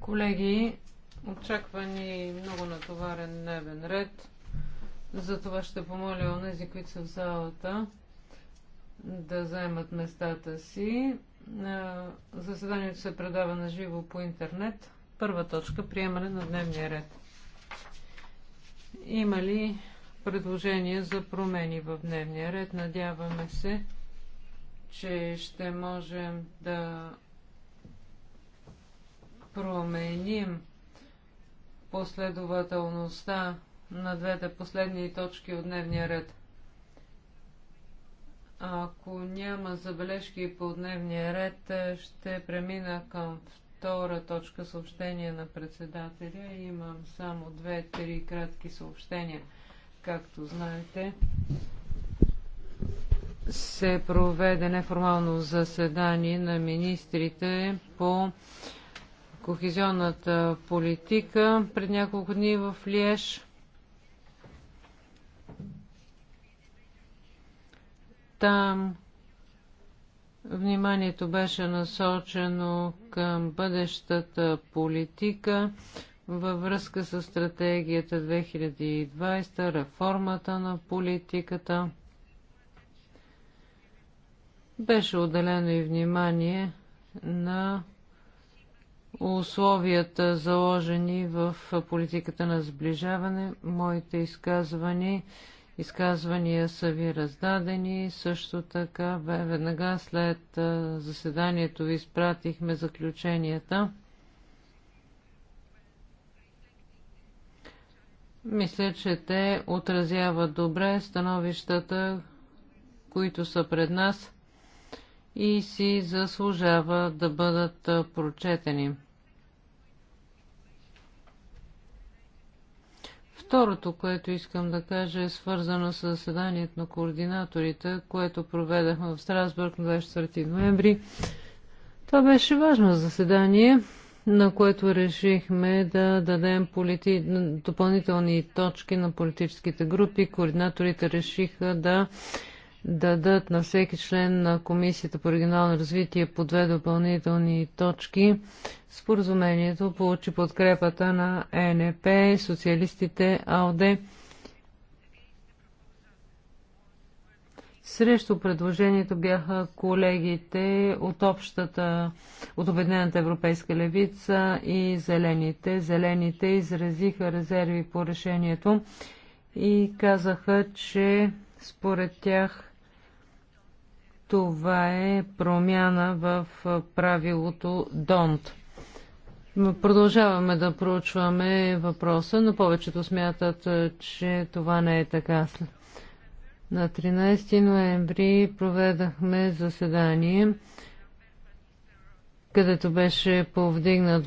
Колеги, очаква ни много натоварен дневен ред. Затова ще помоля онези, които са в залата, да заемат местата си. Заседанието се предава на живо по интернет. Първа точка – приемане на дневния ред. Има ли предложения за промени в дневния ред? Надяваме се, че ще можем да променим последователността на двете последни точки от дневния ред. Ако няма забележки по дневния ред, ще премина към втора точка съобщение на председателя. Имам само две-три кратки съобщения. Както знаете, се проведе неформално заседание на министрите по кохезионната политика пред няколко дни в Лиеж. Там вниманието беше насочено към бъдещата политика във връзка с стратегията 2020, реформата на политиката. Беше отделено и внимание на условията заложени в политиката на сближаване. Моите изказвания, изказвания са ви раздадени. Също така, бе, веднага след заседанието ви изпратихме заключенията. Мисля, че те отразяват добре становищата, които са пред нас – и си заслужава да бъдат прочетени. Второто, което искам да кажа, е свързано с заседанието на координаторите, което проведахме в Страсбург на 24 ноември. Това беше важно заседание, на което решихме да дадем полити... допълнителни точки на политическите групи. Координаторите решиха да дадат на всеки член на Комисията по регионално развитие по две допълнителни точки. Споразумението получи подкрепата на ЕНП, социалистите, АОД. Срещу предложението бяха колегите от общата, от Обединената европейска левица и зелените. Зелените изразиха резерви по решението и казаха, че според тях това е промяна в правилото ДОНТ. Продължаваме да проучваме въпроса, но повечето смятат, е, че това не е така. На 13 ноември проведахме заседание, където беше повдигнат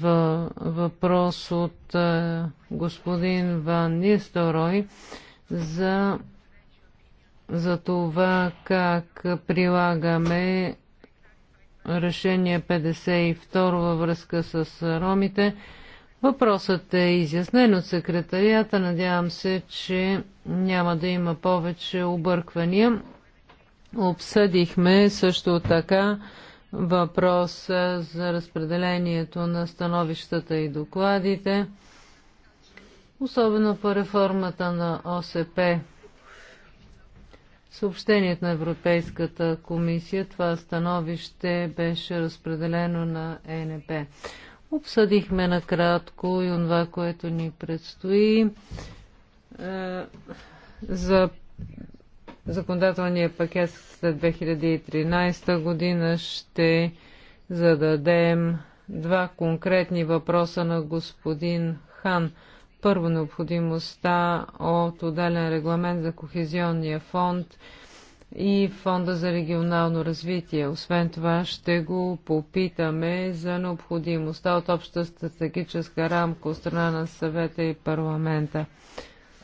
въпрос от е, господин Ван Нисторой за за това как прилагаме решение 52 във връзка с ромите. Въпросът е изяснен от секретарията. Надявам се, че няма да има повече обърквания. Обсъдихме също така въпроса за разпределението на становищата и докладите, особено по реформата на ОСП съобщението на Европейската комисия. Това становище беше разпределено на ЕНП. Обсъдихме накратко и това, което ни предстои е, за законодателния пакет след 2013 година ще зададем два конкретни въпроса на господин Хан – първо необходимостта от отделен регламент за Кохезионния фонд и Фонда за регионално развитие. Освен това ще го попитаме за необходимостта от обща стратегическа рамка от страна на съвета и парламента.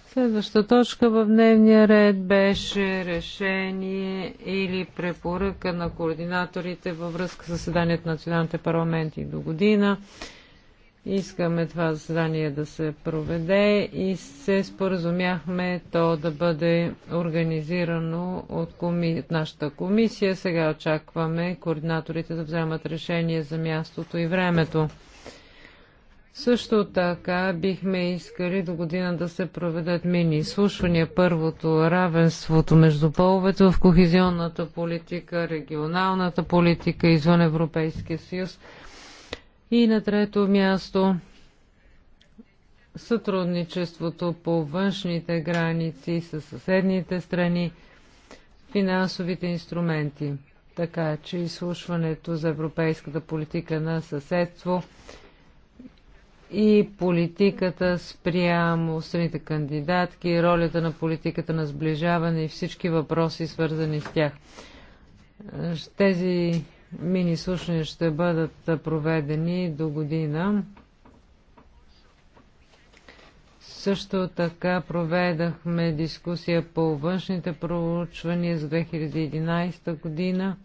Следваща точка в дневния ред беше решение или препоръка на координаторите във връзка с заседанието на националните парламенти до година. Искаме това заседание да се проведе и се споразумяхме то да бъде организирано от, коми... от нашата комисия. Сега очакваме координаторите да вземат решение за мястото и времето. Също така бихме искали до година да се проведат мини изслушвания. Първото равенството между половете в кохезионната политика, регионалната политика извън Европейския съюз – и на трето място сътрудничеството по външните граници с съседните страни, финансовите инструменти. Така че изслушването за европейската политика на съседство и политиката спрямо страните кандидатки, ролята на политиката на сближаване и всички въпроси, свързани с тях. Тези мини слушания ще бъдат проведени до година. Също така проведахме дискусия по външните проучвания за 2011 година.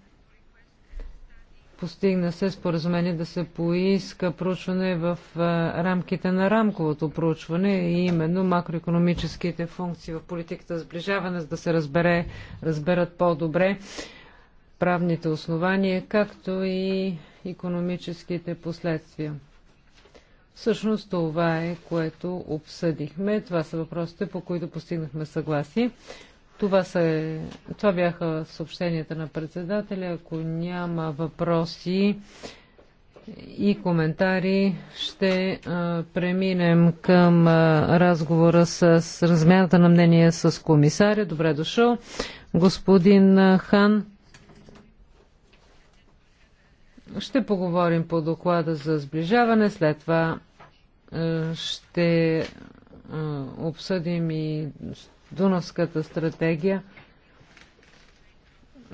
Постигна се споразумение да се поиска проучване в рамките на рамковото проучване и именно макроекономическите функции в политиката сближаване, за да се разбере, разберат по-добре правните основания, както и економическите последствия. Всъщност това е, което обсъдихме. Това са въпросите, по които постигнахме съгласие. Това, са, това бяха съобщенията на председателя. Ако няма въпроси и коментари, ще а, преминем към а, разговора с, с размяната на мнение с комисаря. Добре дошъл, господин Хан. Ще поговорим по доклада за сближаване, след това е, ще е, обсъдим и Дунавската стратегия.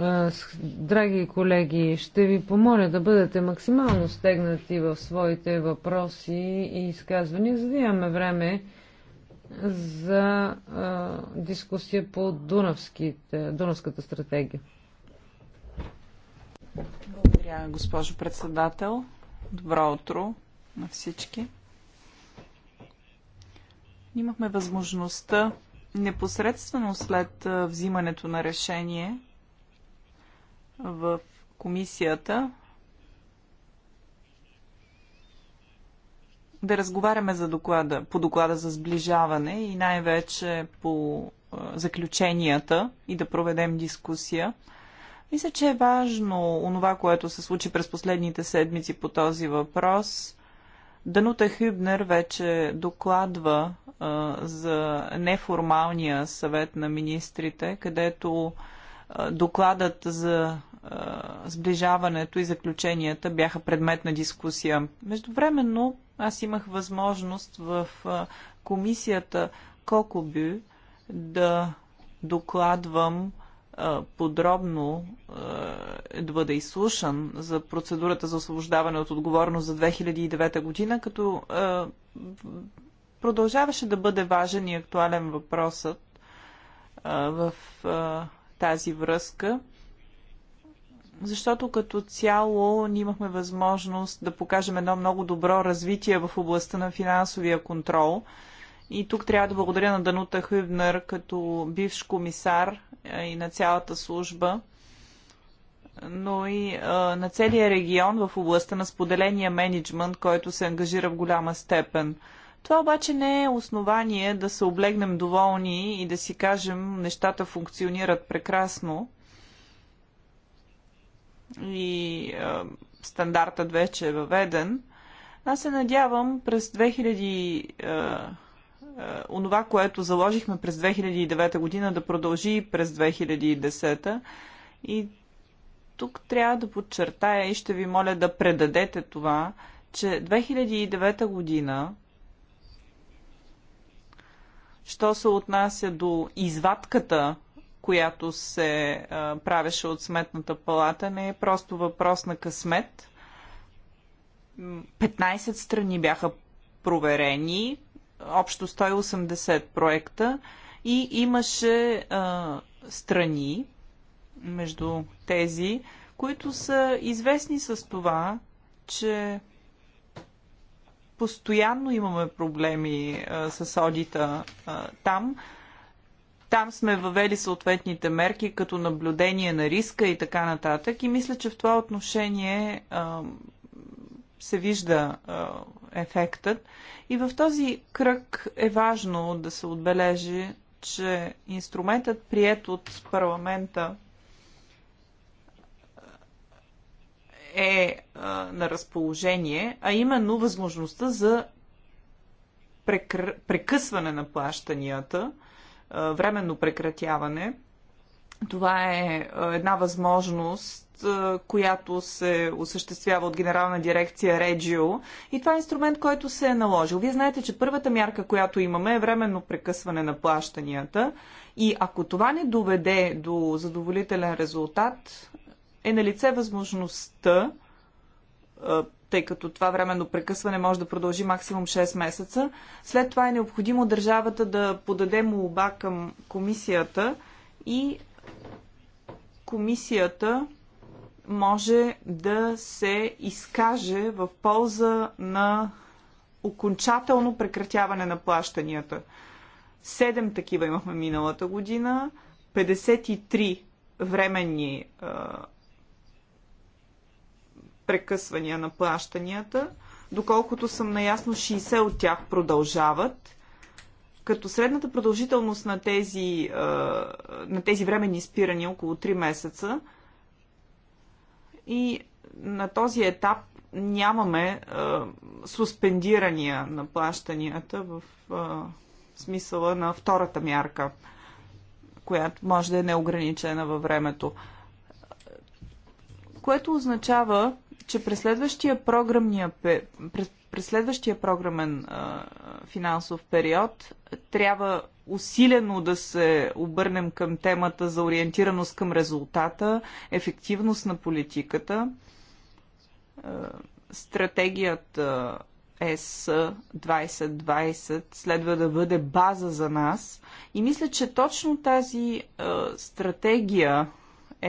Е, драги колеги, ще ви помоля да бъдете максимално стегнати в своите въпроси и изказвания, за да имаме време за дискусия по Дунавската стратегия. Благодаря, госпожо председател. Добро утро на всички. Имахме възможността непосредствено след взимането на решение в комисията да разговаряме за доклада, по доклада за сближаване и най-вече по заключенията и да проведем дискусия. Мисля, че е важно онова, което се случи през последните седмици по този въпрос. Данута Хюбнер вече докладва а, за неформалния съвет на министрите, където а, докладът за а, сближаването и заключенията бяха предмет на дискусия. Междувременно аз имах възможност в а, комисията Кокоби да докладвам подробно е да бъде изслушан за процедурата за освобождаване от отговорност за 2009 година, като продължаваше да бъде важен и актуален въпросът в тази връзка, защото като цяло ние имахме възможност да покажем едно много добро развитие в областта на финансовия контрол – и тук трябва да благодаря на Данута Хюбнер като бивш комисар и на цялата служба, но и на целия регион в областта на споделения менеджмент, който се ангажира в голяма степен. Това обаче не е основание да се облегнем доволни и да си кажем нещата функционират прекрасно и стандартът вече е въведен. Аз се надявам през 2000. Е, онова, което заложихме през 2009 година да продължи през 2010 и тук трябва да подчертая и ще ви моля да предадете това, че 2009 година що се отнася до извадката, която се а, е, правеше от сметната палата, не е просто въпрос на късмет. 15 страни бяха проверени, общо 180 проекта и имаше а, страни между тези, които са известни с това, че постоянно имаме проблеми а, с одита а, там. Там сме въвели съответните мерки, като наблюдение на риска и така нататък. И мисля, че в това отношение а, се вижда а, ефектът. И в този кръг е важно да се отбележи, че инструментът, прият от парламента, е, е на разположение, а именно възможността за прекъсване на плащанията, временно прекратяване – това е, е една възможност, е, която се осъществява от Генерална дирекция Реджио и това е инструмент, който се е наложил. Вие знаете, че първата мярка, която имаме е временно прекъсване на плащанията и ако това не доведе до задоволителен резултат, е на лице възможността, е, тъй като това временно прекъсване може да продължи максимум 6 месеца, след това е необходимо държавата да подаде молба към комисията – и комисията може да се изкаже в полза на окончателно прекратяване на плащанията. Седем такива имахме миналата година, 53 временни а, прекъсвания на плащанията. Доколкото съм наясно, 60 от тях продължават като средната продължителност на тези, на тези временни спирания около 3 месеца и на този етап нямаме суспендирания на плащанията в смисъла на втората мярка, която може да е неограничена във времето. Което означава, че през следващия програмния, през през следващия програмен а, финансов период трябва усилено да се обърнем към темата за ориентираност към резултата, ефективност на политиката. А, стратегията с 2020 следва да бъде база за нас и мисля, че точно тази а, стратегия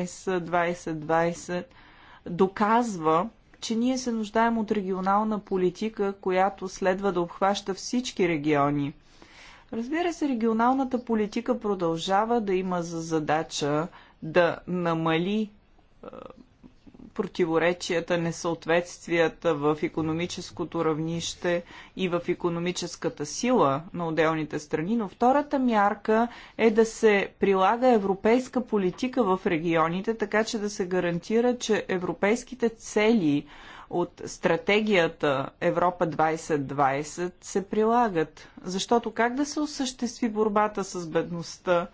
с 2020 доказва, че ние се нуждаем от регионална политика, която следва да обхваща всички региони. Разбира се, регионалната политика продължава да има за задача да намали е, противоречията, несъответствията в економическото равнище и в економическата сила на отделните страни, но втората мярка е да се прилага европейска политика в регионите, така че да се гарантира, че европейските цели от стратегията Европа 2020 се прилагат. Защото как да се осъществи борбата с бедността?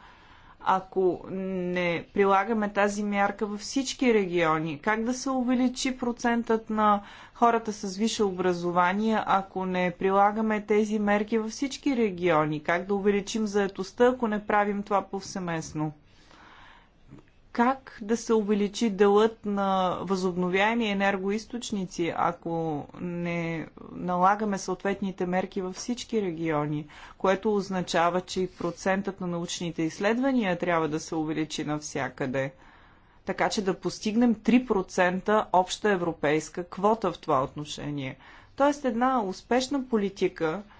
Ако не прилагаме тази мярка във всички региони, как да се увеличи процентът на хората с висше образование, ако не прилагаме тези мерки във всички региони? Как да увеличим заетостта, ако не правим това повсеместно? как да се увеличи делът на възобновяеми енергоисточници, ако не налагаме съответните мерки във всички региони, което означава, че и процентът на научните изследвания трябва да се увеличи навсякъде, така че да постигнем 3% обща европейска квота в това отношение. Тоест една успешна политика –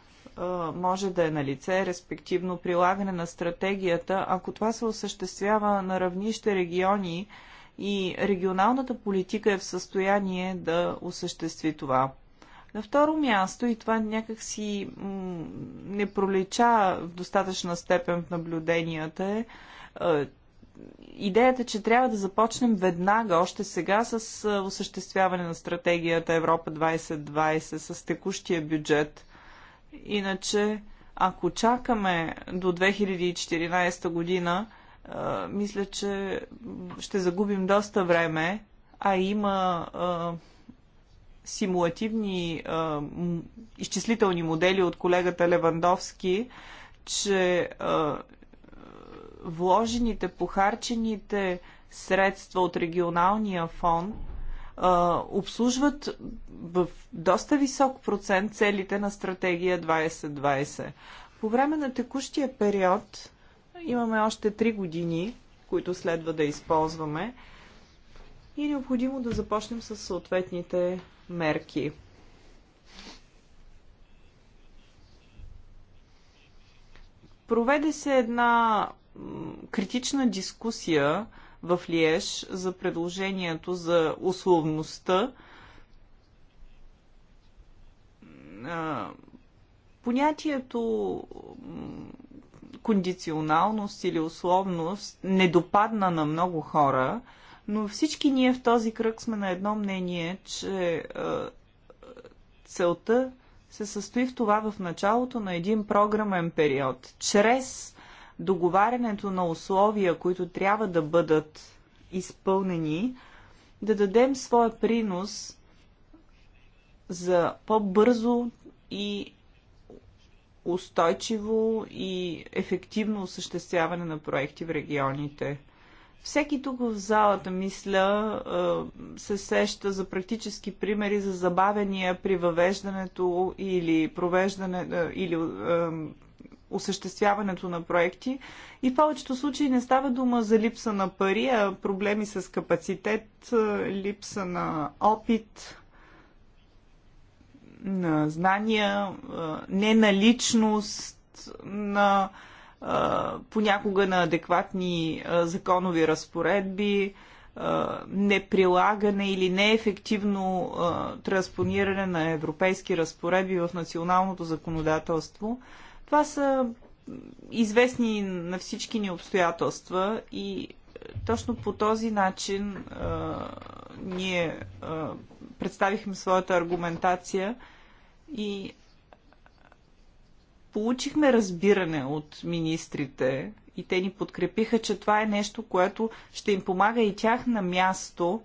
може да е на лице, респективно прилагане на стратегията, ако това се осъществява на равнище региони и регионалната политика е в състояние да осъществи това. На второ място, и това някак си не пролича в достатъчна степен в наблюденията, е, идеята, че трябва да започнем веднага, още сега, с осъществяване на стратегията Европа 2020, с текущия бюджет – Иначе, ако чакаме до 2014 година, мисля, че ще загубим доста време, а има симулативни а, изчислителни модели от колегата Левандовски, че а, вложените, похарчените средства от регионалния фонд обслужват в доста висок процент целите на стратегия 2020. По време на текущия период имаме още 3 години, които следва да използваме и е необходимо да започнем с съответните мерки. Проведе се една критична дискусия в Лиеж за предложението за условността. Понятието кондиционалност или условност не допадна на много хора, но всички ние в този кръг сме на едно мнение, че целта се състои в това в началото на един програмен период, чрез договарянето на условия, които трябва да бъдат изпълнени, да дадем своя принос за по-бързо и устойчиво и ефективно осъществяване на проекти в регионите. Всеки тук в залата, мисля, се сеща за практически примери за забавения при въвеждането или провеждане или осъществяването на проекти и в повечето случаи не става дума за липса на пари, а проблеми с капацитет, липса на опит, на знания, неналичност на понякога на адекватни законови разпоредби, неприлагане или неефективно транспониране на европейски разпоредби в националното законодателство – това са известни на всички ни обстоятелства и е, точно по този начин а, е, ние а, е, представихме своята аргументация и получихме разбиране от министрите и те ни подкрепиха, че това е нещо, което ще им помага и тях на място,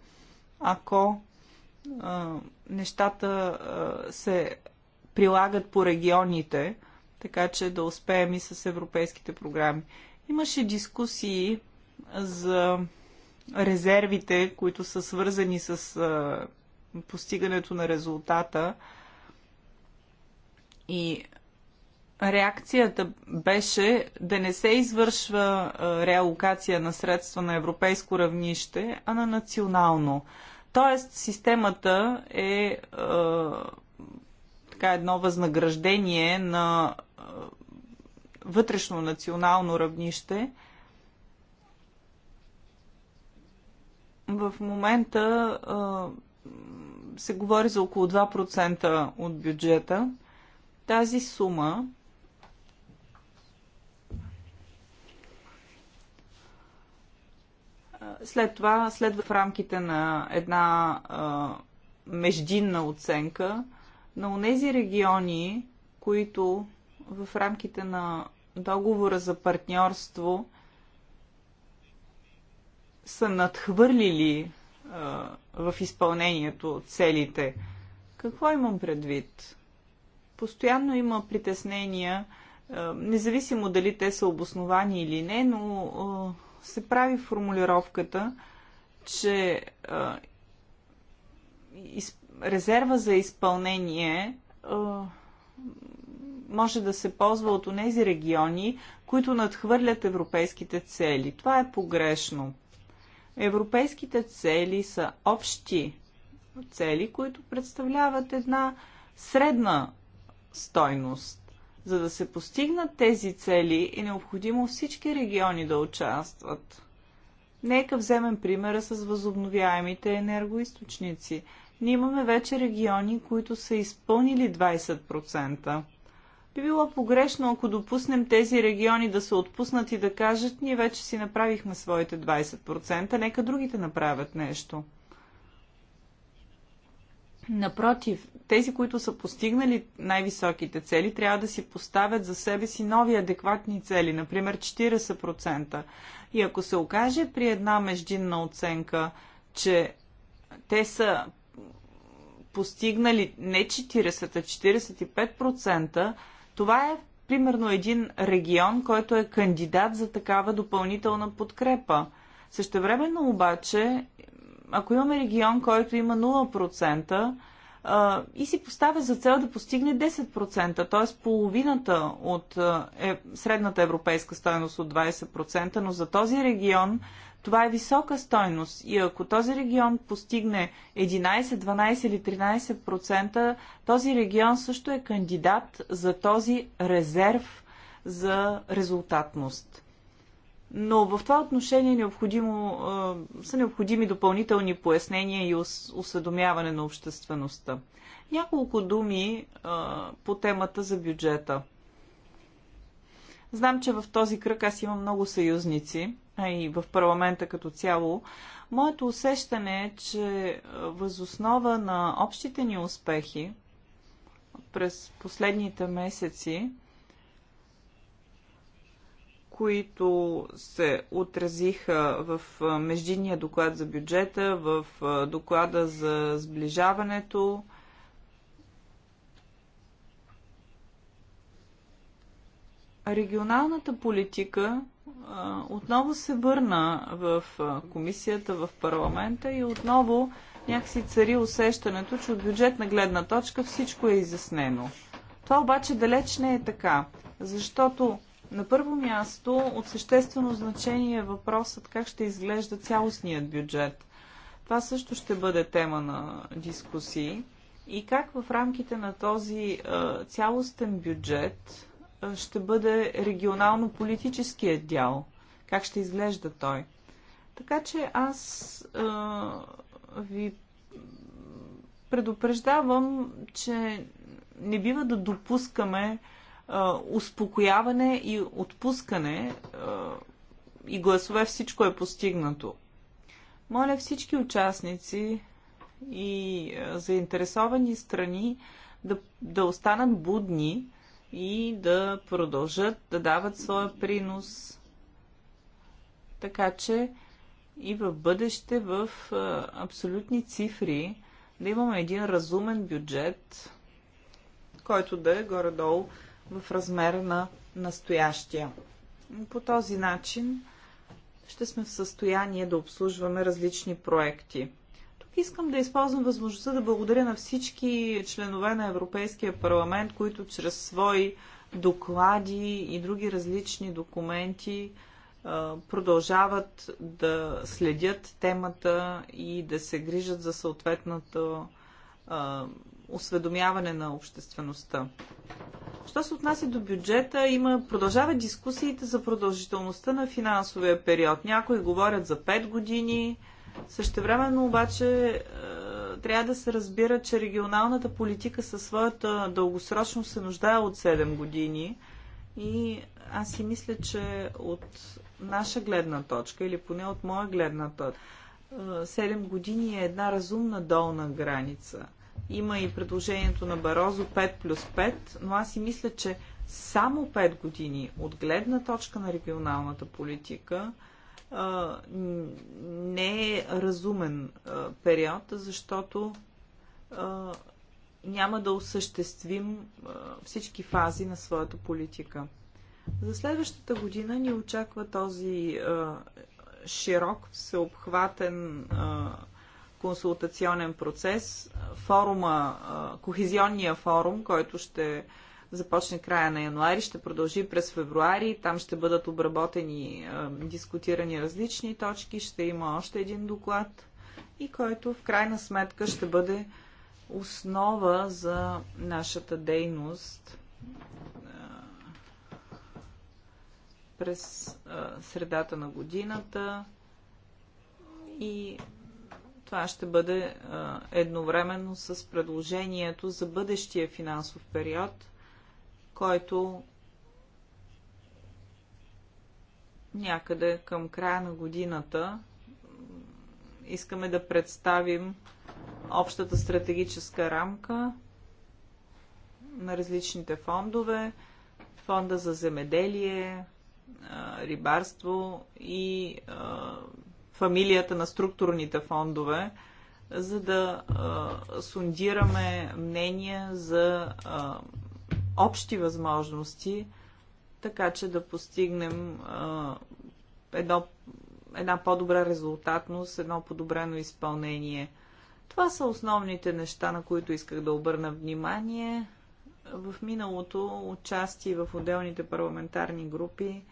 ако а, нещата а, се прилагат по регионите така че да успеем и с европейските програми. Имаше дискусии за резервите, които са свързани с а, постигането на резултата. И реакцията беше да не се извършва а, реалокация на средства на европейско равнище, а на национално. Тоест, системата е а, така едно възнаграждение на вътрешно национално равнище. В момента се говори за около 2% от бюджета. Тази сума след това следва в рамките на една междинна оценка на онези региони, които в рамките на договора за партньорство са надхвърлили а, в изпълнението целите. Какво имам предвид? Постоянно има притеснения, а, независимо дали те са обосновани или не, но а, се прави формулировката, че а, из, резерва за изпълнение а, може да се ползва от тези региони, които надхвърлят европейските цели. Това е погрешно. Европейските цели са общи цели, които представляват една средна стойност. За да се постигнат тези цели е необходимо всички региони да участват. Нека вземем примера с възобновяемите енергоисточници. Ние имаме вече региони, които са изпълнили 20%. Би било погрешно, ако допуснем тези региони да се отпуснат и да кажат, ние вече си направихме своите 20%, нека другите направят нещо. Напротив, тези, които са постигнали най-високите цели, трябва да си поставят за себе си нови адекватни цели, например 40%. И ако се окаже при една междинна оценка, че те са постигнали не 40, а 45%, това е примерно един регион, който е кандидат за такава допълнителна подкрепа. Същевременно обаче, ако имаме регион, който има 0%, и си поставя за цел да постигне 10%, т.е. половината от е, средната европейска стоеност от 20%, но за този регион това е висока стойност и ако този регион постигне 11, 12 или 13%, този регион също е кандидат за този резерв за резултатност. Но в това отношение е необходимо, е, са необходими допълнителни пояснения и осведомяване на обществеността. Няколко думи по темата за бюджета. Знам, че в този кръг аз имам много съюзници а и в парламента като цяло, моето усещане е, че възоснова на общите ни успехи през последните месеци, които се отразиха в междинния доклад за бюджета, в доклада за сближаването, регионалната политика отново се върна в комисията, в парламента и отново някакси цари усещането, че от бюджетна гледна точка всичко е изяснено. Това обаче далеч не е така, защото на първо място от съществено значение е въпросът как ще изглежда цялостният бюджет. Това също ще бъде тема на дискусии и как в рамките на този а, цялостен бюджет ще бъде регионално-политическия дял? Как ще изглежда той? Така че аз а, ви предупреждавам, че не бива да допускаме а, успокояване и отпускане а, и гласове всичко е постигнато. Моля всички участници и а, заинтересовани страни да, да останат будни, и да продължат да дават своя принос. Така че и в бъдеще в абсолютни цифри да имаме един разумен бюджет, който да е горе-долу в размера на настоящия. По този начин ще сме в състояние да обслужваме различни проекти. Искам да използвам възможността да благодаря на всички членове на Европейския парламент, които чрез свои доклади и други различни документи продължават да следят темата и да се грижат за съответното осведомяване на обществеността. Що се отнася до бюджета, има, продължават дискусиите за продължителността на финансовия период. Някои говорят за 5 години, Същевременно обаче е, трябва да се разбира, че регионалната политика със своята дългосрочност се нуждае от 7 години и аз си мисля, че от наша гледна точка или поне от моя гледна точка 7 е, години е една разумна долна граница. Има и предложението на Барозо 5 плюс 5, но аз си мисля, че само 5 години от гледна точка на регионалната политика – не е разумен период, защото няма да осъществим всички фази на своята политика. За следващата година ни очаква този широк, всеобхватен консултационен процес. Форума, кохезионния форум, който ще започне края на януари, ще продължи през февруари. Там ще бъдат обработени, дискутирани различни точки. Ще има още един доклад и който в крайна сметка ще бъде основа за нашата дейност през средата на годината и това ще бъде едновременно с предложението за бъдещия финансов период – който някъде към края на годината искаме да представим общата стратегическа рамка на различните фондове, фонда за земеделие, рибарство и фамилията на структурните фондове, за да сундираме мнения за общи възможности, така че да постигнем а, едно, една по-добра резултатност, едно подобрено изпълнение. Това са основните неща, на които исках да обърна внимание. В миналото участие в отделните парламентарни групи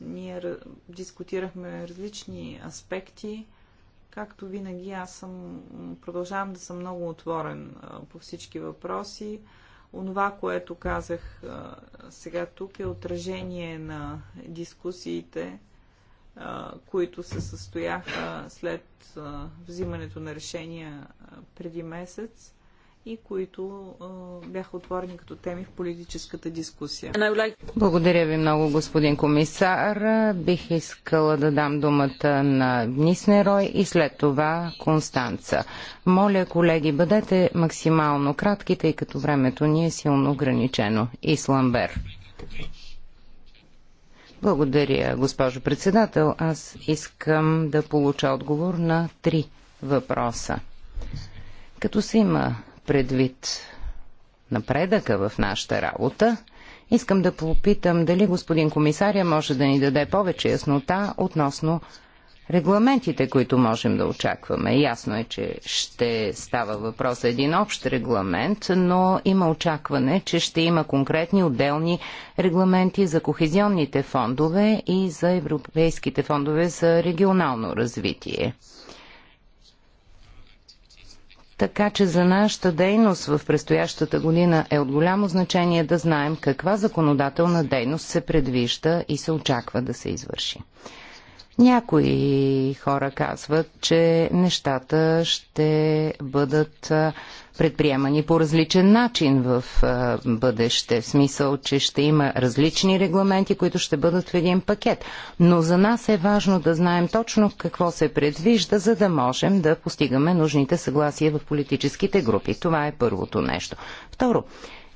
ние дискутирахме различни аспекти. Както винаги, аз съм, продължавам да съм много отворен по всички въпроси. Онова, което казах сега тук е отражение на дискусиите, които се състояха след взимането на решения преди месец и които а, бяха отворени като теми в политическата дискусия. Благодаря ви много, господин комисар. Бих искала да дам думата на Ниснерой и след това Констанца. Моля, колеги, бъдете максимално кратки, тъй като времето ни е силно ограничено. Исламбер. Благодаря, госпожо председател. Аз искам да получа отговор на три въпроса. Като се има предвид напредъка в нашата работа, искам да попитам дали господин комисаря може да ни даде повече яснота относно регламентите, които можем да очакваме. Ясно е, че ще става въпрос за един общ регламент, но има очакване, че ще има конкретни отделни регламенти за кохезионните фондове и за европейските фондове за регионално развитие. Така че за нашата дейност в предстоящата година е от голямо значение да знаем каква законодателна дейност се предвижда и се очаква да се извърши. Някои хора казват, че нещата ще бъдат предприемани по различен начин в бъдеще. В смисъл, че ще има различни регламенти, които ще бъдат в един пакет. Но за нас е важно да знаем точно какво се предвижда, за да можем да постигаме нужните съгласия в политическите групи. Това е първото нещо. Второ,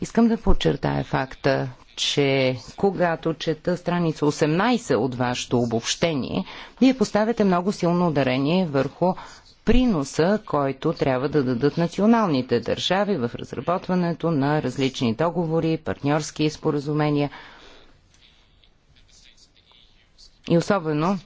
искам да подчертая факта, че когато чета страница 18 от вашето обобщение, вие поставяте много силно ударение върху приноса, който трябва да дадат националните държави в разработването на различни договори, партньорски споразумения и особено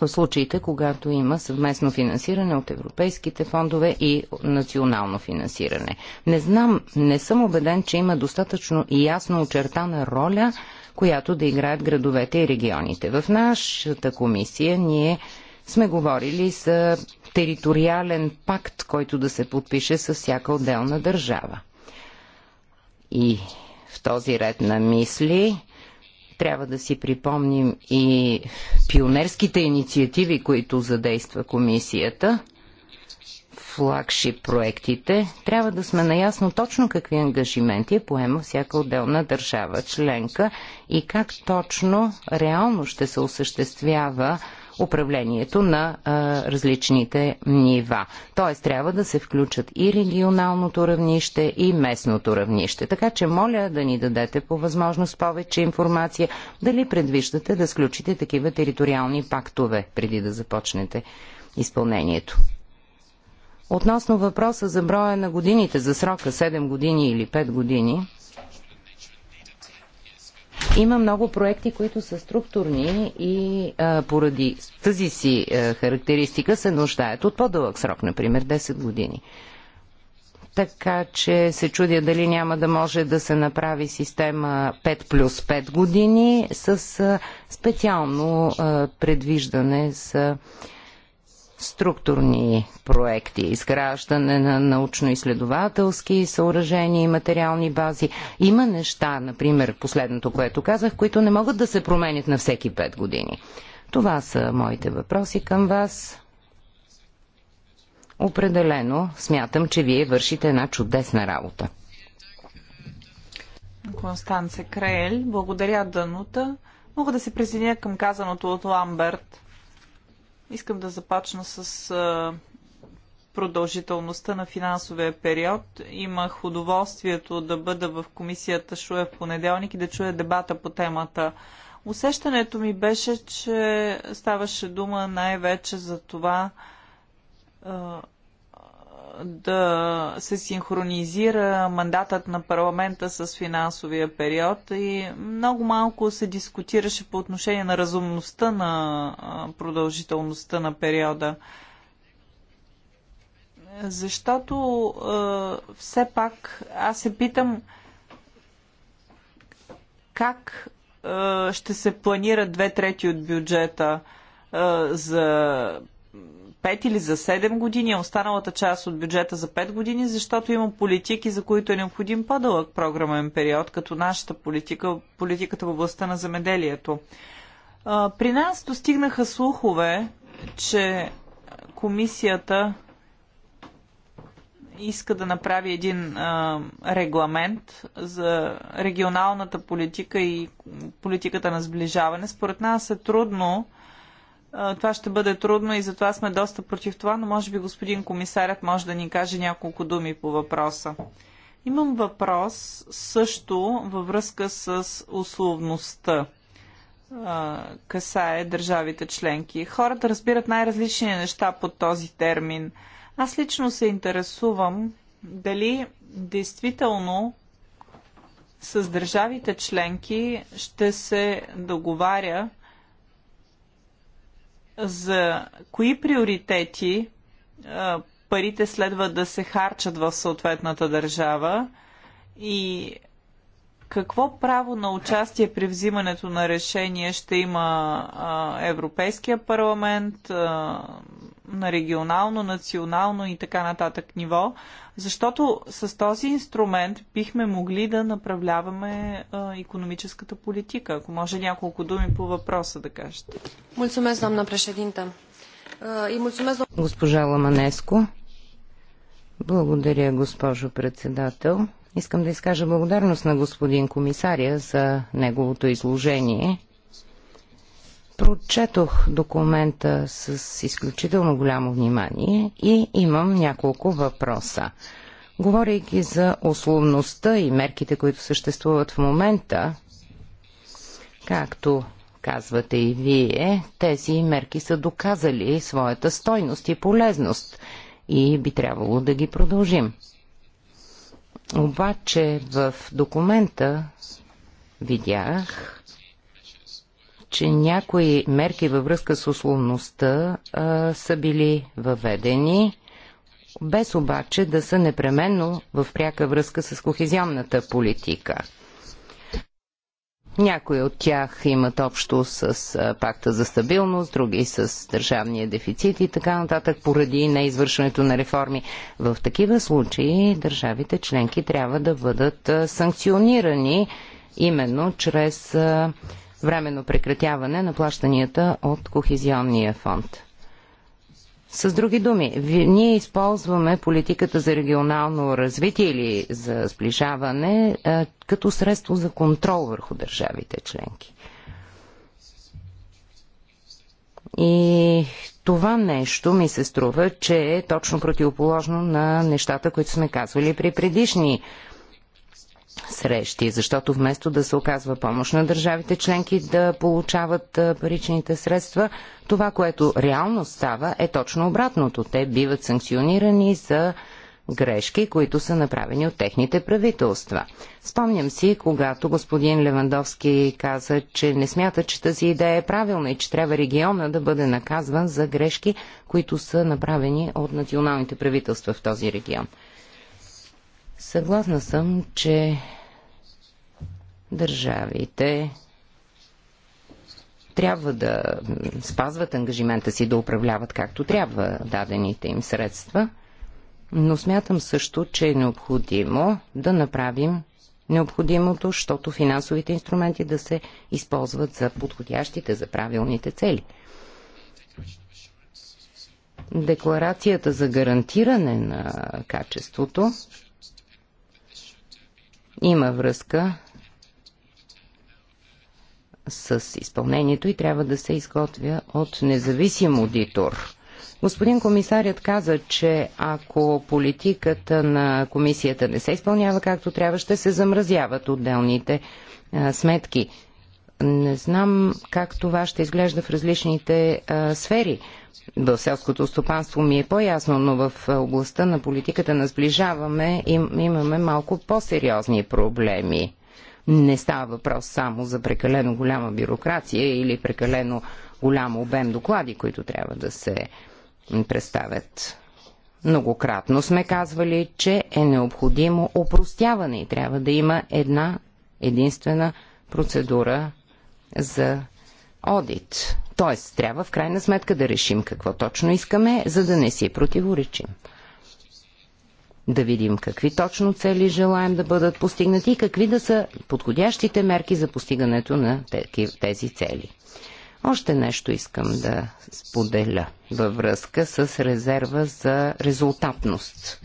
в случаите, когато има съвместно финансиране от европейските фондове и национално финансиране. Не знам, не съм убеден, че има достатъчно и ясно очертана роля, която да играят градовете и регионите. В нашата комисия ние сме говорили за териториален пакт, който да се подпише с всяка отделна държава. И в този ред на мисли трябва да си припомним и пионерските инициативи, които задейства комисията, флагшип проектите. Трябва да сме наясно точно какви ангажименти е поема всяка отделна държава членка и как точно реално ще се осъществява управлението на а, различните нива. Т.е. трябва да се включат и регионалното равнище, и местното равнище. Така че моля да ни дадете по възможност повече информация, дали предвиждате да сключите такива териториални пактове преди да започнете изпълнението. Относно въпроса за броя на годините за срока 7 години или 5 години, има много проекти, които са структурни и а, поради тази си а, характеристика се нуждаят от по-дълъг срок, например 10 години. Така че се чудя дали няма да може да се направи система 5 плюс 5 години с а, специално а, предвиждане за. А, структурни проекти, изграждане на научно-изследователски съоръжения и материални бази. Има неща, например, последното, което казах, които не могат да се променят на всеки 5 години. Това са моите въпроси към вас. Определено смятам, че вие вършите една чудесна работа. Констанце Крейл, благодаря Дънута. Мога да се присъединя към казаното от Ламберт – Искам да започна с продължителността на финансовия период. Имах удоволствието да бъда в комисията Шуев в понеделник и да чуя дебата по темата. Усещането ми беше, че ставаше дума най-вече за това да се синхронизира мандатът на парламента с финансовия период и много малко се дискутираше по отношение на разумността на продължителността на периода. Защото все пак аз се питам как ще се планират две трети от бюджета за 5 или за 7 години, а останалата част от бюджета за 5 години, защото има политики, за които е необходим по-дълъг програмен период, като нашата политика, политиката в областта на земеделието. При нас достигнаха слухове, че комисията иска да направи един а, регламент за регионалната политика и политиката на сближаване. Според нас е трудно това ще бъде трудно и затова сме доста против това, но може би господин комисарят може да ни каже няколко думи по въпроса. Имам въпрос също във връзка с условността. Касае държавите членки. Хората разбират най-различни неща под този термин. Аз лично се интересувам дали действително с държавите членки ще се договаря за кои приоритети парите следва да се харчат в съответната държава и какво право на участие при взимането на решение ще има Европейския парламент, на регионално, национално и така нататък ниво, защото с този инструмент бихме могли да направляваме а, економическата политика. Ако може няколко думи по въпроса да кажете. Мулцумес, на прешединта. И мулцумес... Госпожа Ламанеско. Благодаря, госпожо председател. Искам да изкажа благодарност на господин комисария за неговото изложение – Прочетох документа с изключително голямо внимание и имам няколко въпроса. Говорейки за условността и мерките, които съществуват в момента, както казвате и вие, тези мерки са доказали своята стойност и полезност и би трябвало да ги продължим. Обаче в документа видях, че някои мерки във връзка с условността а, са били въведени, без обаче да са непременно в пряка връзка с кохезионната политика. Някои от тях имат общо с а, пакта за стабилност, други с държавния дефицит и така нататък, поради неизвършването на реформи. В такива случаи държавите членки трябва да бъдат а, санкционирани именно чрез а, временно прекратяване на плащанията от Кохезионния фонд. С други думи, ние използваме политиката за регионално развитие или за сближаване е, като средство за контрол върху държавите членки. И това нещо ми се струва, че е точно противоположно на нещата, които сме казвали при предишни срещи, защото вместо да се оказва помощ на държавите членки да получават паричните средства, това, което реално става, е точно обратното. Те биват санкционирани за грешки, които са направени от техните правителства. Спомням си, когато господин Левандовски каза, че не смята, че тази идея е правилна и че трябва региона да бъде наказван за грешки, които са направени от националните правителства в този регион. Съгласна съм, че държавите трябва да спазват ангажимента си да управляват както трябва дадените им средства, но смятам също, че е необходимо да направим необходимото, защото финансовите инструменти да се използват за подходящите, за правилните цели. Декларацията за гарантиране на качеството има връзка с изпълнението и трябва да се изготвя от независим аудитор. Господин комисарят каза, че ако политиката на комисията не се изпълнява както трябва, ще се замразяват отделните а, сметки. Не знам как това ще изглежда в различните а, сфери. В селското стопанство ми е по-ясно, но в областта на политиката на сближаваме им, имаме малко по-сериозни проблеми. Не става въпрос само за прекалено голяма бюрокрация или прекалено голям обем доклади, които трябва да се представят. Многократно сме казвали, че е необходимо опростяване и трябва да има една единствена процедура за одит. Тоест, трябва в крайна сметка да решим какво точно искаме, за да не си противоречим. Да видим какви точно цели желаем да бъдат постигнати и какви да са подходящите мерки за постигането на тези цели. Още нещо искам да споделя във връзка с резерва за резултатност,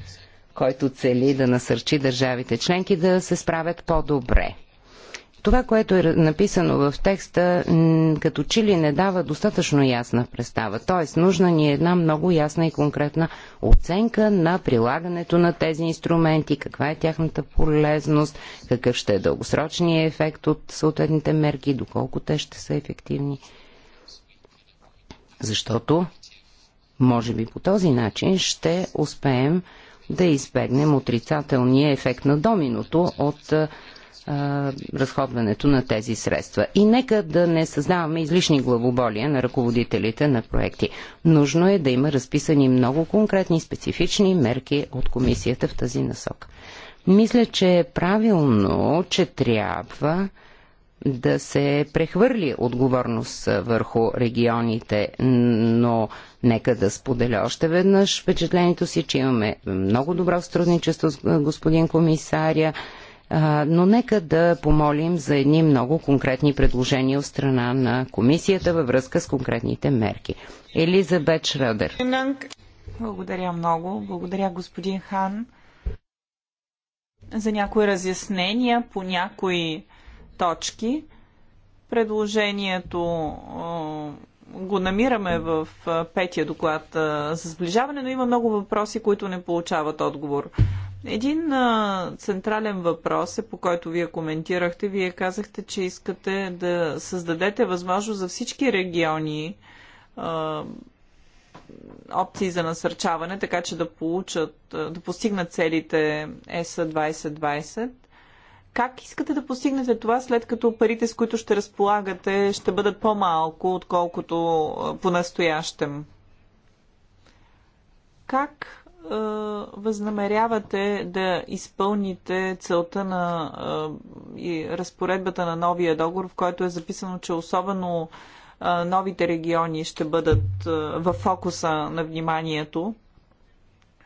който цели да насърчи държавите членки да се справят по-добре – това, което е написано в текста, като че ли не дава достатъчно ясна представа. Тоест, нужна ни е една много ясна и конкретна оценка на прилагането на тези инструменти, каква е тяхната полезност, какъв ще е дългосрочният ефект от съответните мерки, доколко те ще са ефективни. Защото, може би по този начин, ще успеем да избегнем отрицателния ефект на доминото от а, разходването на тези средства. И нека да не създаваме излишни главоболия на ръководителите на проекти. Нужно е да има разписани много конкретни специфични мерки от комисията в тази насок. Мисля, че е правилно, че трябва да се прехвърли отговорност върху регионите, но нека да споделя още веднъж впечатлението си, че имаме много добро сътрудничество с господин комисаря но нека да помолим за едни много конкретни предложения от страна на комисията във връзка с конкретните мерки. Елизабет Шрадер. Благодаря много. Благодаря господин Хан за някои разяснения по някои точки. Предложението го намираме в петия доклад за сближаване, но има много въпроси, които не получават отговор. Един а, централен въпрос е, по който вие коментирахте. Вие казахте, че искате да създадете възможност за всички региони а, опции за насърчаване, така че да получат, да постигнат целите ЕСА 2020. Как искате да постигнете това, след като парите, с които ще разполагате, ще бъдат по-малко, отколкото по-настоящем? Как е, възнамерявате да изпълните целта на е, и разпоредбата на новия договор, в който е записано, че особено е, новите региони ще бъдат в фокуса на вниманието?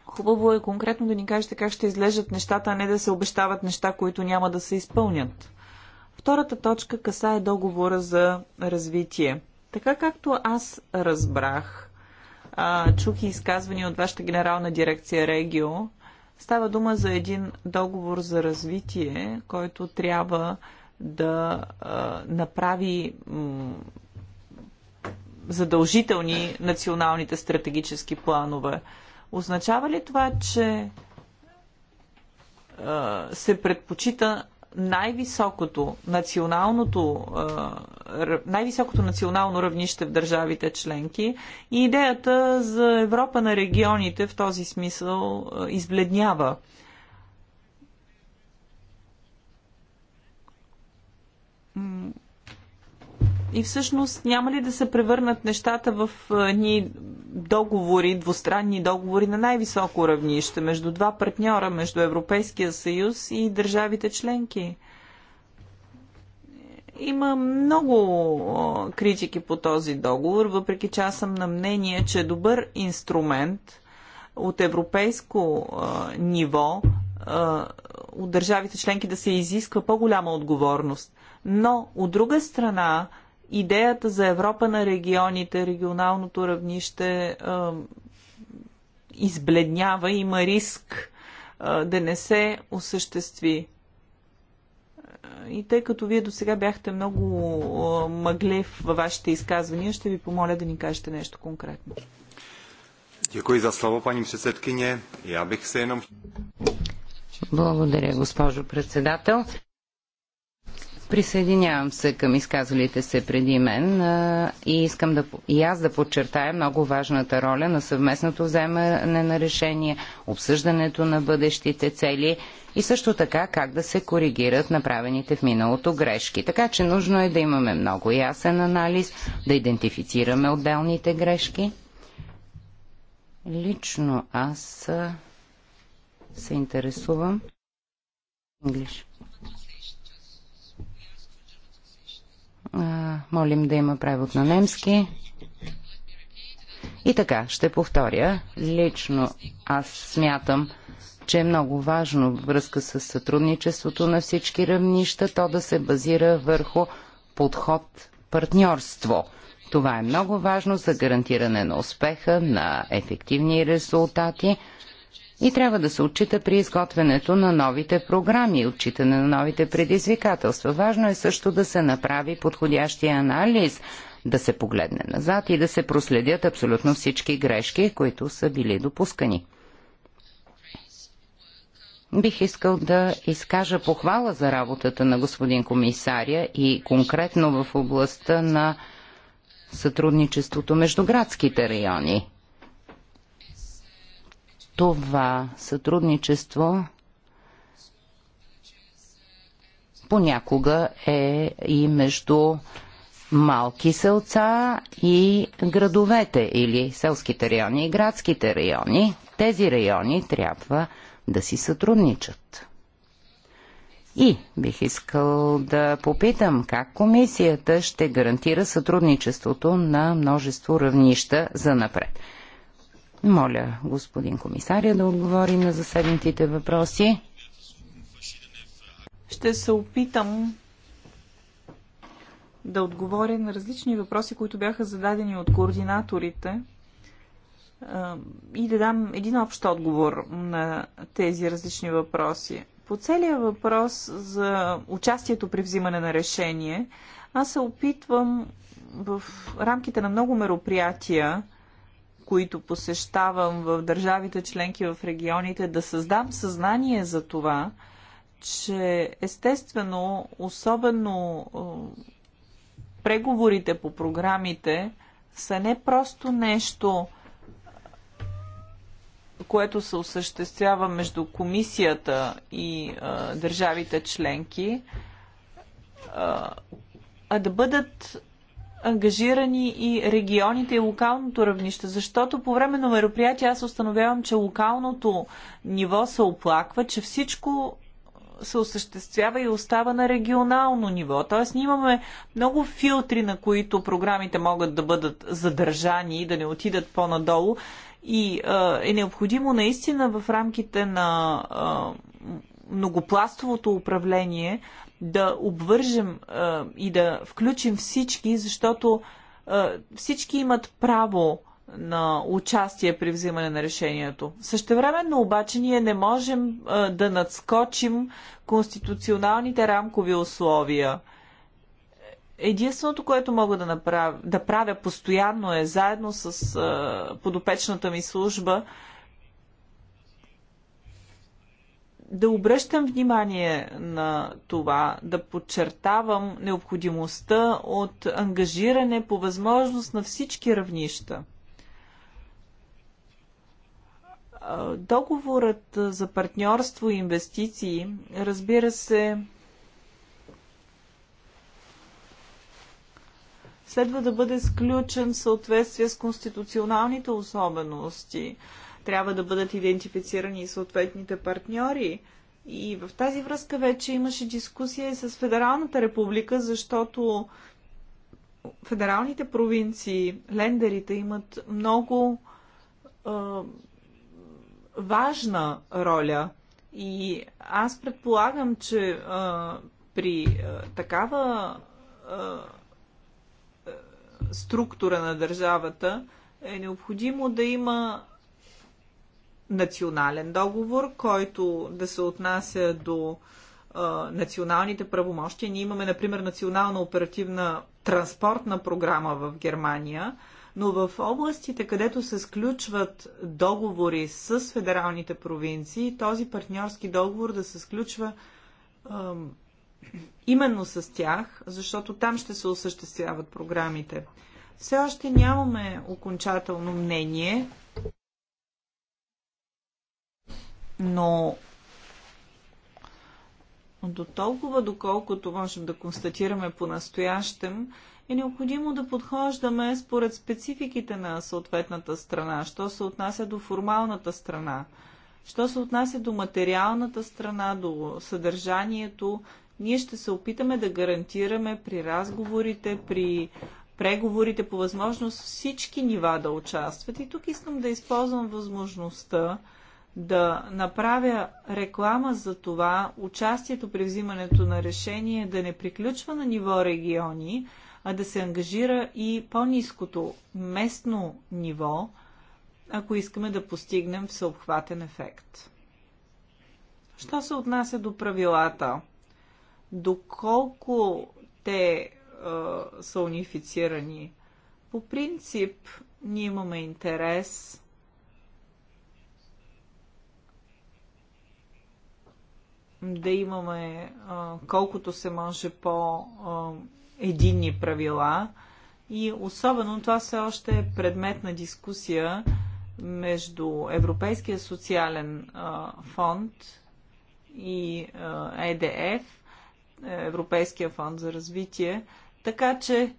Хубаво е конкретно да ни кажете как ще излежат нещата, а не да се обещават неща, които няма да се изпълнят. Втората точка касае договора за развитие. Така както аз разбрах, а, чух и изказвания от вашата генерална дирекция Регио. Става дума за един договор за развитие, който трябва да а, направи задължителни националните стратегически планове. Означава ли това, че се предпочита най-високото националното, най-високото национално равнище в държавите членки и идеята за Европа на регионите в този смисъл избледнява. И всъщност няма ли да се превърнат нещата в ни договори, двустранни договори на най-високо равнище между два партньора, между Европейския съюз и държавите членки? Има много критики по този договор, въпреки че аз съм на мнение, че е добър инструмент от европейско а, ниво а, от държавите членки да се изисква по-голяма отговорност. Но, от друга страна, идеята за Европа на регионите, регионалното равнище избледнява, има риск да не се осъществи. И тъй като вие до сега бяхте много мъглев във вашите изказвания, ще ви помоля да ни кажете нещо конкретно. Дякую за слово, пани председкиня. Я бих се едно... Благодаря, госпожо председател. Присъединявам се към изказалите се преди мен а, и искам да, и аз да подчертая много важната роля на съвместното вземане на решения, обсъждането на бъдещите цели и също така как да се коригират направените в миналото грешки. Така че нужно е да имаме много ясен анализ, да идентифицираме отделните грешки. Лично аз се интересувам. English. молим да има превод на немски. И така, ще повторя. Лично аз смятам, че е много важно във връзка с сътрудничеството на всички равнища, то да се базира върху подход партньорство. Това е много важно за гарантиране на успеха, на ефективни резултати – и трябва да се отчита при изготвянето на новите програми и отчитане на новите предизвикателства. Важно е също да се направи подходящия анализ, да се погледне назад и да се проследят абсолютно всички грешки, които са били допускани. Бих искал да изкажа похвала за работата на господин комисаря и конкретно в областта на сътрудничеството между градските райони това сътрудничество понякога е и между малки селца и градовете или селските райони и градските райони. Тези райони трябва да си сътрудничат. И бих искал да попитам как комисията ще гарантира сътрудничеството на множество равнища за напред. Моля господин комисаря да отговори на заседнатите въпроси. Ще се опитам да отговоря на различни въпроси, които бяха зададени от координаторите и да дам един общ отговор на тези различни въпроси. По целия въпрос за участието при взимане на решение, аз се опитвам в рамките на много мероприятия които посещавам в държавите членки, в регионите, да създам съзнание за това, че естествено, особено преговорите по програмите са не просто нещо, което се осъществява между комисията и а, държавите членки, а, а да бъдат ангажирани и регионите и локалното равнище, защото по време на мероприятия аз установявам, че локалното ниво се оплаква, че всичко се осъществява и остава на регионално ниво. Тоест, ние имаме много филтри, на които програмите могат да бъдат задържани и да не отидат по-надолу. И е, е необходимо наистина в рамките на е, многопластовото управление да обвържем а, и да включим всички, защото а, всички имат право на участие при взимане на решението. Същевременно обаче ние не можем а, да надскочим конституционалните рамкови условия. Единственото, което мога да, направя, да правя постоянно е заедно с а, подопечната ми служба да обръщам внимание на това, да подчертавам необходимостта от ангажиране по възможност на всички равнища. Договорът за партньорство и инвестиции, разбира се, следва да бъде сключен в съответствие с конституционалните особености трябва да бъдат идентифицирани и съответните партньори. И в тази връзка вече имаше дискусия и с Федералната република, защото федералните провинции, лендерите имат много е, важна роля. И аз предполагам, че е, при е, такава е, структура на държавата е необходимо да има национален договор, който да се отнася до а, националните правомощия. Ние имаме, например, национална оперативна транспортна програма в Германия, но в областите, където се сключват договори с федералните провинции, този партньорски договор да се сключва а, именно с тях, защото там ще се осъществяват програмите. Все още нямаме окончателно мнение. Но до толкова, доколкото можем да констатираме по-настоящем, е необходимо да подхождаме според спецификите на съответната страна, що се отнася до формалната страна, що се отнася до материалната страна, до съдържанието. Ние ще се опитаме да гарантираме при разговорите, при преговорите по възможност всички нива да участват. И тук искам да използвам възможността да направя реклама за това участието при взимането на решение да не приключва на ниво региони, а да се ангажира и по-низкото местно ниво, ако искаме да постигнем всеобхватен ефект. Що се отнася до правилата? Доколко те е, са унифицирани? По принцип, ние имаме интерес да имаме а, колкото се може по-единни правила. И особено това все още е предмет на дискусия между Европейския социален а, фонд и а, ЕДФ, Европейския фонд за развитие. Така че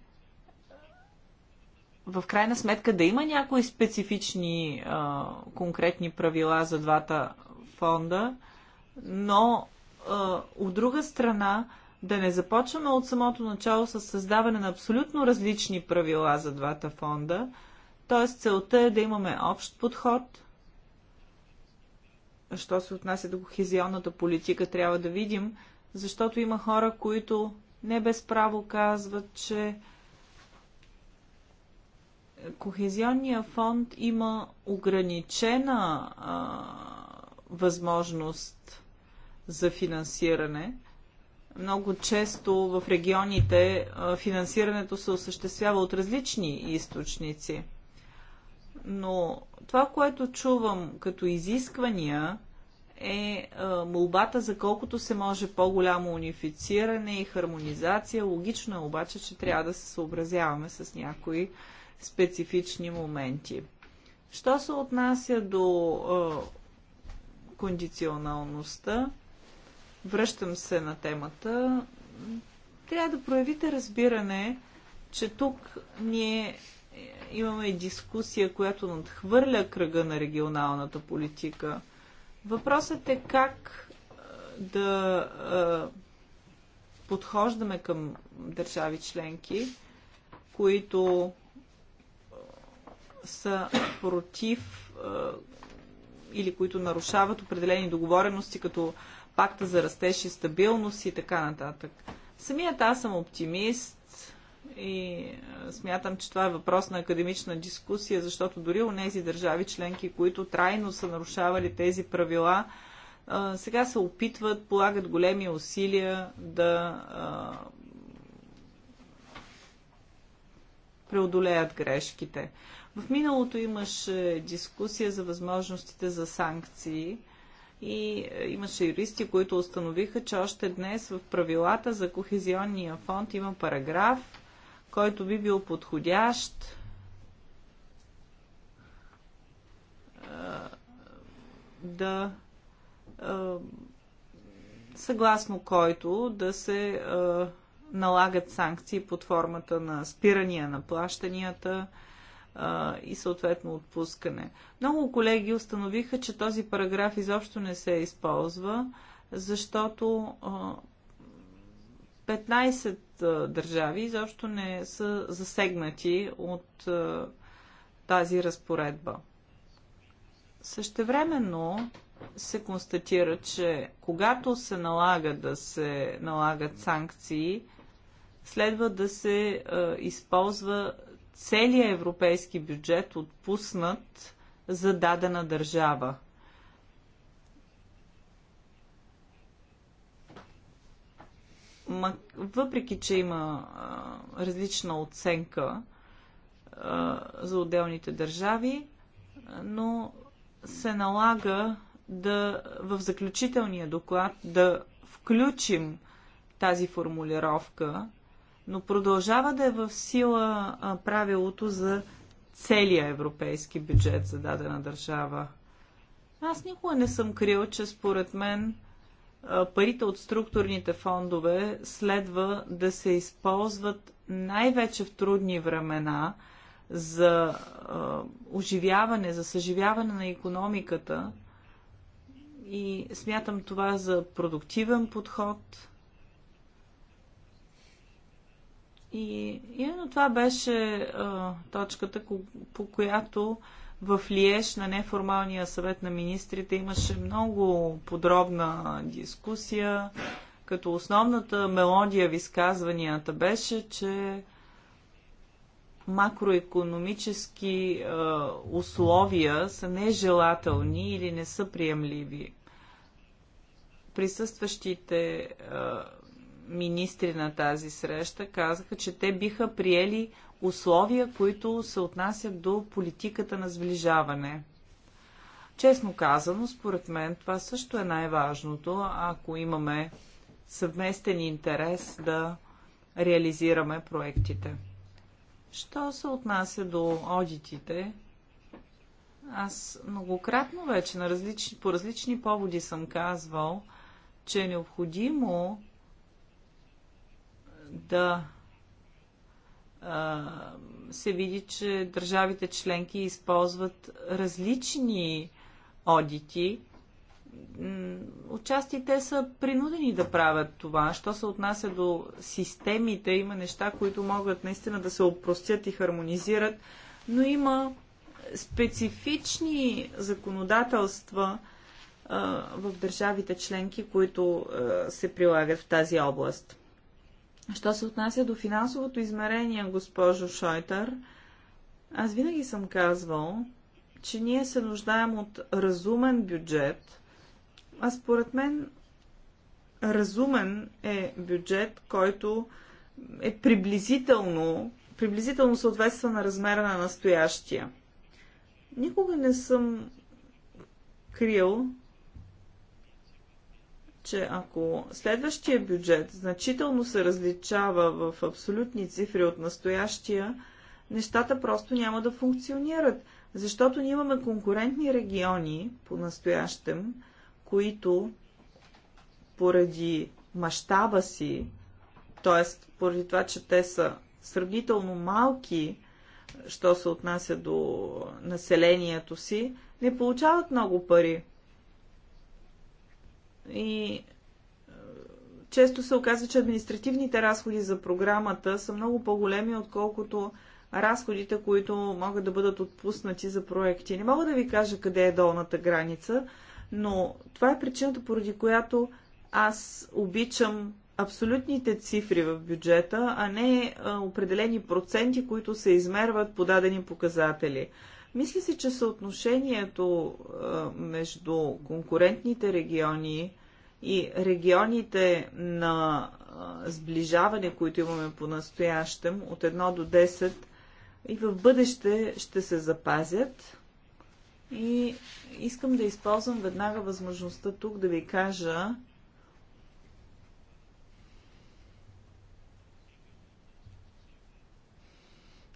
в крайна сметка да има някои специфични а, конкретни правила за двата фонда, но от друга страна, да не започваме от самото начало с създаване на абсолютно различни правила за двата фонда. Т.е. целта е да имаме общ подход. Що се отнася до кохезионната политика, трябва да видим, защото има хора, които не без право казват, че Кохезионния фонд има ограничена а, възможност за финансиране. Много често в регионите финансирането се осъществява от различни източници. Но това, което чувам като изисквания, е молбата за колкото се може по-голямо унифициране и хармонизация. Логично е обаче, че трябва да се съобразяваме с някои специфични моменти. Що се отнася до кондиционалността, Връщам се на темата. Трябва да проявите разбиране, че тук ние имаме дискусия, която надхвърля кръга на регионалната политика. Въпросът е как да подхождаме към държави членки, които са против или които нарушават определени договорености, като пакта за растеж и стабилност и така нататък. Самият аз съм оптимист и е, смятам, че това е въпрос на академична дискусия, защото дори у нези държави членки, които трайно са нарушавали тези правила, е, сега се опитват, полагат големи усилия да е, преодолеят грешките. В миналото имаше дискусия за възможностите за санкции – и е, имаше юристи, които установиха, че още днес в правилата за Кохезионния фонд има параграф, който би бил подходящ е, да е, съгласно който да се налагат санкции под формата на спирания на плащанията, а, и съответно отпускане. Много колеги установиха, че този параграф изобщо не се използва, защото а, 15 а, държави изобщо не са засегнати от а, тази разпоредба. Същевременно се констатира, че когато се налага да се налагат санкции, следва да се а, използва целия европейски бюджет отпуснат за дадена държава. Въпреки, че има а, различна оценка а, за отделните държави, но се налага да в заключителния доклад да включим тази формулировка но продължава да е в сила правилото за целия европейски бюджет за дадена държава. Аз никога не съм крил, че според мен парите от структурните фондове следва да се използват най-вече в трудни времена за оживяване, за съживяване на економиката и смятам това за продуктивен подход – И именно това беше а, точката, по която в Лиеш на неформалния съвет на министрите имаше много подробна дискусия, като основната мелодия в изказванията беше, че макроекономически а, условия са нежелателни или не са приемливи. Присъстващите министри на тази среща казаха, че те биха приели условия, които се отнасят до политиката на сближаване. Честно казано, според мен това също е най-важното, ако имаме съвместен интерес да реализираме проектите. Що се отнася до одитите, аз многократно вече на различни, по различни поводи съм казвал, че е необходимо да се види, че държавите членки използват различни одити. Отчасти те са принудени да правят това. Що се отнася до системите, има неща, които могат наистина да се опростят и хармонизират, но има специфични законодателства а, в държавите членки, които а, се прилагат в тази област. Що се отнася до финансовото измерение, госпожо Шойтър, аз винаги съм казвал, че ние се нуждаем от разумен бюджет, а според мен разумен е бюджет, който е приблизително, приблизително съответства на размера на настоящия. Никога не съм крил, че ако следващия бюджет значително се различава в абсолютни цифри от настоящия, нещата просто няма да функционират, защото ние имаме конкурентни региони по-настоящем, които поради мащаба си, т.е. поради това, че те са сравнително малки, що се отнася до населението си, не получават много пари. И е, често се оказва, че административните разходи за програмата са много по-големи, отколкото разходите, които могат да бъдат отпуснати за проекти. Не мога да ви кажа къде е долната граница, но това е причината, поради която аз обичам абсолютните цифри в бюджета, а не е, определени проценти, които се измерват по дадени показатели. Мисля си, че съотношението между конкурентните региони и регионите на сближаване, които имаме по-настоящем, от 1 до 10, и в бъдеще ще се запазят. И искам да използвам веднага възможността тук да ви кажа,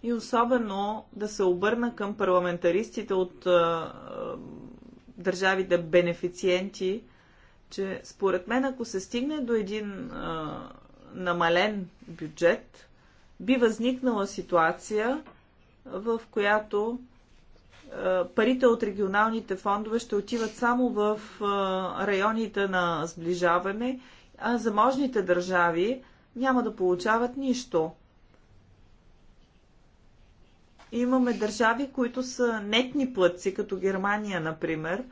и особено да се обърна към парламентаристите от а, държавите бенефициенти, че според мен, ако се стигне до един а, намален бюджет, би възникнала ситуация, в която а, парите от регионалните фондове ще отиват само в а, районите на сближаване, а заможните държави няма да получават нищо. Имаме държави, които са нетни плътци, като Германия, например,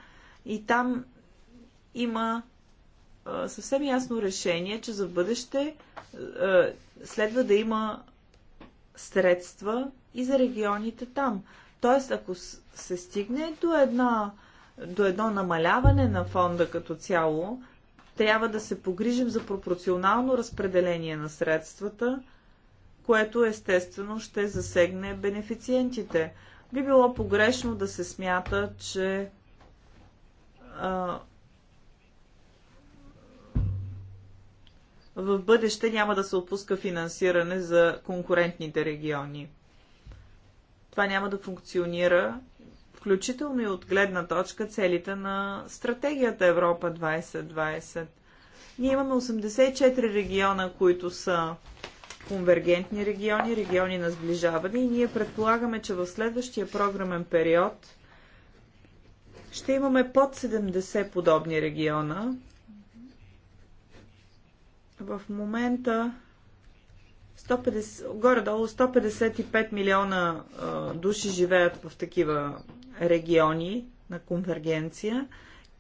и там има а, съвсем ясно решение, че за бъдеще а, следва да има средства и за регионите там. Тоест, ако се стигне до, една, до едно намаляване на фонда като цяло, трябва да се погрижим за пропорционално разпределение на средствата, което естествено ще засегне бенефициентите. Би било погрешно да се смята, че а, в бъдеще няма да се отпуска финансиране за конкурентните региони. Това няма да функционира, включително и от гледна точка целите на стратегията Европа 2020. Ние имаме 84 региона, които са конвергентни региони, региони на сближаване и ние предполагаме, че в следващия програмен период ще имаме под 70 подобни региона. В момента 150, горе-долу 155 милиона а, души живеят в такива региони на конвергенция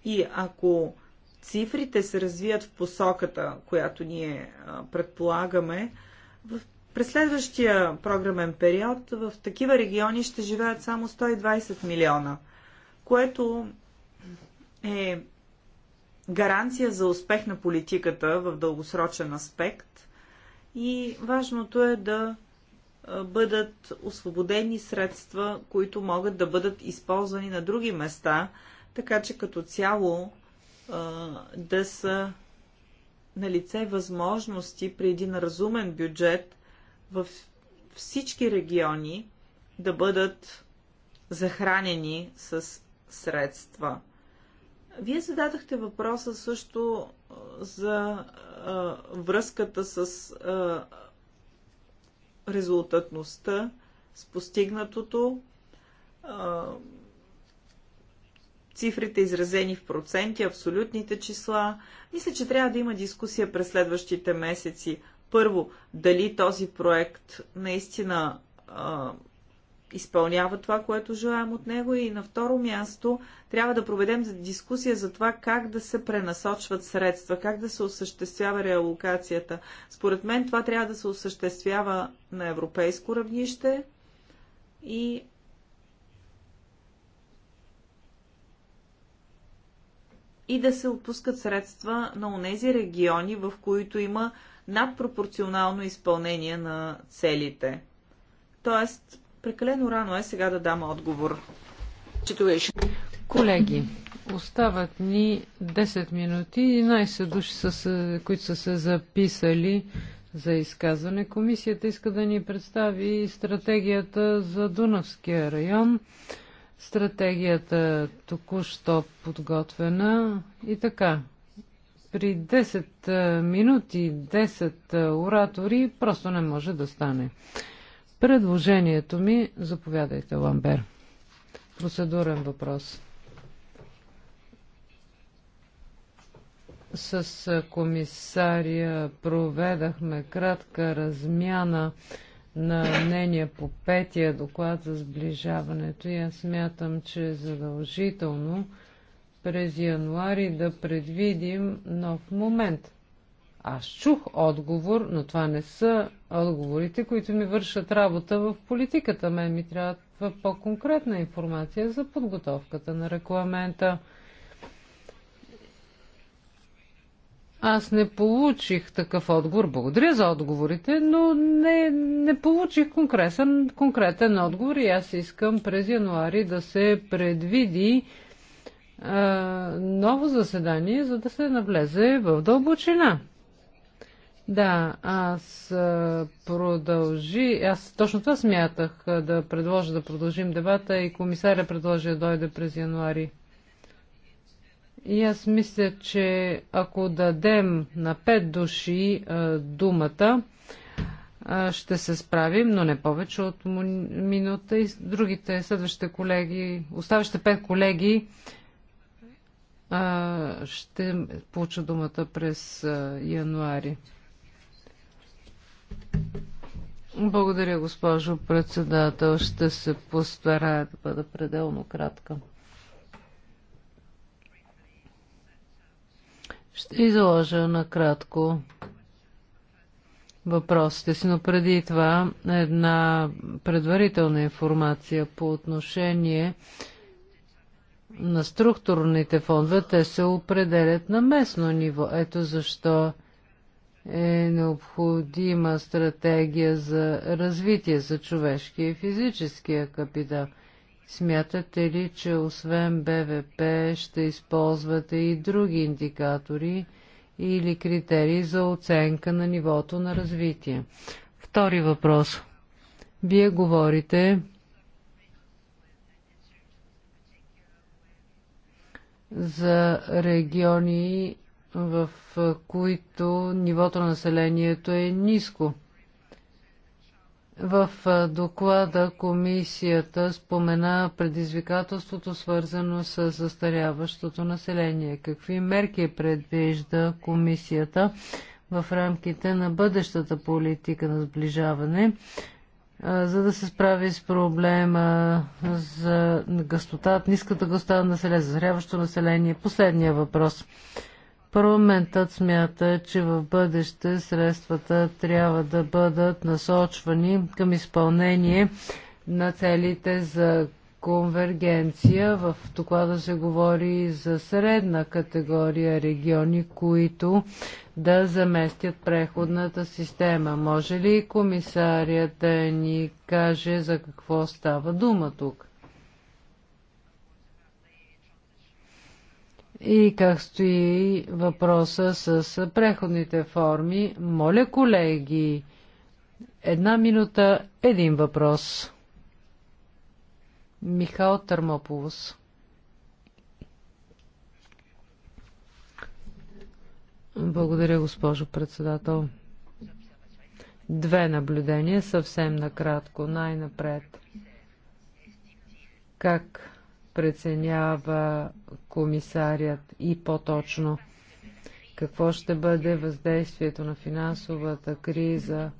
и ако цифрите се развият в посоката, която ние а, предполагаме, в през следващия програмен период в такива региони ще живеят само 120 милиона, което е гаранция за успех на политиката в дългосрочен аспект и важното е да бъдат освободени средства, които могат да бъдат използвани на други места, така че като цяло да са на лице възможности при един разумен бюджет във всички региони да бъдат захранени с средства. Вие зададахте въпроса също за а, връзката с а, резултатността, с постигнатото. А, цифрите изразени в проценти, абсолютните числа. Мисля, че трябва да има дискусия през следващите месеци. Първо, дали този проект наистина а, изпълнява това, което желаем от него и на второ място трябва да проведем дискусия за това как да се пренасочват средства, как да се осъществява реалокацията. Според мен това трябва да се осъществява на европейско равнище и и да се отпускат средства на онези региони, в които има надпропорционално изпълнение на целите. Тоест, прекалено рано е сега да дам отговор. Колеги, остават ни 10 минути, 11 души, които са се записали за изказване. Комисията иска да ни представи стратегията за Дунавския район. Стратегията току-що подготвена и така. При 10 минути, 10 оратори просто не може да стане. Предложението ми, заповядайте, Ламбер. Процедурен въпрос. С комисария проведахме кратка размяна на мнение по петия доклад за сближаването и аз смятам, че е задължително през януари да предвидим нов момент. Аз чух отговор, но това не са отговорите, които ми вършат работа в политиката. Мен ми трябва по-конкретна информация за подготовката на рекламента Аз не получих такъв отговор. Благодаря за отговорите, но не, не получих конкретен, конкретен отговор и аз искам през януари да се предвиди а, ново заседание, за да се навлезе в дълбочина. Да, аз продължи, аз точно това смятах да предложа да продължим дебата и комисаря предложи да дойде през януари. И аз мисля, че ако дадем на пет души а, е, думата, а, е, ще се справим, но не повече от минута. И другите, следващите колеги, оставащите пет колеги, а, е, ще получа думата през а, януари. Благодаря, госпожо председател. Ще се постарая да бъда пределно кратка. Ще изложа накратко въпросите си, но преди това една предварителна информация по отношение на структурните фондове. Те се определят на местно ниво. Ето защо е необходима стратегия за развитие за човешкия и физическия капитал – Смятате ли, че освен БВП ще използвате и други индикатори или критерии за оценка на нивото на развитие? Втори въпрос. Вие говорите за региони, в които нивото на населението е ниско – в доклада комисията спомена предизвикателството, свързано с застаряващото население. Какви мерки предвижда комисията в рамките на бъдещата политика на сближаване, за да се справи с проблема за гъстота, ниската гъстота на население, застаряващо население? Последния въпрос – Парламентът смята, че в бъдеще средствата трябва да бъдат насочвани към изпълнение на целите за конвергенция. В доклада се говори за средна категория региони, които да заместят преходната система. Може ли комисарият да ни каже за какво става дума тук? и как стои въпроса с преходните форми. Моля, колеги, една минута, един въпрос. Михал Търмополос. Благодаря, госпожо председател. Две наблюдения, съвсем накратко, най-напред. Как преценява комисарият и по-точно какво ще бъде въздействието на финансовата криза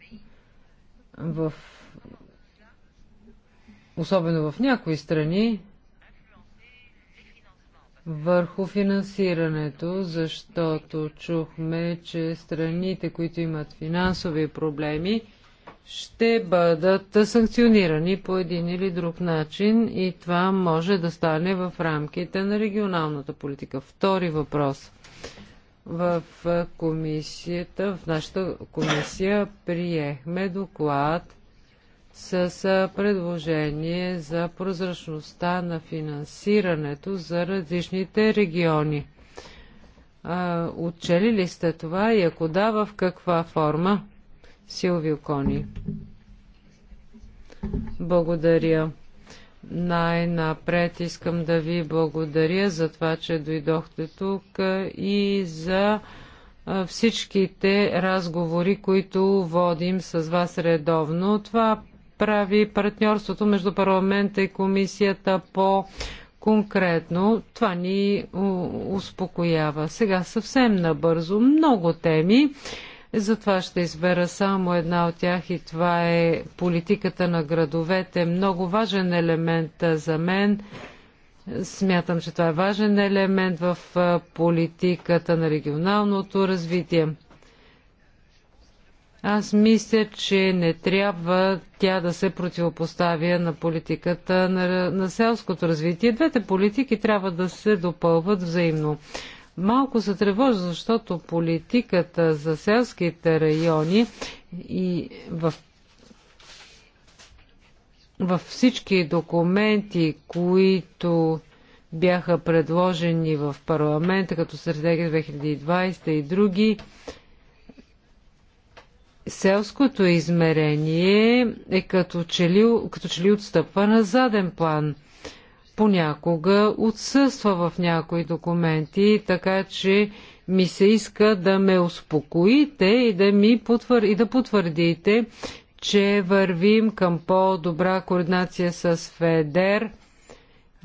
в особено в някои страни, върху финансирането, защото чухме, че страните, които имат финансови проблеми, ще бъдат санкционирани по един или друг начин и това може да стане в рамките на регионалната политика. Втори въпрос. В комисията, в нашата комисия приехме доклад с предложение за прозрачността на финансирането за различните региони. Отчели ли сте това и ако да, в каква форма? Силвио Кони. Благодаря. Най-напред искам да ви благодаря за това, че дойдохте тук и за всичките разговори, които водим с вас редовно. Това прави партньорството между парламента и комисията по конкретно. Това ни успокоява. Сега съвсем набързо. Много теми. Затова ще избера само една от тях и това е политиката на градовете. Много важен елемент за мен. Смятам, че това е важен елемент в политиката на регионалното развитие. Аз мисля, че не трябва тя да се противопоставя на политиката на, на селското развитие. Двете политики трябва да се допълват взаимно малко се тревожа, защото политиката за селските райони и в във всички документи, които бяха предложени в парламента, като стратегия 2020 и други, селското измерение е като че ли, като че ли отстъпва на заден план – понякога отсъства в някои документи, така че ми се иска да ме успокоите и да ми потвър... и да потвърдите, че вървим към по-добра координация с ФЕДЕР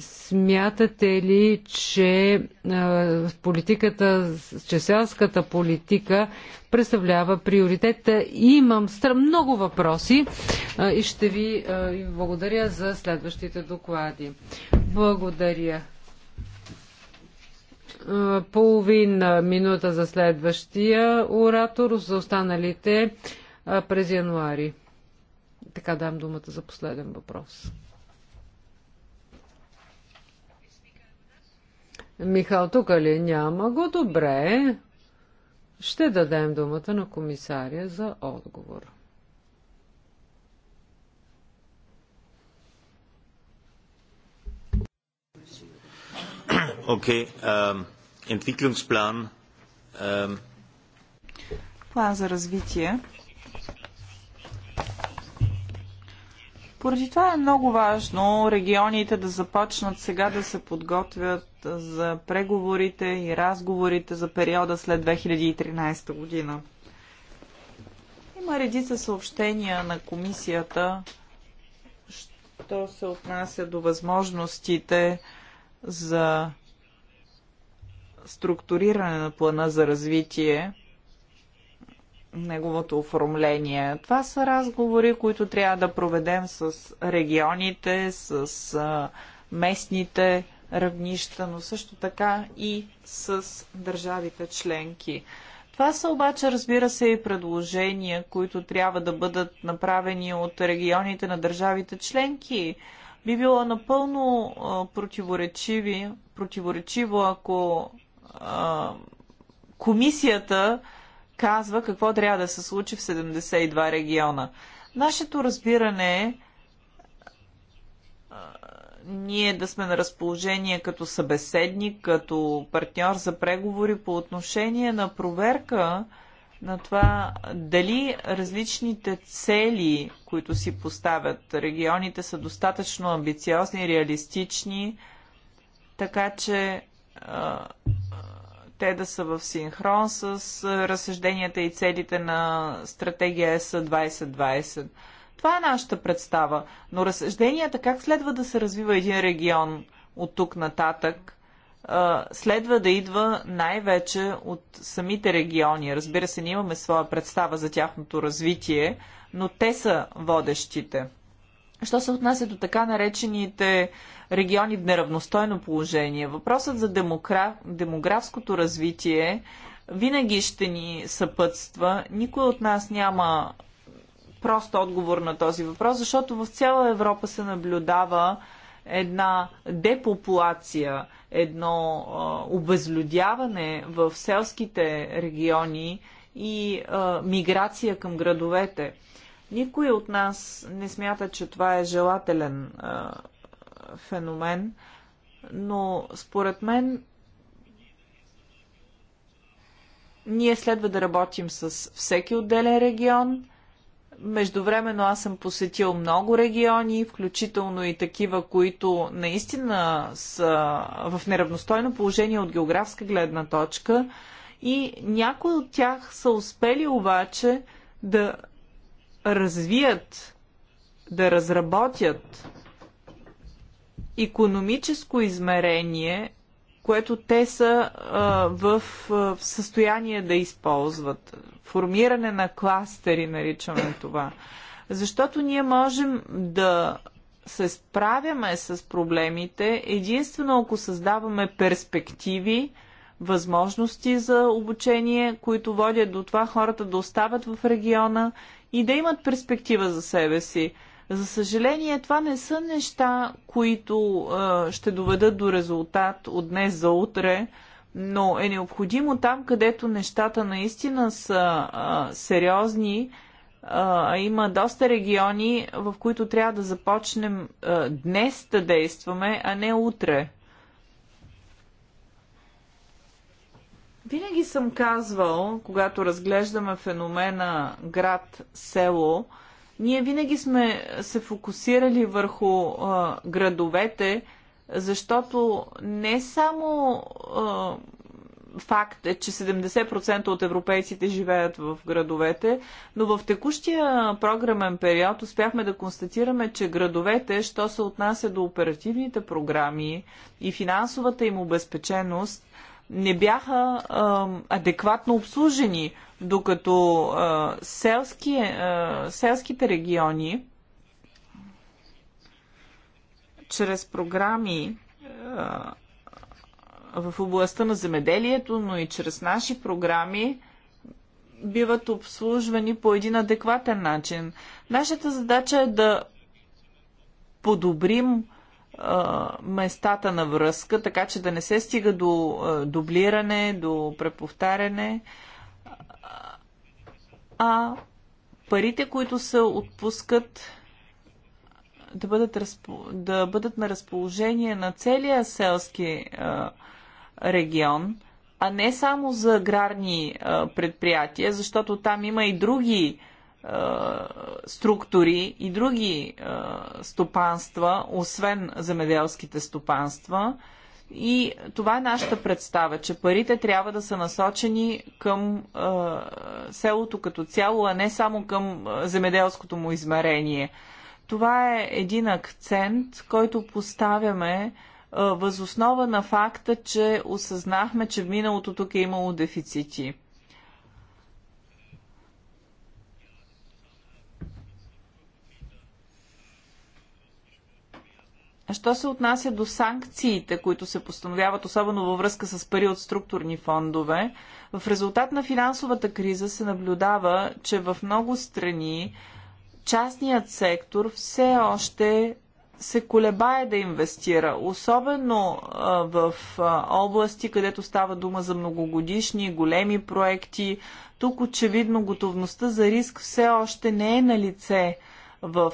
Смятате ли, че политиката, че селската политика представлява приоритета? Имам много въпроси и ще ви благодаря за следващите доклади. Благодаря. Половин минута за следващия оратор, за останалите през януари. Така дам думата за последен въпрос. Михал тук ли? Няма го. Добре. Ще дадем думата на комисария за отговор. Окей. um, План за развитие. Поради това е много важно регионите да започнат сега да се подготвят за преговорите и разговорите за периода след 2013 година. Има редица съобщения на комисията, що се отнася до възможностите за структуриране на плана за развитие неговото оформление. Това са разговори, които трябва да проведем с регионите, с местните равнища, но също така и с държавите членки. Това са обаче, разбира се, и предложения, които трябва да бъдат направени от регионите на държавите членки. Би било напълно противоречиви, противоречиво, ако а, комисията казва какво трябва да се случи в 72 региона. Нашето разбиране е ние да сме на разположение като събеседник, като партньор за преговори по отношение на проверка на това дали различните цели, които си поставят регионите, са достатъчно амбициозни, реалистични, така че те да са в синхрон с разсъжденията и целите на стратегия ЕС 2020. Това е нашата представа. Но разсъжденията как следва да се развива един регион от тук нататък, следва да идва най-вече от самите региони. Разбира се, ние имаме своя представа за тяхното развитие, но те са водещите. Що се отнася до така наречените региони в неравностойно положение, въпросът за демограф... демографското развитие винаги ще ни съпътства. Никой от нас няма прост отговор на този въпрос, защото в цяла Европа се наблюдава една депопулация, едно а, обезлюдяване в селските региони и а, миграция към градовете. Никой от нас не смята, че това е желателен а, феномен, но според мен ние следва да работим с всеки отделен регион. Междувременно аз съм посетил много региони, включително и такива, които наистина са в неравностойно положение от географска гледна точка. И някои от тях са успели обаче да развият, да разработят економическо измерение, което те са а, в, в състояние да използват. Формиране на кластери, наричаме това. Защото ние можем да се справяме с проблемите единствено ако създаваме перспективи, възможности за обучение, които водят до това хората да остават в региона и да имат перспектива за себе си. За съжаление, това не са неща, които е, ще доведат до резултат от днес за утре, но е необходимо там, където нещата наистина са е, сериозни, е, има доста региони, в които трябва да започнем е, днес да действаме, а не утре. Винаги съм казвал, когато разглеждаме феномена град-село, ние винаги сме се фокусирали върху а, градовете, защото не само а, факт е, че 70% от европейците живеят в градовете, но в текущия програмен период успяхме да констатираме, че градовете, що се отнася до оперативните програми и финансовата им обезпеченост, не бяха а, адекватно обслужени, докато а, селски, а, селските региони чрез програми а, в областта на земеделието, но и чрез наши програми биват обслужвани по един адекватен начин. Нашата задача е да подобрим местата на връзка, така че да не се стига до дублиране, до преповтаряне, а парите, които се отпускат да бъдат, да бъдат на разположение на целия селски регион, а не само за аграрни предприятия, защото там има и други структури и други стопанства, освен земеделските стопанства. И това е нашата представа, че парите трябва да са насочени към селото като цяло, а не само към земеделското му измерение. Това е един акцент, който поставяме възоснова на факта, че осъзнахме, че в миналото тук е имало дефицити. Що се отнася до санкциите, които се постановяват, особено във връзка с пари от структурни фондове, в резултат на финансовата криза се наблюдава, че в много страни частният сектор все още се колебае да инвестира, особено в области, където става дума за многогодишни, големи проекти. Тук очевидно готовността за риск все още не е на лице в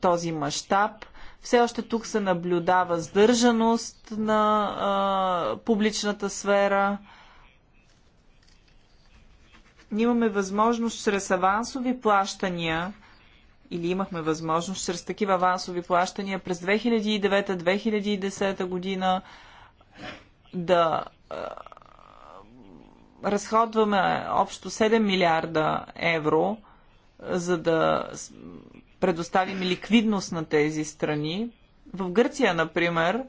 този мащаб – все още тук се наблюдава сдържаност на а, публичната сфера. имаме възможност чрез авансови плащания или имахме възможност чрез такива авансови плащания през 2009-2010 година да а, разходваме общо 7 милиарда евро, за да предоставим ликвидност на тези страни. В Гърция, например, е,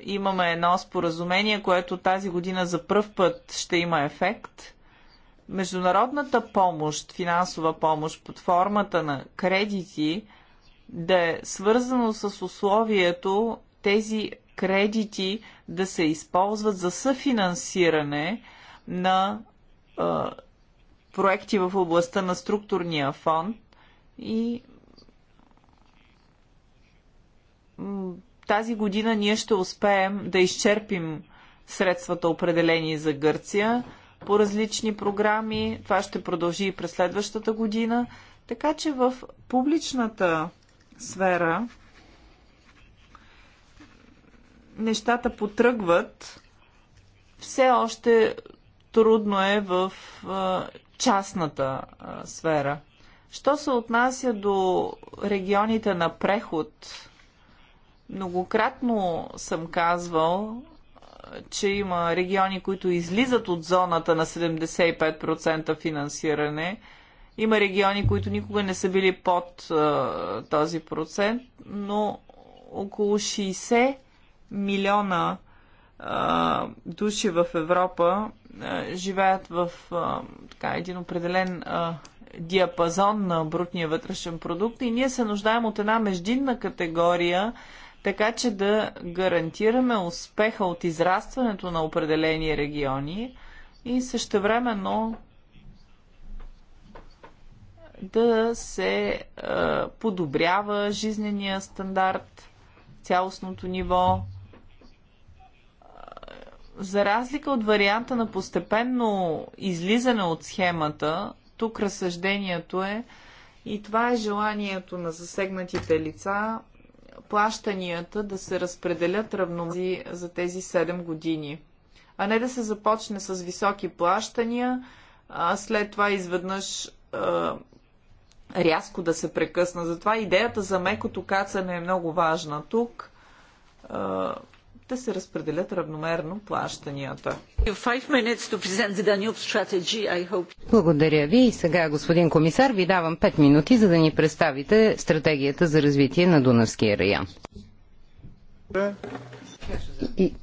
имаме едно споразумение, което тази година за пръв път ще има ефект. Международната помощ, финансова помощ под формата на кредити, да е свързано с условието тези кредити да се използват за съфинансиране на е, проекти в областта на структурния фонд и тази година ние ще успеем да изчерпим средствата определени за Гърция по различни програми. Това ще продължи и през следващата година. Така че в публичната сфера нещата потръгват. Все още трудно е в частната сфера. Що се отнася до регионите на преход, многократно съм казвал, че има региони, които излизат от зоната на 75% финансиране. Има региони, които никога не са били под а, този процент, но около 60 милиона а, души в Европа а, живеят в а, така, един определен а, диапазон на брутния вътрешен продукт и ние се нуждаем от една междинна категория, така че да гарантираме успеха от израстването на определени региони и същевременно да се е, подобрява жизнения стандарт, цялостното ниво. За разлика от варианта на постепенно излизане от схемата, тук разсъждението е, и това е желанието на засегнатите лица, плащанията да се разпределят равномерно за тези 7 години, а не да се започне с високи плащания, а след това изведнъж а, рязко да се прекъсна. Затова идеята за мекото кацане е много важна тук. А, да се разпределят равномерно плащанията. Благодаря ви. И сега, господин комисар, ви давам 5 минути, за да ни представите стратегията за развитие на Дунавския район. И...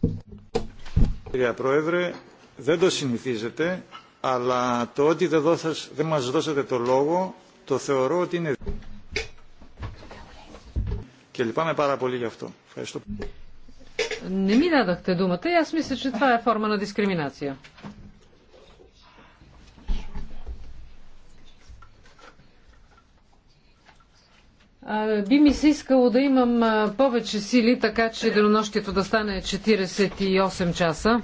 Κυρία Πρόεδρε, δεν το συνηθίζετε, αλλά το ότι δεν, δώσας, δεν μας δώσατε το λόγο το θεωρώ ότι είναι... Και λυπάμαι πάρα πολύ γι' αυτό. Ευχαριστώ. Не ми дадахте думата и аз мисля, че това е форма на дискриминация. Би ми се искало да имам повече сили, така че денонощието да стане 48 часа.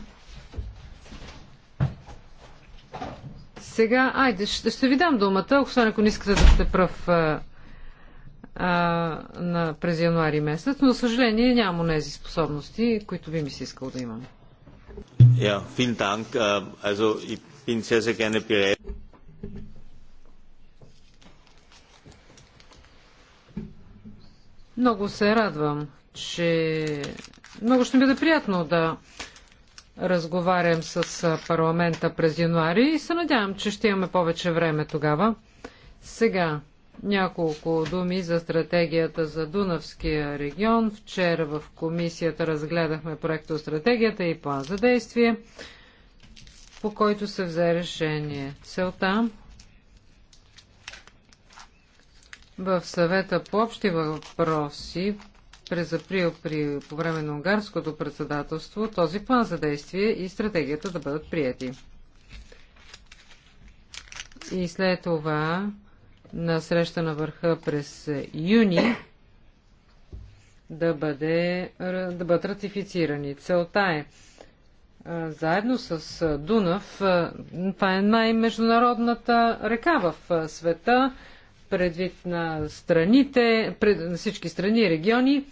Сега, айде, ще, ще ви дам думата, освен ако не искате да сте пръв а, на, през януари месец, но за съжаление нямам тези способности, които би ми се искал да имам. Ja, vielen Dank. Äh, also ich bin sehr, sehr gerne bereit. Много се радвам, че много ще ми бъде приятно да разговарям с парламента през януари и се надявам, че ще имаме повече време тогава. Сега няколко думи за стратегията за Дунавския регион. Вчера в комисията разгледахме проекта стратегията и план за действие, по който се взе решение. Целта в съвета по общи въпроси през април при, по време на унгарското председателство този план за действие и стратегията да бъдат прияти. И след това на среща на върха през юни да, бъде, да бъдат ратифицирани. Целта е заедно с Дунав, това е най-международната река в света, предвид на страните, пред, на всички страни и региони,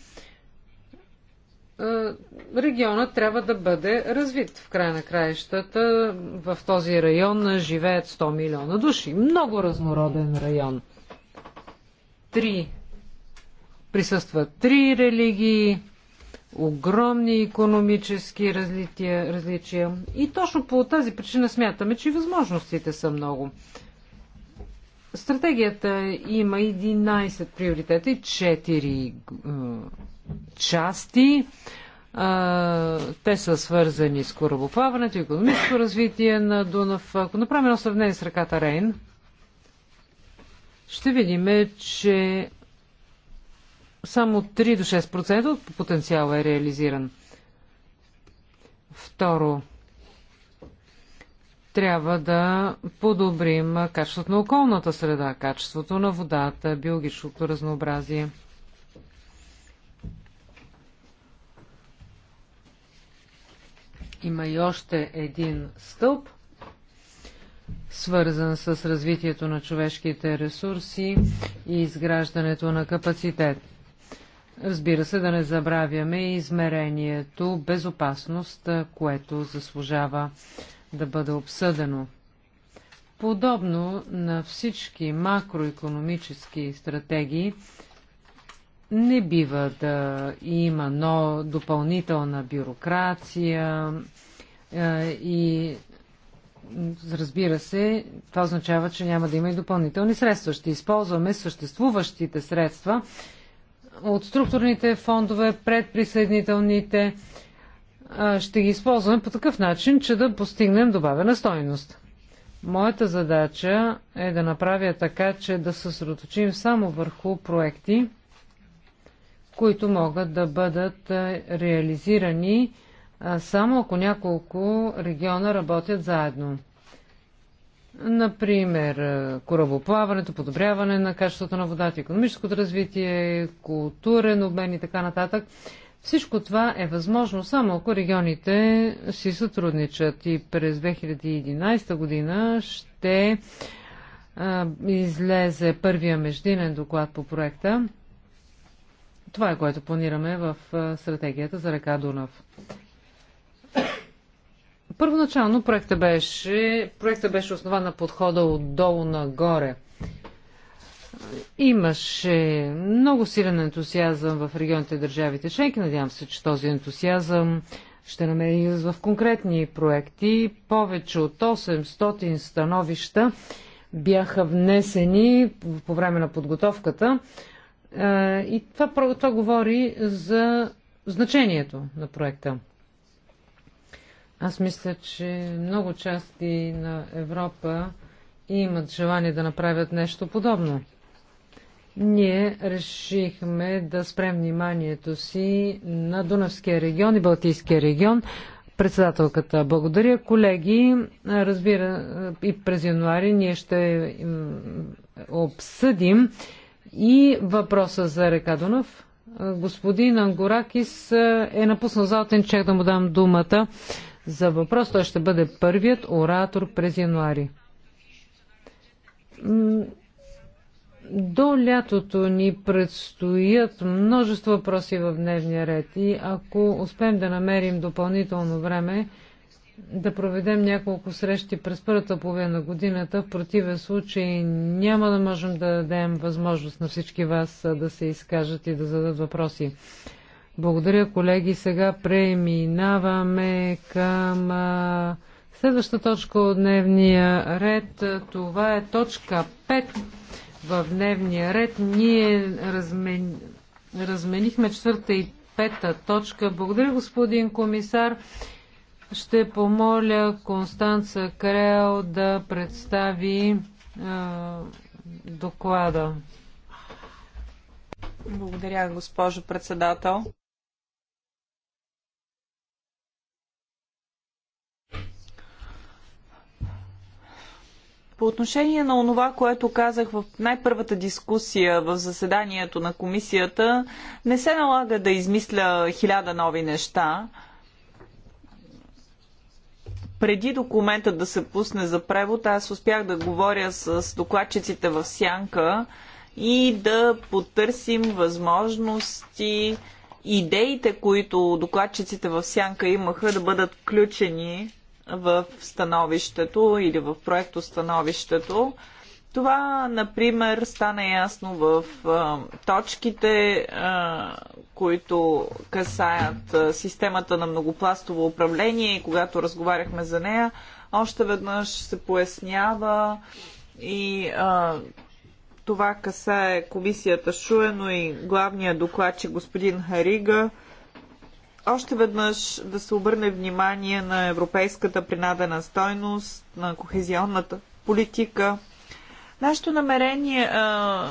регионът трябва да бъде развит. В края на краищата в този район живеят 100 милиона души. Много разнороден район. Три. Присъстват три религии, огромни економически различия. И точно по тази причина смятаме, че възможностите са много. Стратегията има 11 приоритета и 4 е, части. Е, те са свързани с корабоплаването, економическо развитие на Дунав. Ако направим едно сравнение с ръката Рейн, ще видим, че само 3 до 6% от потенциала е реализиран. Второ, трябва да подобрим качеството на околната среда, качеството на водата, биологичното разнообразие. Има и още един стълб, свързан с развитието на човешките ресурси и изграждането на капацитет. Разбира се, да не забравяме измерението безопасност, което заслужава да бъде обсъдено. Подобно на всички макроекономически стратегии, не бива да има но допълнителна бюрокрация е, и разбира се, това означава, че няма да има и допълнителни средства. Ще използваме съществуващите средства от структурните фондове, предприсъединителните ще ги използваме по такъв начин, че да постигнем добавена стойност. Моята задача е да направя така, че да се съсредоточим само върху проекти, които могат да бъдат реализирани само ако няколко региона работят заедно. Например, корабоплаването, подобряване на качеството на водата, економическото развитие, културен обмен и така нататък. Всичко това е възможно само ако регионите си сътрудничат и през 2011 година ще а, излезе първия междинен доклад по проекта. Това е което планираме в стратегията за река Дунав. Първоначално проекта беше, проекта беше основан на подхода отдолу нагоре. Имаше много силен ентусиазъм в регионите държавите членки. Надявам се, че този ентусиазъм ще намери в конкретни проекти. Повече от 800 становища бяха внесени по време на подготовката. Е, и това, това говори за значението на проекта. Аз мисля, че много части на Европа имат желание да направят нещо подобно ние решихме да спрем вниманието си на Дунавския регион и Балтийския регион. Председателката, благодаря. Колеги, разбира, и през януари ние ще обсъдим и въпроса за река Дунав. Господин Ангоракис е, е напуснал залата, не чех да му дам думата за въпрос. Той ще бъде първият оратор през януари до лятото ни предстоят множество въпроси в дневния ред и ако успеем да намерим допълнително време, да проведем няколко срещи през първата половина на годината. В противен случай няма да можем да дадем възможност на всички вас да се изкажат и да зададат въпроси. Благодаря, колеги. Сега преминаваме към следваща точка от дневния ред. Това е точка 5 в дневния ред. Ние разменихме четвърта и пета точка. Благодаря, господин комисар. Ще помоля Констанца Крел да представи доклада. Благодаря, госпожо председател. По отношение на онова, което казах в най-първата дискусия в заседанието на комисията, не се налага да измисля хиляда нови неща. Преди документа да се пусне за превод, аз успях да говоря с докладчиците в Сянка и да потърсим възможности, идеите, които докладчиците в Сянка имаха да бъдат включени в становището или в проекто становището. Това, например, стана ясно в а, точките, а, които касаят а, системата на многопластово управление и когато разговаряхме за нея, още веднъж се пояснява и а, това касае комисията Шуено и главния докладчик господин Харига – още веднъж да се обърне внимание на европейската принадена стойност, на кохезионната политика. Нашето намерение а,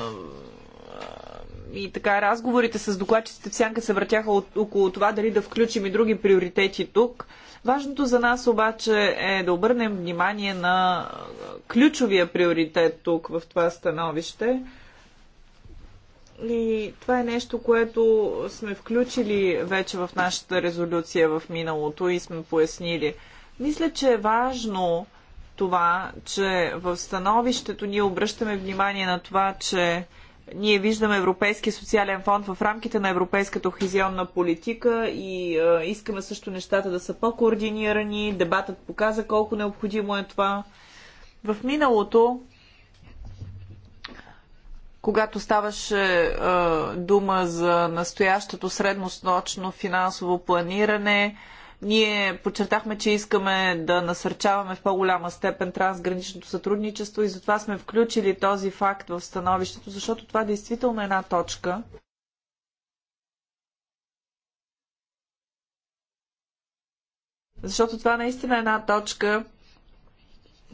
и така разговорите с докладчиците в сянка се въртяха от, около това дали да включим и други приоритети тук. Важното за нас обаче е да обърнем внимание на ключовия приоритет тук в това становище – и това е нещо, което сме включили вече в нашата резолюция в миналото и сме пояснили. Мисля, че е важно това, че в становището ние обръщаме внимание на това, че ние виждаме Европейския социален фонд в рамките на европейската хизионна политика и е, искаме също нещата да са по-координирани. Дебатът показа колко необходимо е това. В миналото когато ставаше е, дума за настоящото средносрочно финансово планиране, ние подчертахме, че искаме да насърчаваме в по-голяма степен трансграничното сътрудничество и затова сме включили този факт в становището, защото това действително е една точка. Защото това наистина е една точка,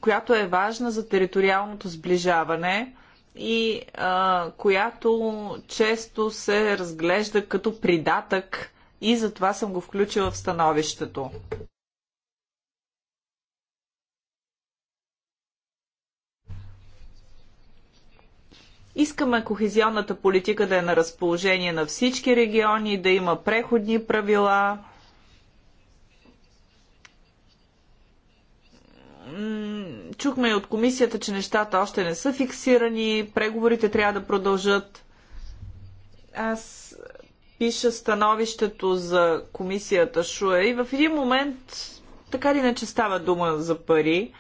която е важна за териториалното сближаване и а, която често се разглежда като придатък и затова съм го включила в становището. Искаме кохезионната политика да е на разположение на всички региони, да има преходни правила, чухме и от комисията, че нещата още не са фиксирани, преговорите трябва да продължат. Аз пиша становището за комисията Шуе и в един момент така не, иначе става дума за пари.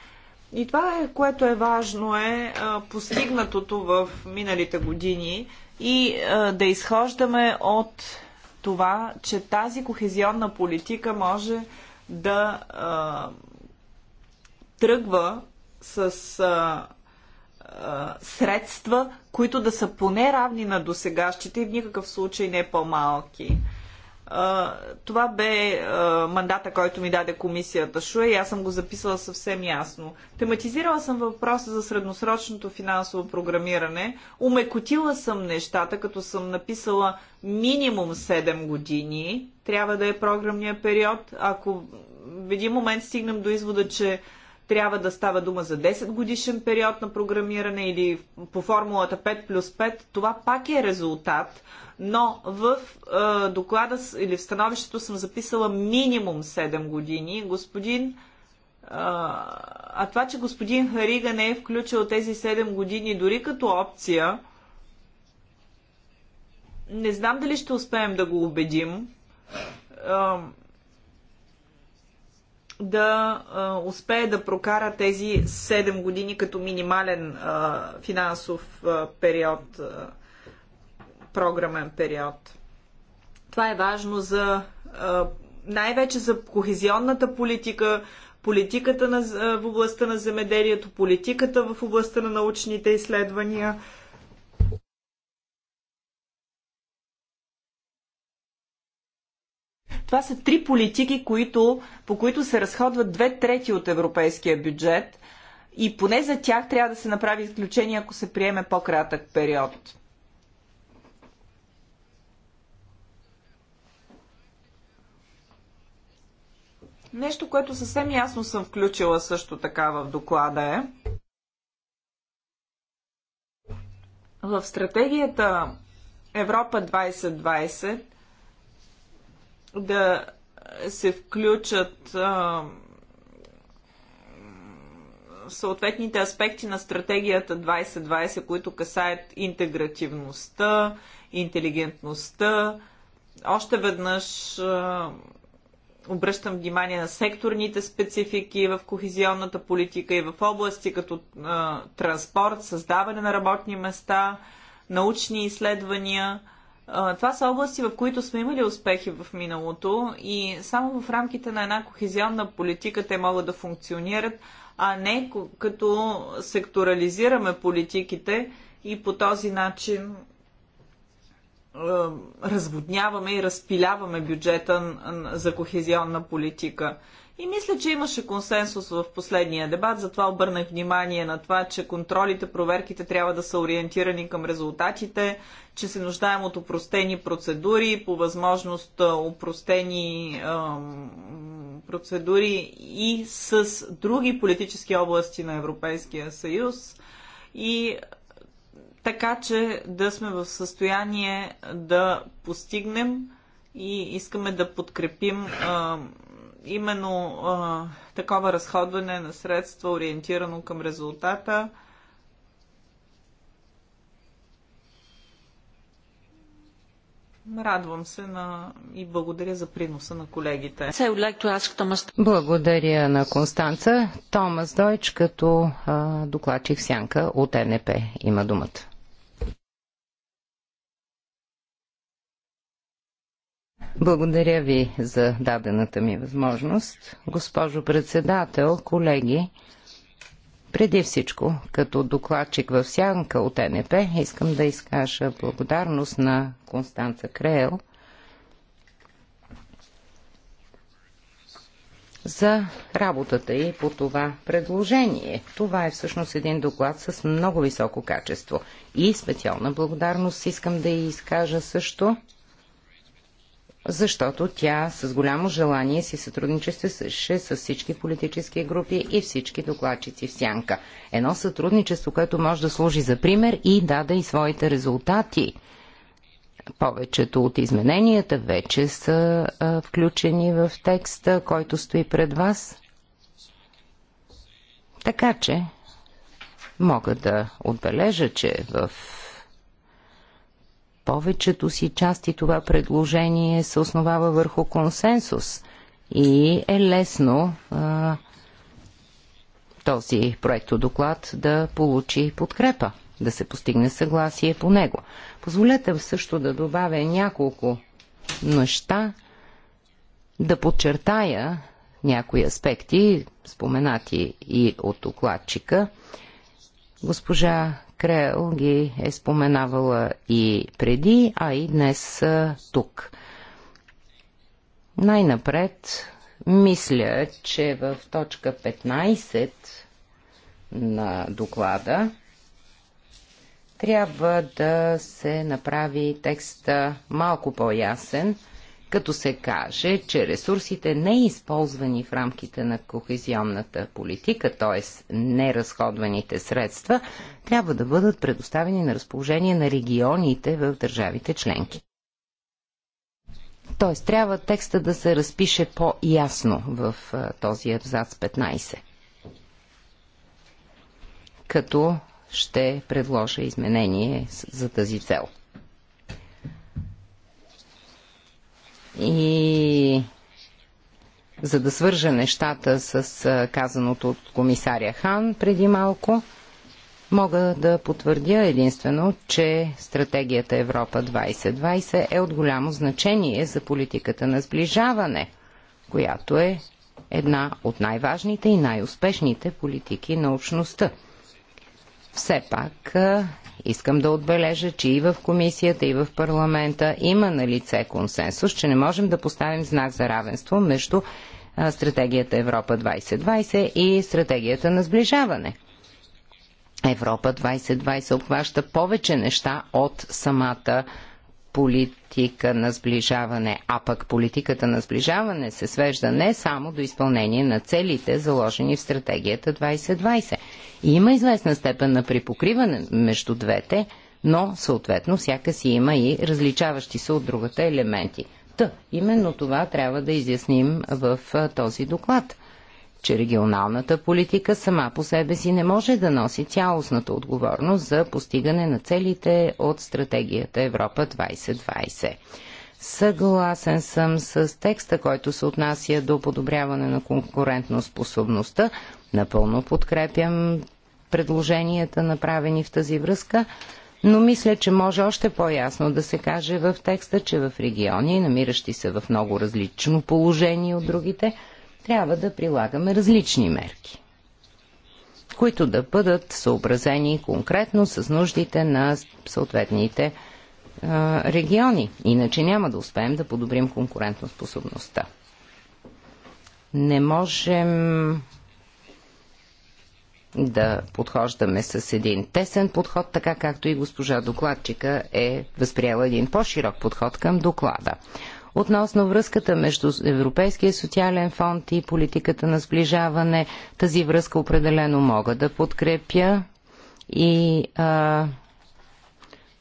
И това, е, което е важно, е постигнатото в миналите години и да изхождаме от това, че тази кохезионна политика може да тръгва с а, а, средства, които да са поне равни на досегащите и в никакъв случай не по-малки. това бе а, мандата, който ми даде комисията Шуе и аз съм го записала съвсем ясно. Тематизирала съм въпроса за средносрочното финансово програмиране, умекотила съм нещата, като съм написала минимум 7 години, трябва да е програмния период. Ако в един момент стигнем до извода, че трябва да става дума за 10 годишен период на програмиране или по формулата 5 плюс 5, това пак е резултат, но в е, доклада или в становището съм записала минимум 7 години. Господин е, а това, че господин Харига не е включил тези 7 години дори като опция, не знам дали ще успеем да го убедим да а, успее да прокара тези 7 години като минимален а, финансов а, период, а, програмен период. Това е важно за а, най-вече за кохезионната политика, политиката на, в областта на земеделието, политиката в областта на научните изследвания – Това са три политики, които, по които се разходват две трети от европейския бюджет и поне за тях трябва да се направи изключение, ако се приеме по-кратък период. Нещо, което съвсем ясно съм включила също така в доклада е. В стратегията Европа 2020 да се включат а, съответните аспекти на стратегията 2020, които касаят интегративността, интелигентността. Още веднъж а, обръщам внимание на секторните специфики в кохезионната политика и в области като а, транспорт, създаване на работни места, научни изследвания – това са области, в които сме имали успехи в миналото и само в рамките на една кохезионна политика те могат да функционират, а не като секторализираме политиките и по този начин разводняваме и разпиляваме бюджета за кохезионна политика. И мисля, че имаше консенсус в последния дебат, затова обърнах внимание на това, че контролите, проверките трябва да са ориентирани към резултатите, че се нуждаем от упростени процедури, по възможност упростени ем, процедури и с други политически области на Европейския съюз. И така, че да сме в състояние да постигнем и искаме да подкрепим Ем, именно а, такова разходване на средства, ориентирано към резултата, Радвам се на... и благодаря за приноса на колегите. Благодаря на Констанца. Томас Дойч като а, докладчик сянка от НП има думата. Благодаря ви за дадената ми възможност. Госпожо председател, колеги, преди всичко, като докладчик в сянка от НП, искам да изкажа благодарност на Констанца Креел за работата и по това предложение. Това е всъщност един доклад с много високо качество. И специална благодарност искам да изкажа също защото тя с голямо желание си сътрудничеше с всички политически групи и всички докладчици в сянка. Едно сътрудничество, което може да служи за пример и даде и своите резултати. Повечето от измененията вече са а, включени в текста, който стои пред вас. Така че мога да отбележа, че в повечето си части това предложение се основава върху консенсус и е лесно а, този доклад да получи подкрепа, да се постигне съгласие по него. Позволете също да добавя няколко неща, да подчертая някои аспекти, споменати и от докладчика. Госпожа Крел ги е споменавала и преди, а и днес тук. Най-напред, мисля, че в точка 15 на доклада трябва да се направи текста малко по-ясен – като се каже, че ресурсите не използвани в рамките на кохезионната политика, т.е. неразходваните средства, трябва да бъдат предоставени на разположение на регионите в държавите членки. Т.е. трябва текста да се разпише по-ясно в този абзац 15. Като ще предложа изменение за тази цел. И за да свържа нещата с казаното от комисаря Хан преди малко, мога да потвърдя единствено, че стратегията Европа 2020 е от голямо значение за политиката на сближаване, която е една от най-важните и най-успешните политики на общността. Все пак искам да отбележа, че и в комисията, и в парламента има на лице консенсус, че не можем да поставим знак за равенство между стратегията Европа 2020 и стратегията на сближаване. Европа 2020 обхваща повече неща от самата политика на сближаване, а пък политиката на сближаване се свежда не само до изпълнение на целите, заложени в стратегията 2020. И има известна степен на припокриване между двете, но съответно всяка си има и различаващи се от другата елементи. Та, именно това трябва да изясним в този доклад че регионалната политика сама по себе си не може да носи цялостната отговорност за постигане на целите от стратегията Европа 2020. Съгласен съм с текста, който се отнася до подобряване на конкурентно способността. Напълно подкрепям предложенията, направени в тази връзка, но мисля, че може още по-ясно да се каже в текста, че в региони, намиращи се в много различно положение от другите, трябва да прилагаме различни мерки, които да бъдат съобразени конкретно с нуждите на съответните а, региони. Иначе няма да успеем да подобрим конкурентоспособността. Не можем да подхождаме с един тесен подход, така както и госпожа докладчика е възприела един по-широк подход към доклада относно връзката между Европейския социален фонд и политиката на сближаване. Тази връзка определено мога да подкрепя и а,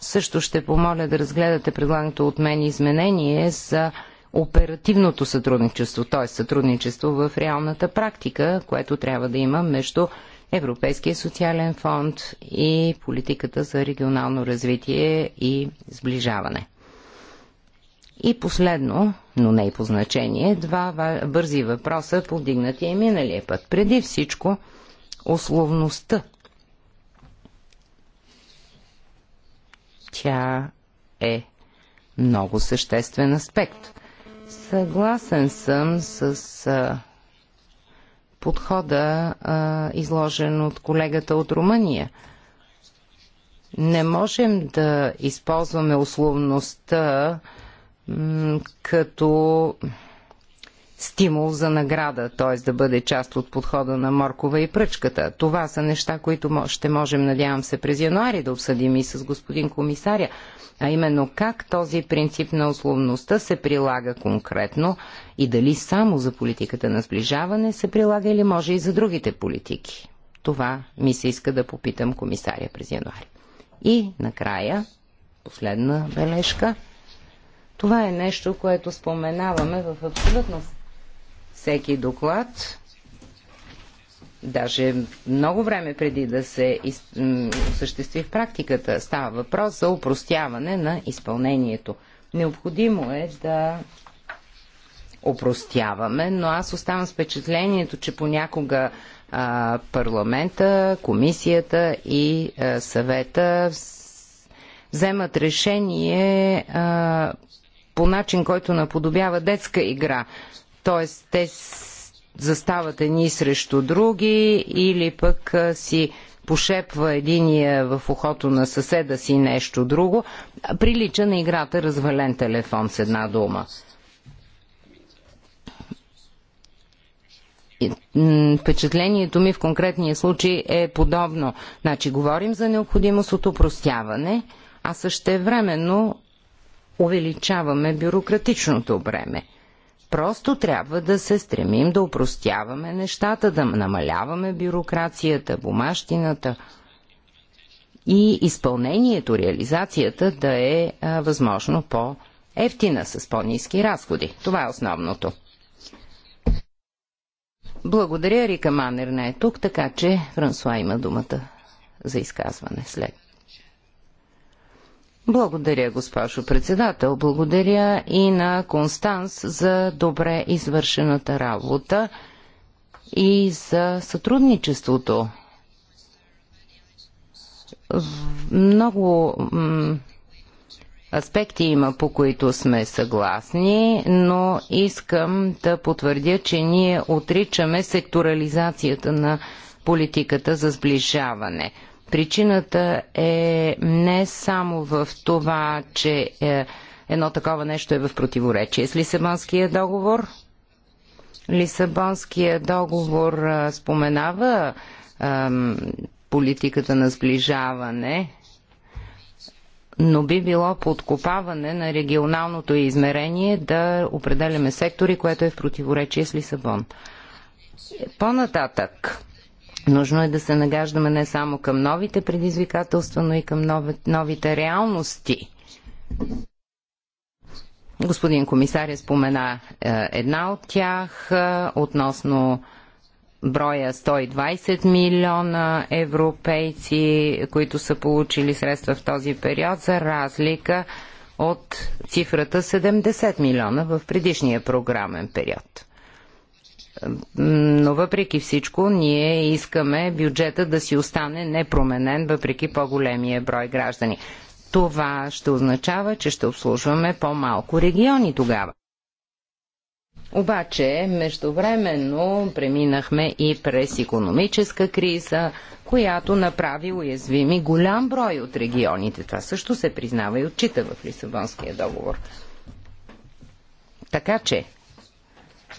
също ще помоля да разгледате предлагането от мен изменение за оперативното сътрудничество, т.е. сътрудничество в реалната практика, което трябва да има между Европейския социален фонд и политиката за регионално развитие и сближаване. И последно, но не и по значение, два бързи въпроса, повдигнати и е миналия път. Преди всичко, условността. Тя е много съществен аспект. Съгласен съм с подхода, а, изложен от колегата от Румъния. Не можем да използваме условността като стимул за награда, т.е. да бъде част от подхода на моркова и пръчката. Това са неща, които ще можем, надявам се, през януари да обсъдим и с господин комисаря, а именно как този принцип на условността се прилага конкретно и дали само за политиката на сближаване се прилага или може и за другите политики. Това ми се иска да попитам комисаря през януари. И накрая, последна бележка – това е нещо, което споменаваме в абсолютно всеки доклад, даже много време преди да се осъществи в практиката. Става въпрос за упростяване на изпълнението. Необходимо е да упростяваме, но аз оставам с впечатлението, че понякога а, парламента, комисията и а, съвета вземат решение а, по начин, който наподобява детска игра. Тоест, те застават едни срещу други или пък си пошепва единия в ухото на съседа си нещо друго. Прилича на играта развален телефон с една дума. Впечатлението ми в конкретния случай е подобно. Значи, говорим за необходимост от упростяване, а също времено увеличаваме бюрократичното бреме. Просто трябва да се стремим да упростяваме нещата, да намаляваме бюрокрацията, бумащината и изпълнението, реализацията да е а, възможно по-ефтина, с по-низки разходи. Това е основното. Благодаря, Рика Манер не е тук, така че Франсуа има думата за изказване след благодаря, госпожо председател. Благодаря и на Констанс за добре извършената работа и за сътрудничеството. Много аспекти има, по които сме съгласни, но искам да потвърдя, че ние отричаме секторализацията на политиката за сближаване – Причината е не само в това, че е, едно такова нещо е в противоречие с Лисабонския договор. Лисабонския договор е, споменава е, политиката на сближаване, но би било подкопаване на регионалното измерение да определяме сектори, което е в противоречие с Лисабон. По-нататък, Нужно е да се нагаждаме не само към новите предизвикателства, но и към нови, новите реалности. Господин комисаря е спомена е, една от тях е, относно броя 120 милиона европейци, които са получили средства в този период, за разлика от цифрата 70 милиона в предишния програмен период. Но въпреки всичко, ние искаме бюджета да си остане непроменен, въпреки по-големия брой граждани. Това ще означава, че ще обслужваме по-малко региони тогава. Обаче, междувременно преминахме и през економическа криза, която направи уязвими голям брой от регионите. Това също се признава и отчита в Лисабонския договор. Така че,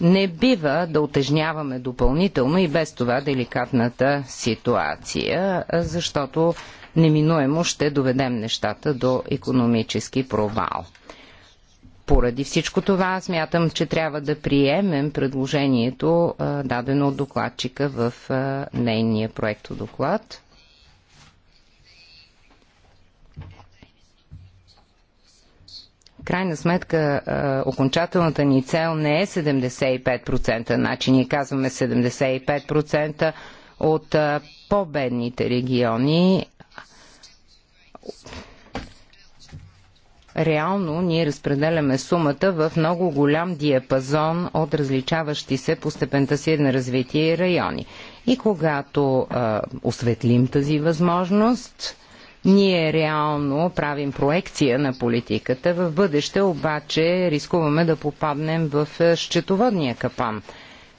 не бива да отежняваме допълнително и без това деликатната ситуация, защото неминуемо ще доведем нещата до економически провал. Поради всичко това, смятам, че трябва да приемем предложението, дадено от докладчика в нейния проекто доклад. крайна сметка а, окончателната ни цел не е 75%, значи ние казваме 75% от по-бедните региони. Реално ние разпределяме сумата в много голям диапазон от различаващи се по степента си на развитие и райони. И когато а, осветлим тази възможност, ние реално правим проекция на политиката. В бъдеще обаче рискуваме да попаднем в е, счетоводния капан.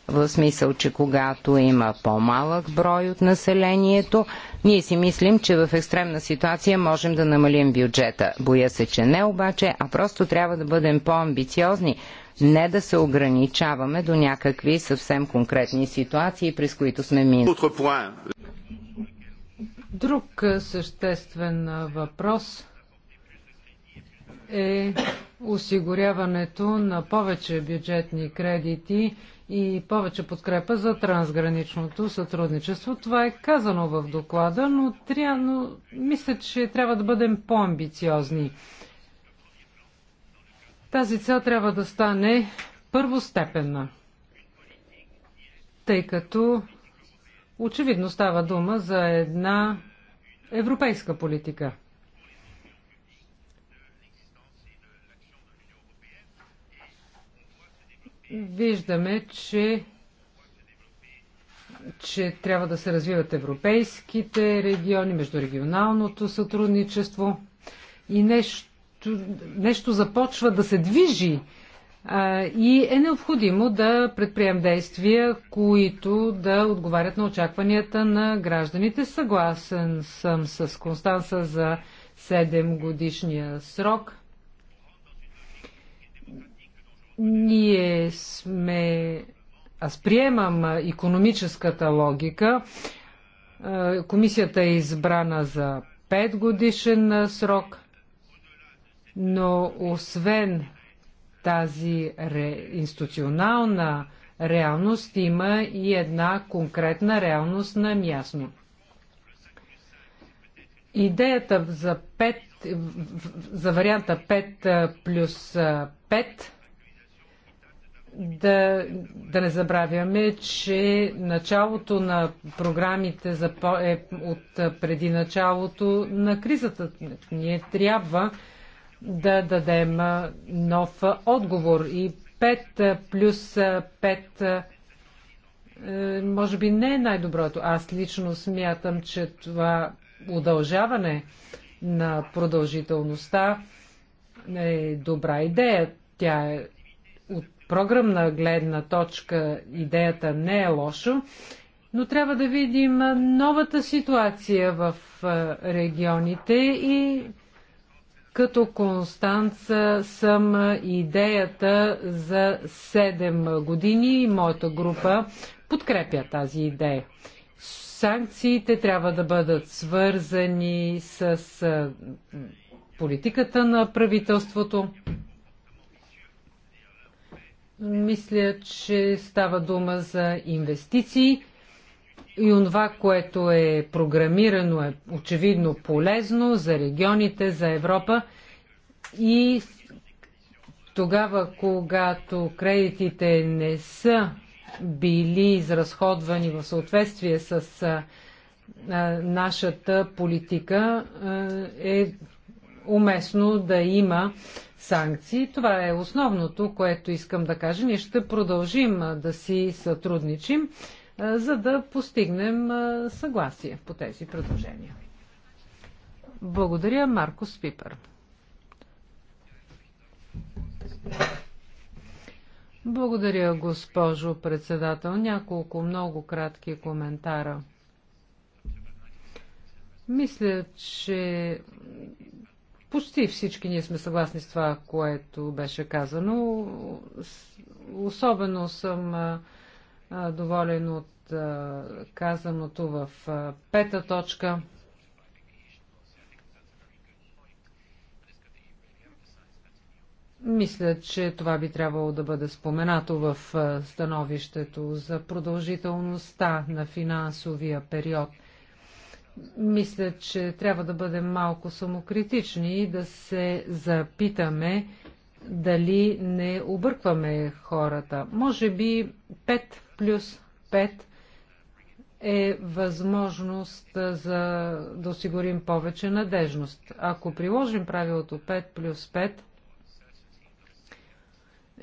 В смисъл, че когато има по-малък брой от населението, ние си мислим, че в екстремна ситуация можем да намалим бюджета. Боя се, че не обаче, а просто трябва да бъдем по-амбициозни, не да се ограничаваме до някакви съвсем конкретни ситуации, през които сме минали. Друг е, съществен е, въпрос е осигуряването на повече бюджетни кредити и повече подкрепа за трансграничното сътрудничество. Това е казано в доклада, но, тря... но мисля, че трябва да бъдем по-амбициозни. Тази цел трябва да стане първостепенна, тъй като Очевидно става дума за една европейска политика. Виждаме, че, че трябва да се развиват европейските региони, междурегионалното сътрудничество и нещо, нещо започва да се движи и е необходимо да предприем действия, които да отговарят на очакванията на гражданите. Съгласен съм с Констанса за 7 годишния срок. Ние сме... Аз приемам економическата логика. Комисията е избрана за 5 годишен срок, но освен тази ре, институционална реалност има и една конкретна реалност на място. Идеята за, 5, за варианта 5 плюс 5 да, да не забравяме, че началото на програмите е от преди началото на кризата. Ние трябва да дадем нов отговор. И 5 плюс 5 е, може би не е най-доброто. Аз лично смятам, че това удължаване на продължителността е добра идея. Тя е от програмна гледна точка идеята не е лошо, но трябва да видим новата ситуация в регионите и като Констанца съм идеята за 7 години и моята група подкрепя тази идея. Санкциите трябва да бъдат свързани с политиката на правителството. Мисля, че става дума за инвестиции и това, което е програмирано, е очевидно полезно за регионите, за Европа и тогава, когато кредитите не са били изразходвани в съответствие с нашата политика, е уместно да има санкции. Това е основното, което искам да кажа. Ние ще продължим да си сътрудничим за да постигнем съгласие по тези предложения. Благодаря, Марко Спипър. Благодаря, госпожо председател. Няколко много кратки коментара. Мисля, че почти всички ние сме съгласни с това, което беше казано. Особено съм доволен от казаното в пета точка. Мисля, че това би трябвало да бъде споменато в становището за продължителността на финансовия период. Мисля, че трябва да бъдем малко самокритични и да се запитаме дали не объркваме хората. Може би пет плюс 5 е възможност за да осигурим повече надежност. Ако приложим правилото 5 плюс 5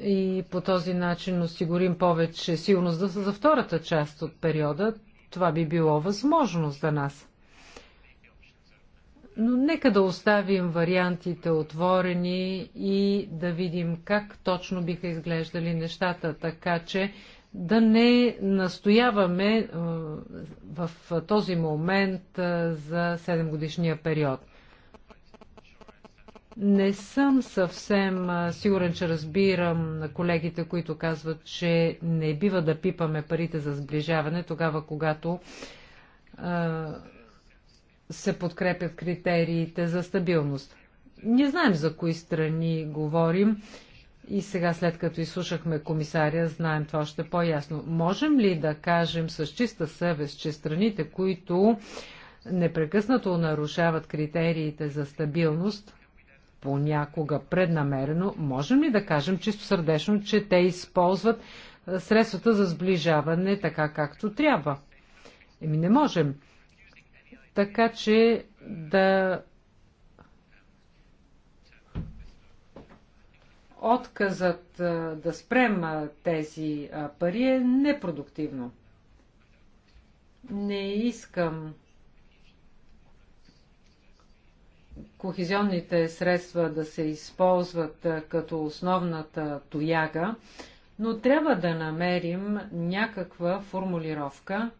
и по този начин осигурим повече силност за втората част от периода, това би било възможност за нас. Но нека да оставим вариантите отворени и да видим как точно биха изглеждали нещата, така че да не настояваме е, в този момент е, за 7 годишния период. Не съм съвсем е, сигурен, че разбирам на колегите, които казват, че не бива да пипаме парите за сближаване тогава, когато се подкрепят критериите за стабилност. Не знаем за кои страни говорим и сега, след като изслушахме комисаря, знаем това още по-ясно. Можем ли да кажем с чиста съвест, че страните, които непрекъснато нарушават критериите за стабилност, понякога преднамерено, можем ли да кажем чисто сърдечно, че те използват средствата за сближаване така както трябва? Еми не можем. Така че да отказът да спрем тези пари е непродуктивно. Не искам кохезионните средства да се използват като основната тояга, но трябва да намерим някаква формулировка,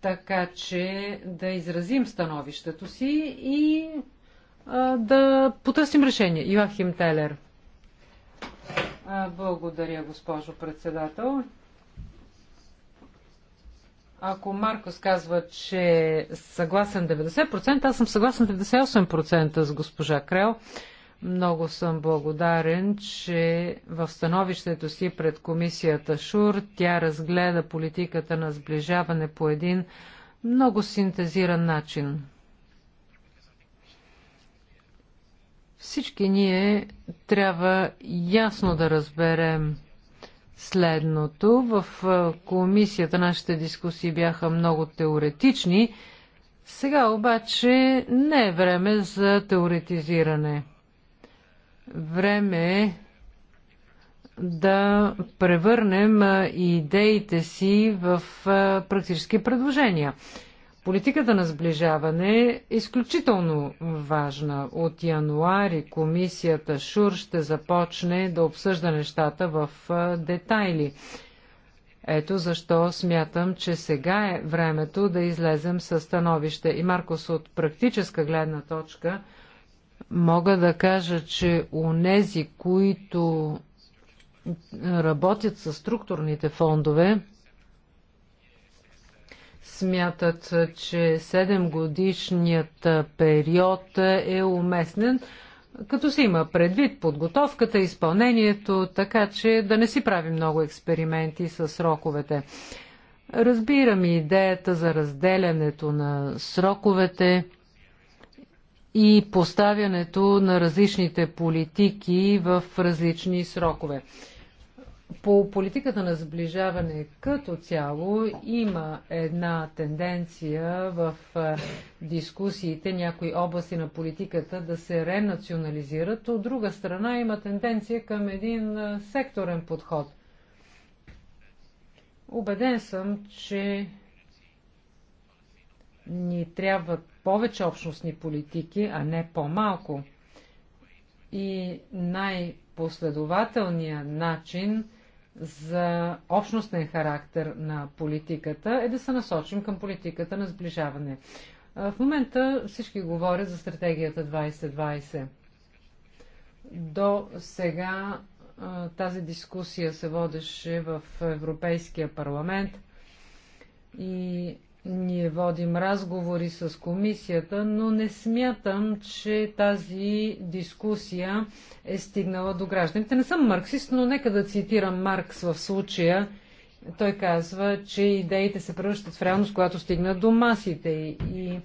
така че да изразим становището си и а, да потърсим решение. Йоахим Телер. Благодаря, госпожо председател. Ако Маркос казва, че съгласен 90%, аз съм съгласен 98% с госпожа Крел. Много съм благодарен, че в становището си пред комисията ШУР тя разгледа политиката на сближаване по един много синтезиран начин. Всички ние трябва ясно да разберем следното. В комисията нашите дискусии бяха много теоретични. Сега обаче не е време за теоретизиране. Време е да превърнем идеите си в практически предложения. Политиката на сближаване е изключително важна. От януари комисията ШУР ще започне да обсъжда нещата в детайли. Ето защо смятам, че сега е времето да излезем със становище. И Маркос от практическа гледна точка мога да кажа, че нези, които работят с структурните фондове, смятат, че 7 годишният период е уместен, като се има предвид подготовката, изпълнението, така че да не си прави много експерименти с сроковете. Разбирам и идеята за разделянето на сроковете и поставянето на различните политики в различни срокове. По политиката на сближаване като цяло има една тенденция в е, дискусиите някои области на политиката да се ренационализират, от друга страна има тенденция към един е, секторен подход. Обеден съм, че ни трябват повече общностни политики, а не по-малко. И най-последователният начин – за общностен характер на политиката е да се насочим към политиката на сближаване. В момента всички говорят за стратегията 2020. До сега тази дискусия се водеше в Европейския парламент и ние водим разговори с комисията, но не смятам, че тази дискусия е стигнала до гражданите. Не съм марксист, но нека да цитирам Маркс в случая. Той казва, че идеите се превръщат в реалност, когато стигнат до масите. И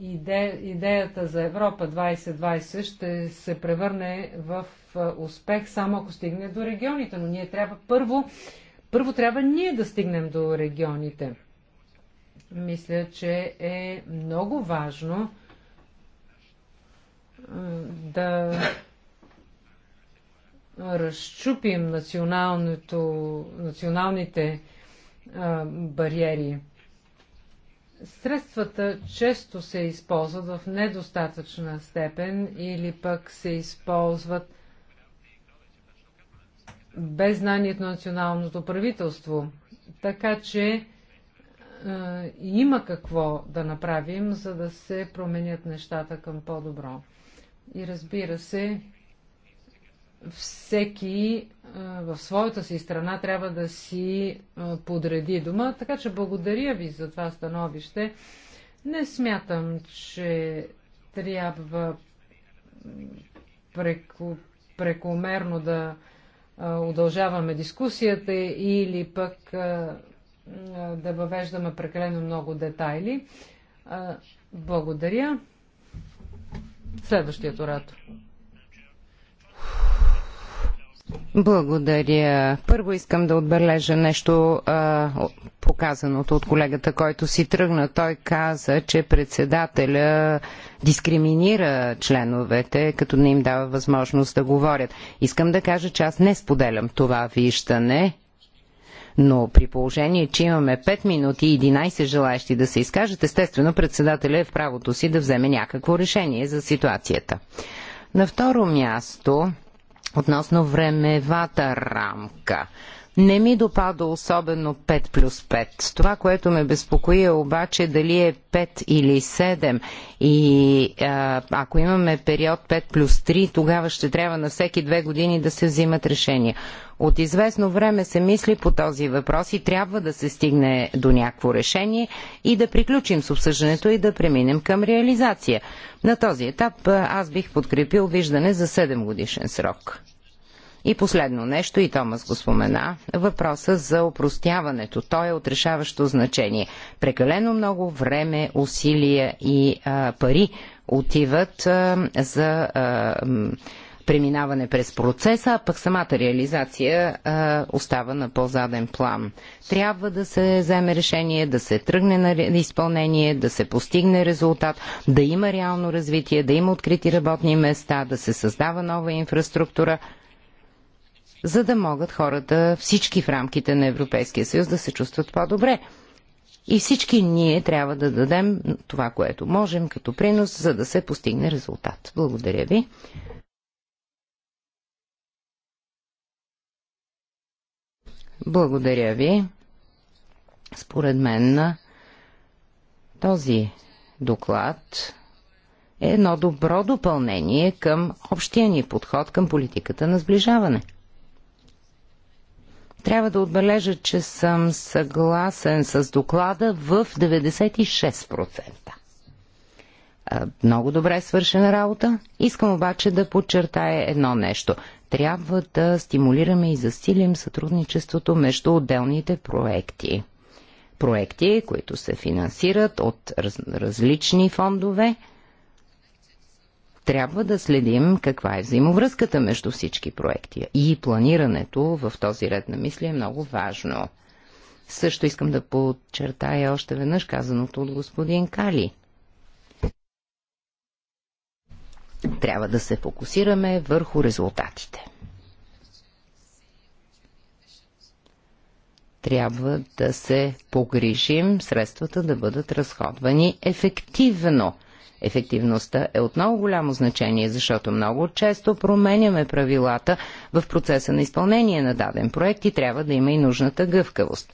иде, идеята за Европа 2020 ще се превърне в успех само ако стигне до регионите. Но ние трябва първо, първо трябва ние да стигнем до регионите. Мисля, че е много важно да разчупим националните а, бариери. Средствата често се използват в недостатъчна степен или пък се използват без знанието на националното правителство. Така че е, има какво да направим, за да се променят нещата към по-добро. И разбира се, всеки е, в своята си страна трябва да си е, подреди дома, така че благодаря ви за това становище. Не смятам, че трябва преко, прекомерно да удължаваме дискусията или пък да въвеждаме прекалено много детайли. Благодаря. Следващият оратор. Благодаря. Първо искам да отбележа нещо а, показаното от колегата, който си тръгна. Той каза, че председателя дискриминира членовете, като не им дава възможност да говорят. Искам да кажа, че аз не споделям това виждане. Но при положение, че имаме 5 минути и 11 желаящи да се изкажат, естествено председателя е в правото си да вземе някакво решение за ситуацията. На второ място, относно времевата рамка – не ми допада особено 5 плюс 5. Това, което ме безпокои е обаче дали е 5 или 7. И а, ако имаме период 5 плюс 3, тогава ще трябва на всеки две години да се взимат решения. От известно време се мисли по този въпрос и трябва да се стигне до някакво решение и да приключим с обсъждането и да преминем към реализация. На този етап аз бих подкрепил виждане за 7 годишен срок. И последно нещо, и Томас го спомена, въпроса за опростяването. Той е отрешаващо значение. Прекалено много време, усилия и а, пари отиват а, за а, преминаване през процеса, а пък самата реализация а, остава на по-заден план. Трябва да се вземе решение, да се тръгне на изпълнение, да се постигне резултат, да има реално развитие, да има открити работни места, да се създава нова инфраструктура – за да могат хората, всички в рамките на Европейския съюз, да се чувстват по-добре. И всички ние трябва да дадем това, което можем като принос, за да се постигне резултат. Благодаря ви. Благодаря ви. Според мен този доклад е едно добро допълнение към общия ни подход към политиката на сближаване – трябва да отбележа, че съм съгласен с доклада в 96%. Много добре е свършена работа. Искам обаче да подчертая едно нещо. Трябва да стимулираме и засилим сътрудничеството между отделните проекти. Проекти, които се финансират от раз, различни фондове – трябва да следим каква е взаимовръзката между всички проекти. И планирането в този ред на мисли е много важно. Също искам да подчертая още веднъж казаното от господин Кали. Трябва да се фокусираме върху резултатите. Трябва да се погрижим средствата да бъдат разходвани ефективно – Ефективността е от много голямо значение, защото много често променяме правилата в процеса на изпълнение на даден проект и трябва да има и нужната гъвкавост.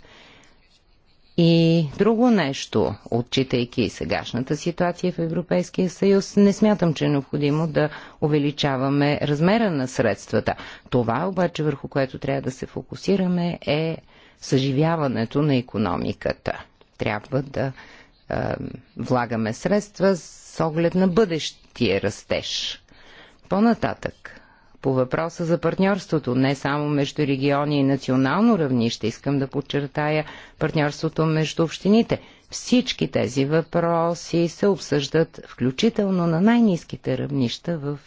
И друго нещо, отчитайки сегашната ситуация в Европейския съюз, не смятам, че е необходимо да увеличаваме размера на средствата. Това обаче, върху което трябва да се фокусираме, е съживяването на економиката. Трябва да влагаме средства с оглед на бъдещия растеж. По-нататък, по въпроса за партньорството, не само между региони и национално равнище, искам да подчертая партньорството между общините. Всички тези въпроси се обсъждат включително на най-низките равнища в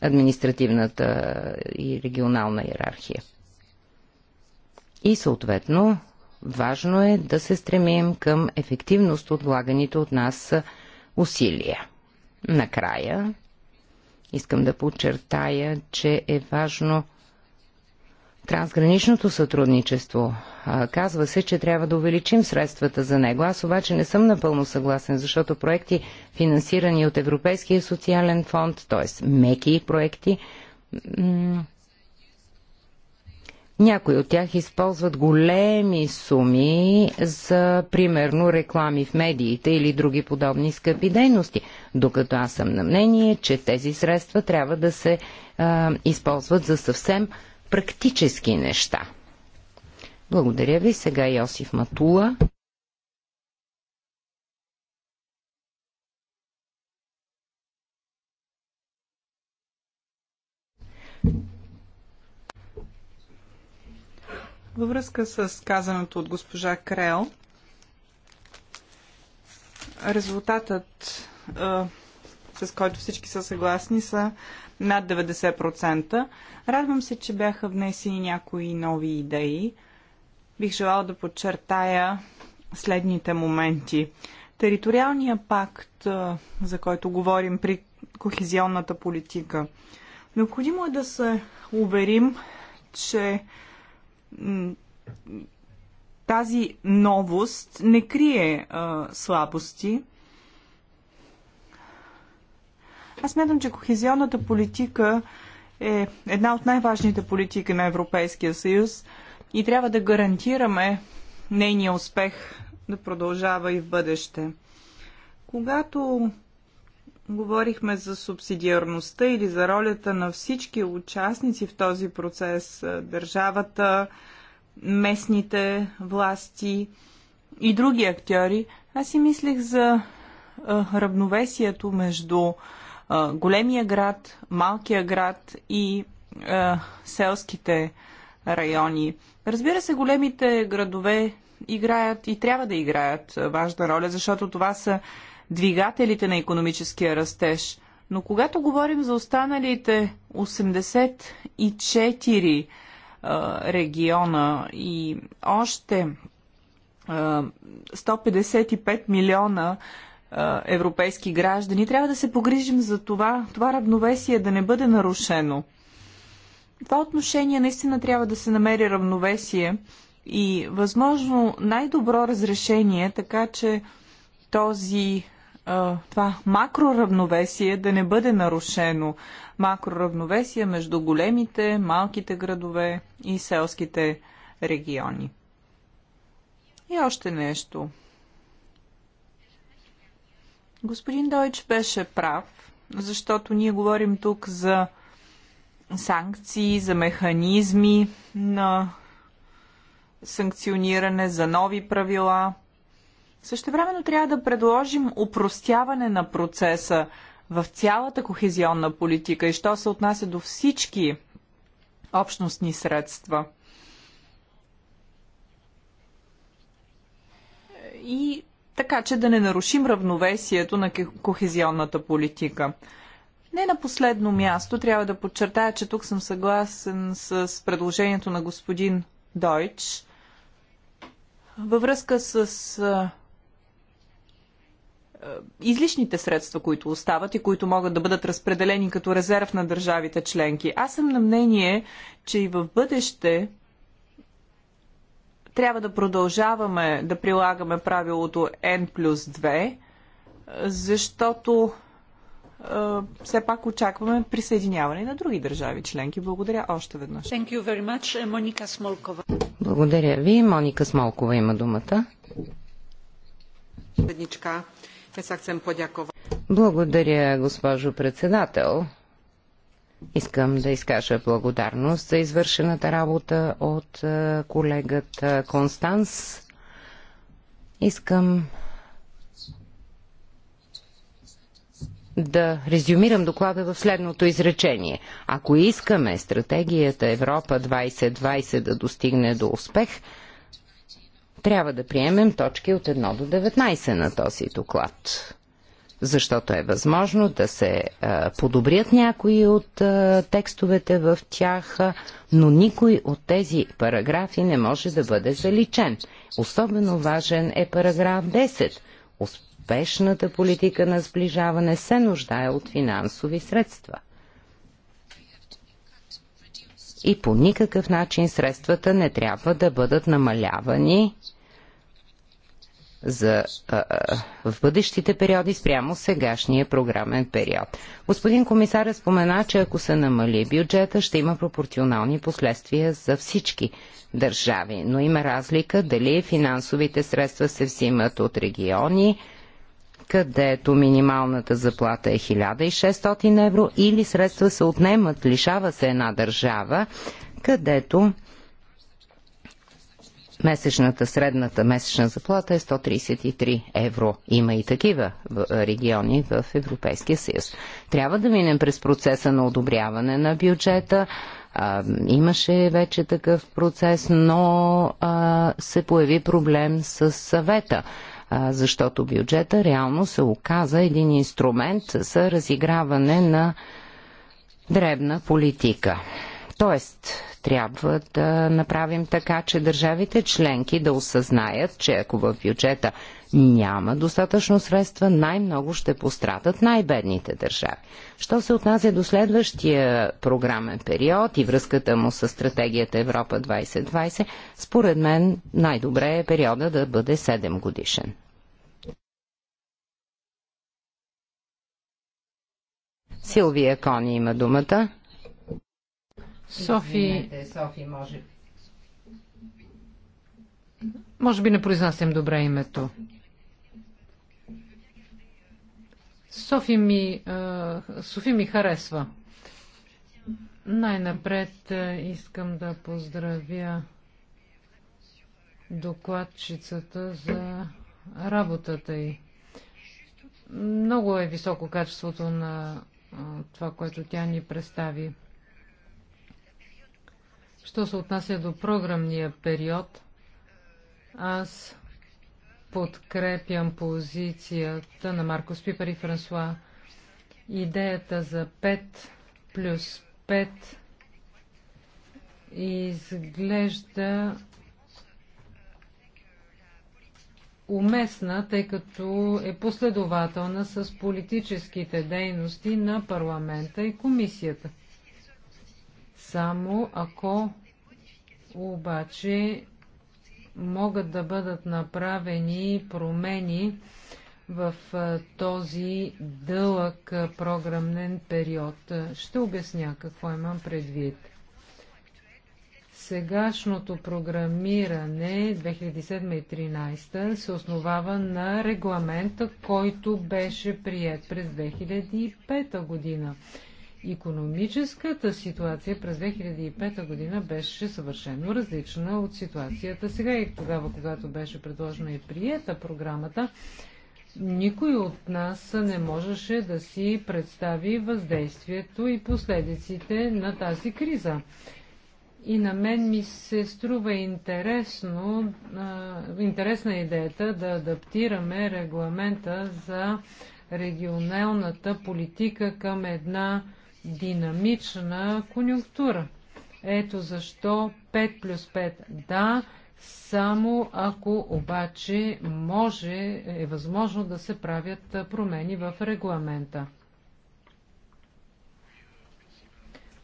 административната и регионална иерархия. И съответно Важно е да се стремим към ефективност от влаганите от нас усилия. Накрая, искам да подчертая, че е важно трансграничното сътрудничество. Казва се, че трябва да увеличим средствата за него. Аз обаче не съм напълно съгласен, защото проекти, финансирани от Европейския социален фонд, т.е. меки проекти, някои от тях използват големи суми за, примерно, реклами в медиите или други подобни скъпи дейности, докато аз съм на мнение, че тези средства трябва да се а, използват за съвсем практически неща. Благодаря ви. Сега Йосиф Матула. Във връзка с казаното от госпожа Крел, резултатът, а, с който всички са съгласни, са над 90%. Радвам се, че бяха внесени някои нови идеи. Бих желала да подчертая следните моменти. Териториалния пакт, за който говорим при кохезионната политика. Необходимо е да се уверим, че тази новост не крие а, слабости. Аз смятам, че кохезионната политика е една от най-важните политики на Европейския съюз и трябва да гарантираме нейния успех да продължава и в бъдеще. Когато Говорихме за субсидиарността или за ролята на всички участници в този процес държавата, местните власти и други актьори. Аз си мислех за равновесието между големия град, малкия град и селските райони. Разбира се, големите градове играят и трябва да играят важна роля, защото това са двигателите на економическия растеж. Но когато говорим за останалите 84 региона и още 155 милиона европейски граждани, трябва да се погрижим за това, това равновесие да не бъде нарушено. това отношение наистина трябва да се намери равновесие и възможно най-добро разрешение, така че този това макроравновесие да не бъде нарушено. Макроравновесие между големите, малките градове и селските региони. И още нещо. Господин Дойч беше прав, защото ние говорим тук за санкции, за механизми на санкциониране, за нови правила – Същевременно трябва да предложим упростяване на процеса в цялата кохезионна политика и що се отнася до всички общностни средства. И така, че да не нарушим равновесието на кохезионната политика. Не на последно място трябва да подчертая, че тук съм съгласен с предложението на господин Дойч във връзка с е, излишните средства, които остават и които могат да бъдат разпределени като резерв на държавите членки. Аз съм на мнение, че и в бъдеще трябва да продължаваме да прилагаме правилото N плюс 2, е, защото е, все пак очакваме присъединяване на други държави членки. Благодаря още веднъж. Thank you very much. Моника Смолкова. Благодаря ви. Моника Смолкова има думата. Благодаря, госпожо председател. Искам да изкажа благодарност за извършената работа от е, колегата Констанс. Искам да резюмирам доклада в следното изречение. Ако искаме стратегията Европа 2020 да достигне до успех, трябва да приемем точки от 1 до 19 на този доклад. Защото е възможно да се подобрят някои от текстовете в тях, но никой от тези параграфи не може да бъде заличен. Особено важен е параграф 10. Успешната политика на сближаване се нуждае от финансови средства и по никакъв начин средствата не трябва да бъдат намалявани за а, а, в бъдещите периоди спрямо сегашния програмен период. Господин комисаря спомена, че ако се намали бюджета, ще има пропорционални последствия за всички държави, но има разлика дали финансовите средства се взимат от региони, където минималната заплата е 1600 евро или средства се отнемат, лишава се една държава, където месечната, средната месечна заплата е 133 евро. Има и такива региони в Европейския съюз. Трябва да минем през процеса на одобряване на бюджета. А, имаше вече такъв процес, но а, се появи проблем с съвета защото бюджета реално се оказа един инструмент за разиграване на дребна политика. Тоест, трябва да направим така, че държавите членки да осъзнаят, че ако в бюджета няма достатъчно средства, най-много ще пострадат най-бедните държави. Що се отнася до следващия програмен период и връзката му с стратегията Европа 2020, според мен най-добре е периода да бъде 7 годишен. Силвия Кони има думата. Софи... Софи, може. Може би не произнасям добре името. Софи ми, Софи ми харесва. Най-напред искам да поздравя докладчицата за работата й. Много е високо качеството на това, което тя ни представи. Що се отнася до програмния период, аз подкрепям позицията на Маркос Пипер и Франсуа. Идеята за 5 плюс 5 изглежда уместна, тъй като е последователна с политическите дейности на парламента и комисията само ако обаче могат да бъдат направени промени в този дълъг програмен период. Ще обясня какво имам предвид. Сегашното програмиране 2007-2013 се основава на регламента, който беше прият през 2005 година. Економическата ситуация през 2005 година беше съвършено различна от ситуацията сега и тогава, когато беше предложена и приета програмата. Никой от нас не можеше да си представи въздействието и последиците на тази криза. И на мен ми се струва интересно, интересна е идеята да адаптираме регламента за регионалната политика към една динамична конюнктура. Ето защо 5 плюс 5 да, само ако обаче може, е възможно да се правят промени в регламента.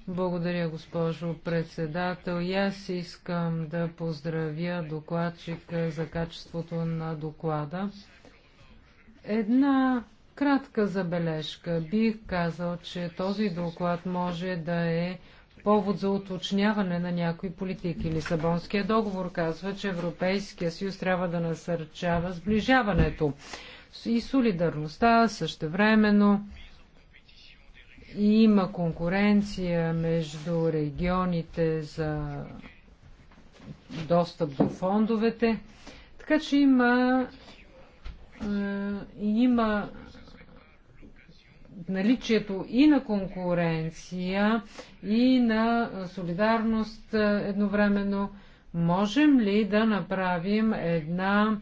Благодаря, госпожо председател. И аз искам да поздравя докладчика за качеството на доклада. Една Кратка забележка. Бих казал, че този доклад може да е повод за уточняване на някои политики. Лисабонския договор казва, че Европейския съюз трябва да насърчава сближаването и солидарността същевременно. Има конкуренция между регионите за достъп до фондовете. Така че има, е, има наличието и на конкуренция, и на солидарност е, едновременно, можем ли да направим една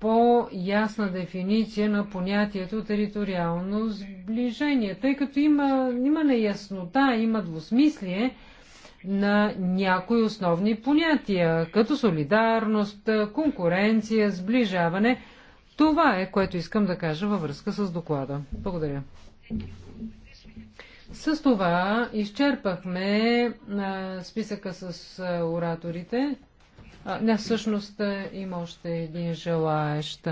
по-ясна дефиниция на понятието териториално сближение, тъй като има, има неяснота, има двусмислие на някои основни понятия, като солидарност, конкуренция, сближаване – това е, което искам да кажа във връзка с доклада. Благодаря. С това изчерпахме а, списъка с а, ораторите. А, не, всъщност има още един желаещ.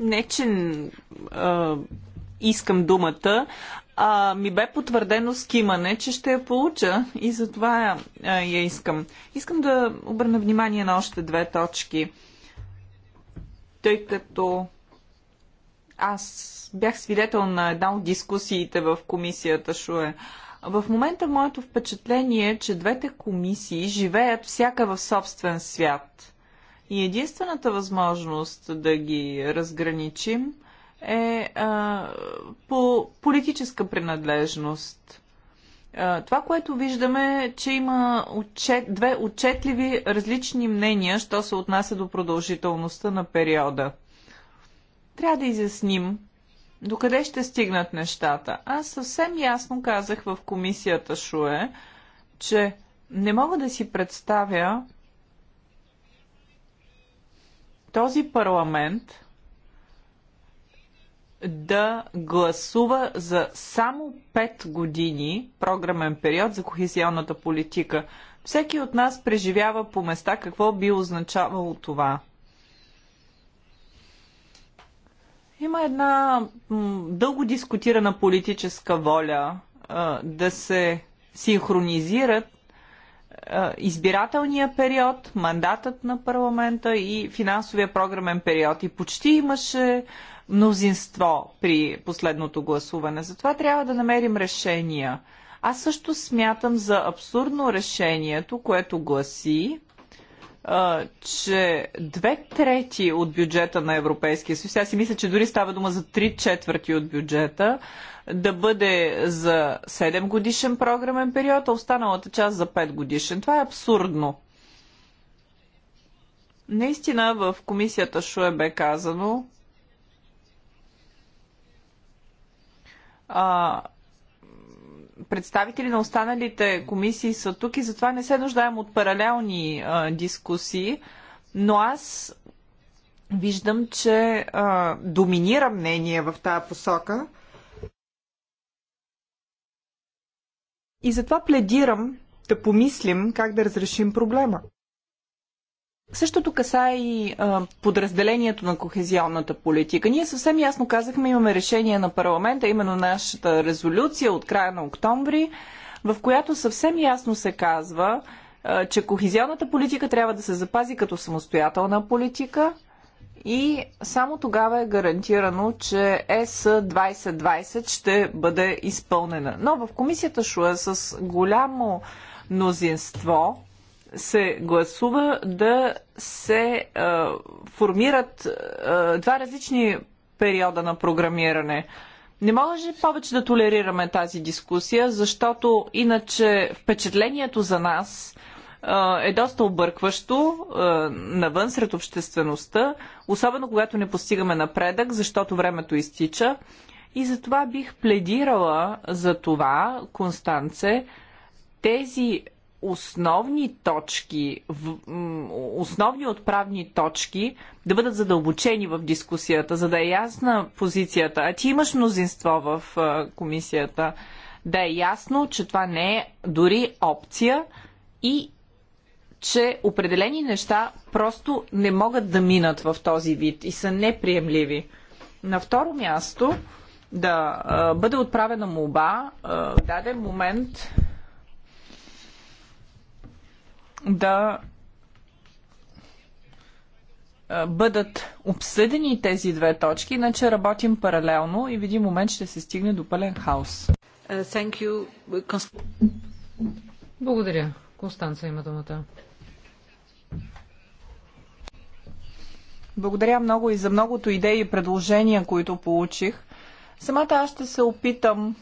Не, че а, искам думата, а, ми бе потвърдено скимане, че ще я получа и затова я, я искам. Искам да обърна внимание на още две точки тъй като аз бях свидетел на една от дискусиите в комисията Шуе. В момента моето впечатление е, че двете комисии живеят всяка в собствен свят. И единствената възможност да ги разграничим е а, по политическа принадлежност. Това, което виждаме, е, че има отчет, две отчетливи различни мнения, що се отнася до продължителността на периода. Трябва да изясним докъде ще стигнат нещата. Аз съвсем ясно казах в комисията Шуе, че не мога да си представя този парламент да гласува за само 5 години програмен период за кохезионната политика. Всеки от нас преживява по места какво би означавало това. Има една дълго дискутирана политическа воля а, да се синхронизират избирателния период, мандатът на парламента и финансовия програмен период. И почти имаше мнозинство при последното гласуване. Затова трябва да намерим решения. Аз също смятам за абсурдно решението, което гласи, че две трети от бюджета на Европейския съюз, аз си мисля, че дори става дума за три четвърти от бюджета, да бъде за 7 годишен програмен период, а останалата част за 5 годишен. Това е абсурдно. Наистина в комисията Шуе бе казано, а, представители на останалите комисии са тук и затова не се нуждаем от паралелни а, дискусии, но аз виждам, че а, доминира мнение в тази посока. И затова пледирам да помислим как да разрешим проблема. Същото каса и а, подразделението на кохезионната политика. Ние съвсем ясно казахме, имаме решение на парламента, именно нашата резолюция от края на октомври, в която съвсем ясно се казва, а, че кохезионната политика трябва да се запази като самостоятелна политика и само тогава е гарантирано, че ЕС 2020 ще бъде изпълнена. Но в комисията Шуе с голямо мнозинство се гласува да се а, формират а, два различни периода на програмиране. Не може повече да толерираме тази дискусия, защото иначе впечатлението за нас а, е доста объркващо а, навън сред обществеността, особено когато не постигаме напредък, защото времето изтича. И затова бих пледирала за това, Констанце, тези основни точки, основни отправни точки да бъдат задълбочени в дискусията, за да е ясна позицията. А ти имаш мнозинство в комисията. Да е ясно, че това не е дори опция и че определени неща просто не могат да минат в този вид и са неприемливи. На второ място да бъде отправена молба в даден момент да бъдат обсъдени тези две точки, иначе работим паралелно и в един момент ще се стигне до пълен хаос. Uh, Благодаря. Констанца има думата. Благодаря много и за многото идеи и предложения, които получих. Самата аз ще се опитам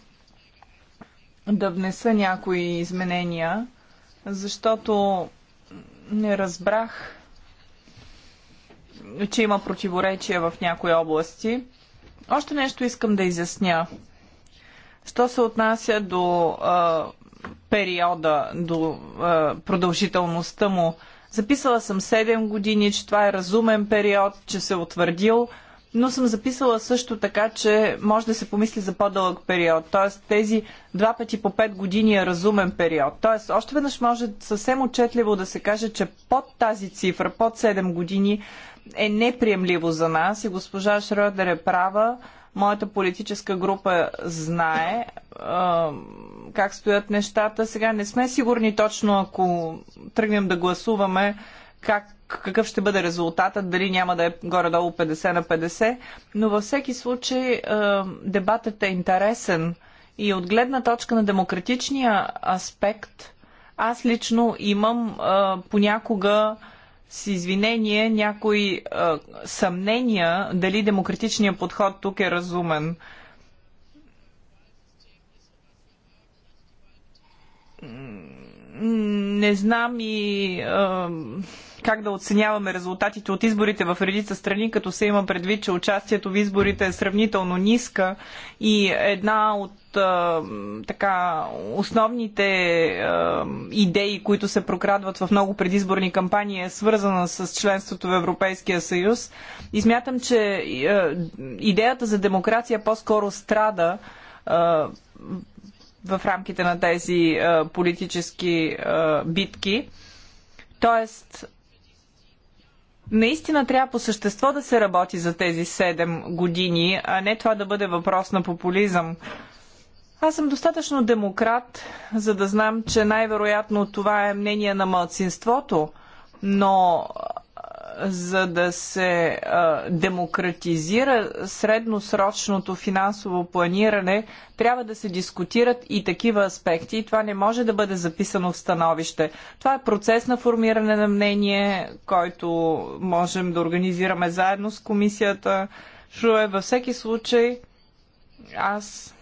да внеса някои изменения защото не разбрах, че има противоречия в някои области. Още нещо искам да изясня. Що се отнася до а, периода, до а, продължителността му, записала съм 7 години, че това е разумен период, че се е утвърдил но съм записала също така, че може да се помисли за по-дълъг период. Тоест тези два пъти по пет години е разумен период. Тоест още веднъж може съвсем отчетливо да се каже, че под тази цифра, под 7 години е неприемливо за нас и госпожа Шрёдер е права. Моята политическа група знае а, как стоят нещата. Сега не сме сигурни точно, ако тръгнем да гласуваме, как какъв ще бъде резултатът, дали няма да е горе-долу 50 на 50, но във всеки случай дебатът е интересен и от гледна точка на демократичния аспект, аз лично имам понякога с извинение някои съмнения дали демократичният подход тук е разумен. Mm не знам и а, как да оценяваме резултатите от изборите в редица страни, като се има предвид, че участието в изборите е сравнително ниска и една от така, основните идеи, които се прокрадват в много предизборни кампании е свързана с членството в Европейския съюз. И смятам, че идеята за демокрация по-скоро страда в рамките на тези а, е, политически а, е, битки. Тоест, наистина трябва по същество да се работи за тези 7 години, а не това да бъде въпрос на популизъм. Аз съм достатъчно демократ, за да знам, че най-вероятно това е мнение на мълцинството, но за да се а, демократизира средносрочното финансово планиране, трябва да се дискутират и такива аспекти. И това не може да бъде записано в становище. Това е процес на формиране на мнение, който можем да организираме заедно с комисията. Шуе, във всеки случай, аз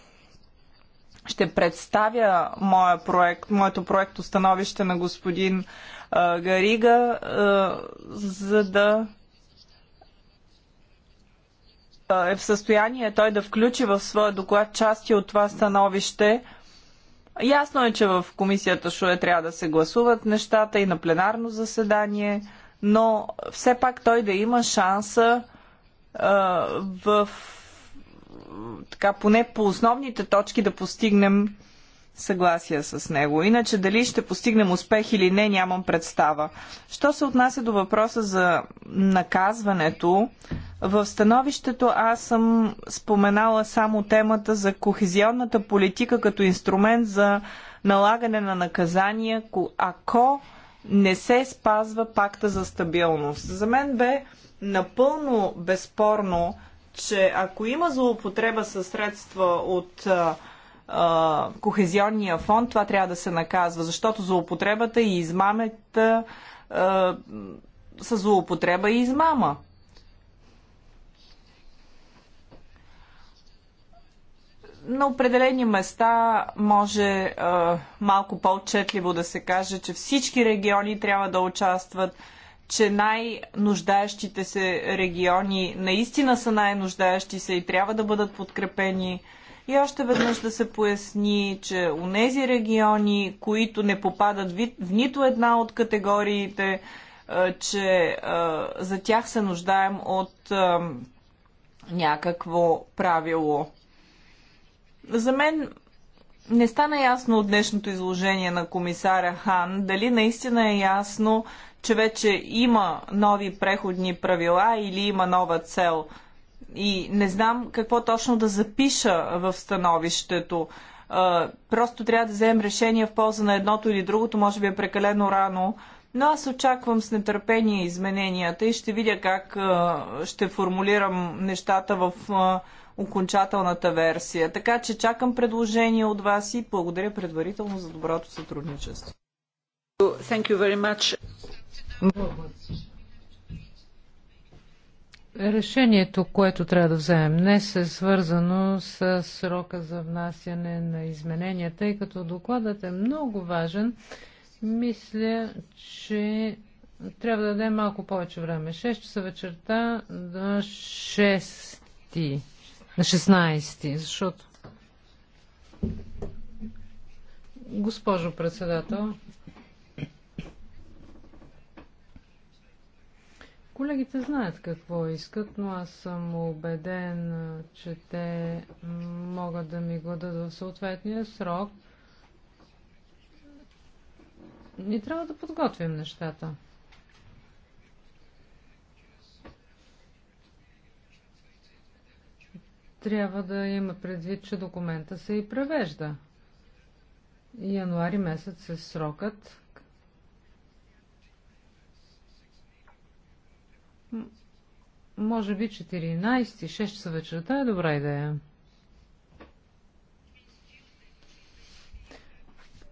ще представя моя проект, моето проекто становище на господин Гарига, за да е в състояние той да включи в своя доклад части от това становище. Ясно е, че в комисията Шуе трябва да се гласуват нещата и на пленарно заседание, но все пак той да има шанса в така, поне по основните точки да постигнем съгласия с него. Иначе дали ще постигнем успех или не, нямам представа. Що се отнася до въпроса за наказването, в становището аз съм споменала само темата за кохезионната политика като инструмент за налагане на наказания, ако не се спазва пакта за стабилност. За мен бе напълно безспорно, че ако има злоупотреба със средства от кохезионния фонд, това трябва да се наказва, защото злоупотребата и измамата са злоупотреба и измама. на определени места може а, малко по-отчетливо да се каже, че всички региони трябва да участват, че най-нуждаещите се региони наистина са най-нуждаещи се и трябва да бъдат подкрепени. И още веднъж да се поясни, че у нези региони, които не попадат в нито една от категориите, е, че е, за тях се нуждаем от е, някакво правило. За мен не стана ясно от днешното изложение на комисаря Хан дали наистина е ясно, че вече има нови преходни правила или има нова цел – и не знам какво точно да запиша в становището. просто трябва да вземем решение в полза на едното или другото, може би е прекалено рано. Но аз очаквам с нетърпение измененията и ще видя как ще формулирам нещата в окончателната версия. Така че чакам предложения от вас и благодаря предварително за доброто сътрудничество. Thank you very much. Решението, което трябва да вземем днес е свързано с срока за внасяне на измененията, и като докладът е много важен, мисля, че трябва да дадем малко повече време. 6 часа вечерта на 6 на 16, защото Госпожо председател, Колегите знаят какво искат, но аз съм убеден, че те могат да ми го дадат в съответния срок. Ни трябва да подготвим нещата. Трябва да има предвид, че документа се и превежда. Януари месец е срокът. Може би 14, 6 часа вечерта е добра идея.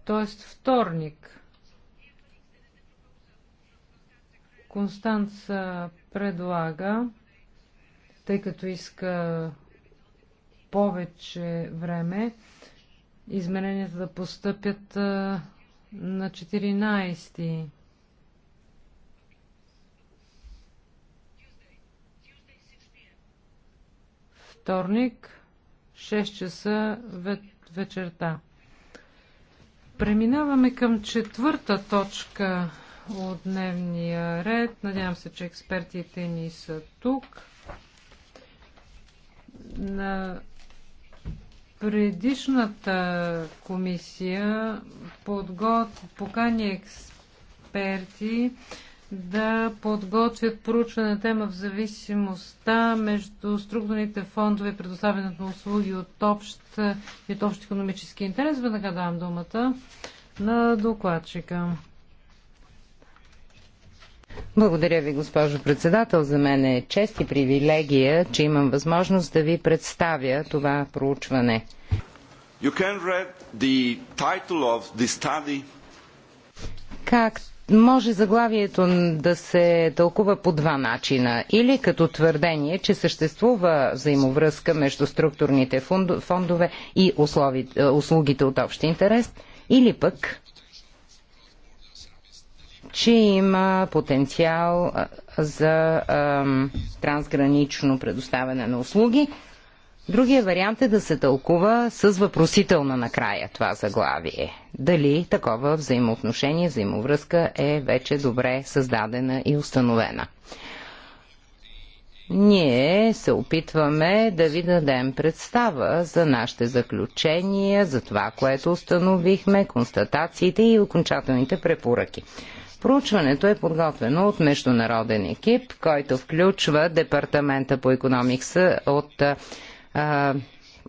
Тоест вторник. Констанца предлага, тъй като иска повече време, измененията да постъпят на 14. вторник, 6 часа вечерта. Преминаваме към четвърта точка от дневния ред. Надявам се, че експертите ни са тук. На предишната комисия подгот, покани експерти да подготвят проучване на тема в зависимостта между структурните фондове и предоставянето на услуги от общ от общ економически интерес. Веднага давам думата на докладчика. Благодаря ви, госпожо председател. За мен е чест и привилегия, че имам възможност да ви представя това проучване. You can read the title of the study. Както може заглавието да се тълкува по два начина. Или като твърдение, че съществува взаимовръзка между структурните фондове и е, услугите от общ интерес, или пък, че има потенциал е, за ам, трансгранично предоставяне на услуги, Другия вариант е да се тълкува с въпросително накрая това заглавие. Дали такова взаимоотношение, взаимовръзка е вече добре създадена и установена. Ние се опитваме да ви дадем представа за нашите заключения, за това, което установихме, констатациите и окончателните препоръки. Проучването е подготвено от международен екип, който включва Департамента по економикса от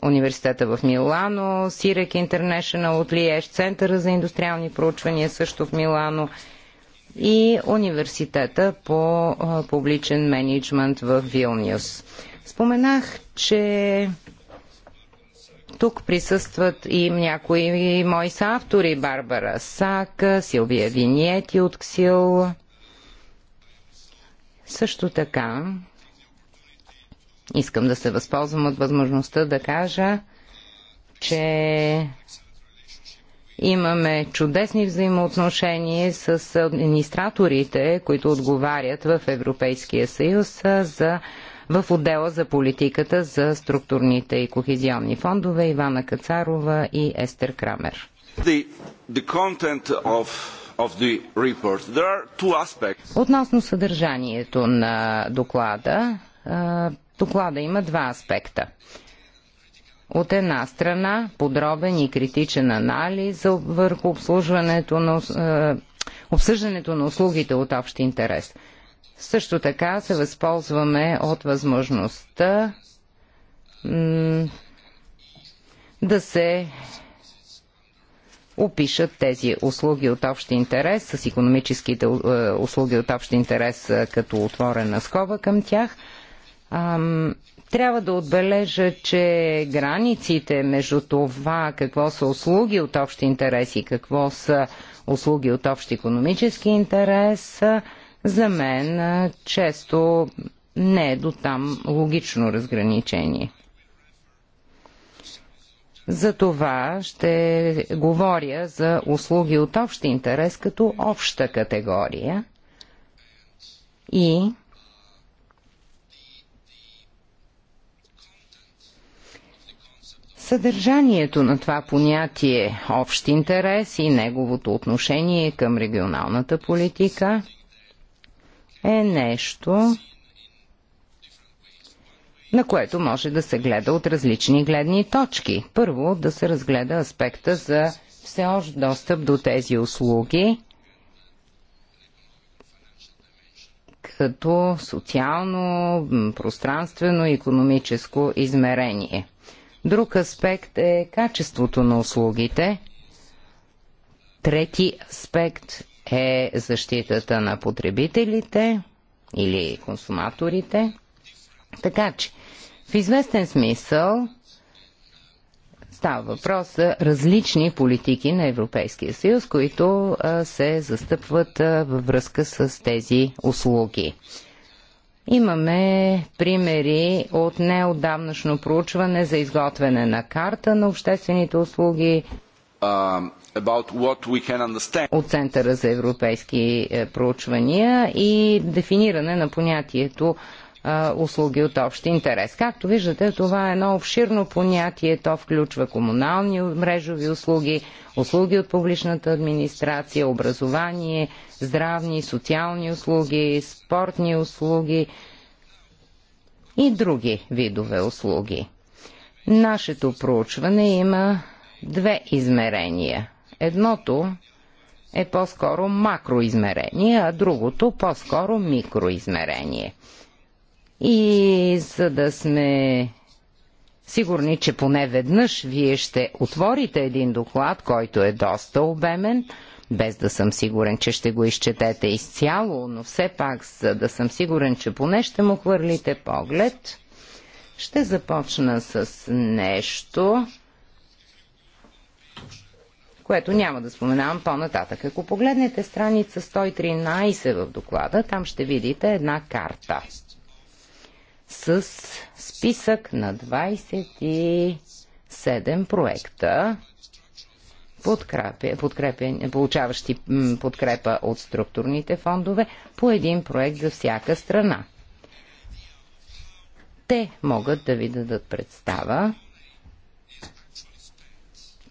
университета в Милано, Сирек Интернешнъл от Лиеш, Центъра за индустриални проучвания също в Милано и университета по публичен менеджмент в Вилниус. Споменах, че тук присъстват и някои мои автори, Барбара Сака, Силвия Виньети от Ксил. Също така Искам да се възползвам от възможността да кажа, че имаме чудесни взаимоотношения с администраторите, които отговарят в Европейския съюз за в отдела за политиката за структурните и кохезионни фондове Ивана Кацарова и Естер Крамер. The, the of, Относно съдържанието на доклада, Доклада има два аспекта. От една страна, подробен и критичен анализ върху обслужването на, е, обсъждането на услугите от общ интерес. Също така се възползваме от възможността да се опишат тези услуги от общ интерес с економическите е, услуги от общ интерес е, като отворена скоба към тях – Ам, трябва да отбележа, че границите между това какво са услуги от общ интерес и какво са услуги от общ економически интерес, за мен често не е до там логично разграничение. За това ще говоря за услуги от общ интерес като обща категория и съдържанието на това понятие общ интерес и неговото отношение към регионалната политика е нещо, на което може да се гледа от различни гледни точки. Първо да се разгледа аспекта за все още достъп до тези услуги, като социално, пространствено и економическо измерение – Друг аспект е качеството на услугите. Трети аспект е защитата на потребителите или консуматорите. Така че, в известен смисъл става въпрос за различни политики на Европейския съюз, които се застъпват във връзка с тези услуги. Имаме примери от неодавнашно проучване за изготвяне на карта на обществените услуги um, от Центъра за европейски е, проучвания и дефиниране на понятието а, услуги от общ интерес. Както виждате, това е едно обширно понятие. То включва комунални мрежови услуги, услуги от публичната администрация, образование, здравни, социални услуги, спортни услуги и други видове услуги. Нашето проучване има две измерения. Едното е по-скоро макроизмерение, а другото по-скоро микроизмерение – и за да сме сигурни, че поне веднъж вие ще отворите един доклад, който е доста обемен, без да съм сигурен, че ще го изчетете изцяло, но все пак, за да съм сигурен, че поне ще му хвърлите поглед, ще започна с нещо, което няма да споменавам по-нататък. Ако погледнете страница 113 в доклада, там ще видите една карта – с списък на 27 проекта, подкрепя, подкрепя, получаващи подкрепа от структурните фондове, по един проект за всяка страна. Те могат да ви дадат представа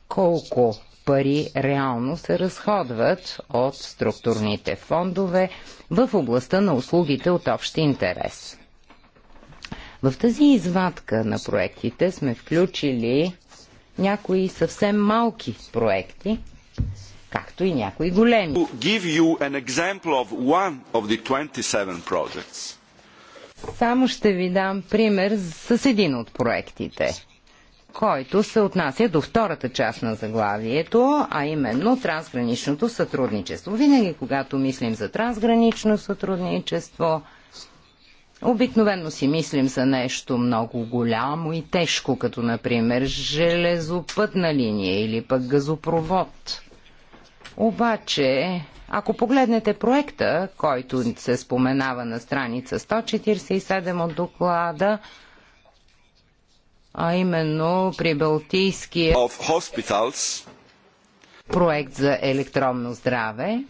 колко пари реално се разходват от структурните фондове в областта на услугите от общ интерес. В тази извадка на проектите сме включили някои съвсем малки проекти, както и някои големи. Само ще ви дам пример с един от проектите, който се отнася до втората част на заглавието, а именно трансграничното сътрудничество. Винаги, когато мислим за трансгранично сътрудничество, Обикновено си мислим за нещо много голямо и тежко, като например железопътна линия или пък газопровод. Обаче, ако погледнете проекта, който се споменава на страница 147 от доклада, а именно при Балтийския проект за електронно здраве,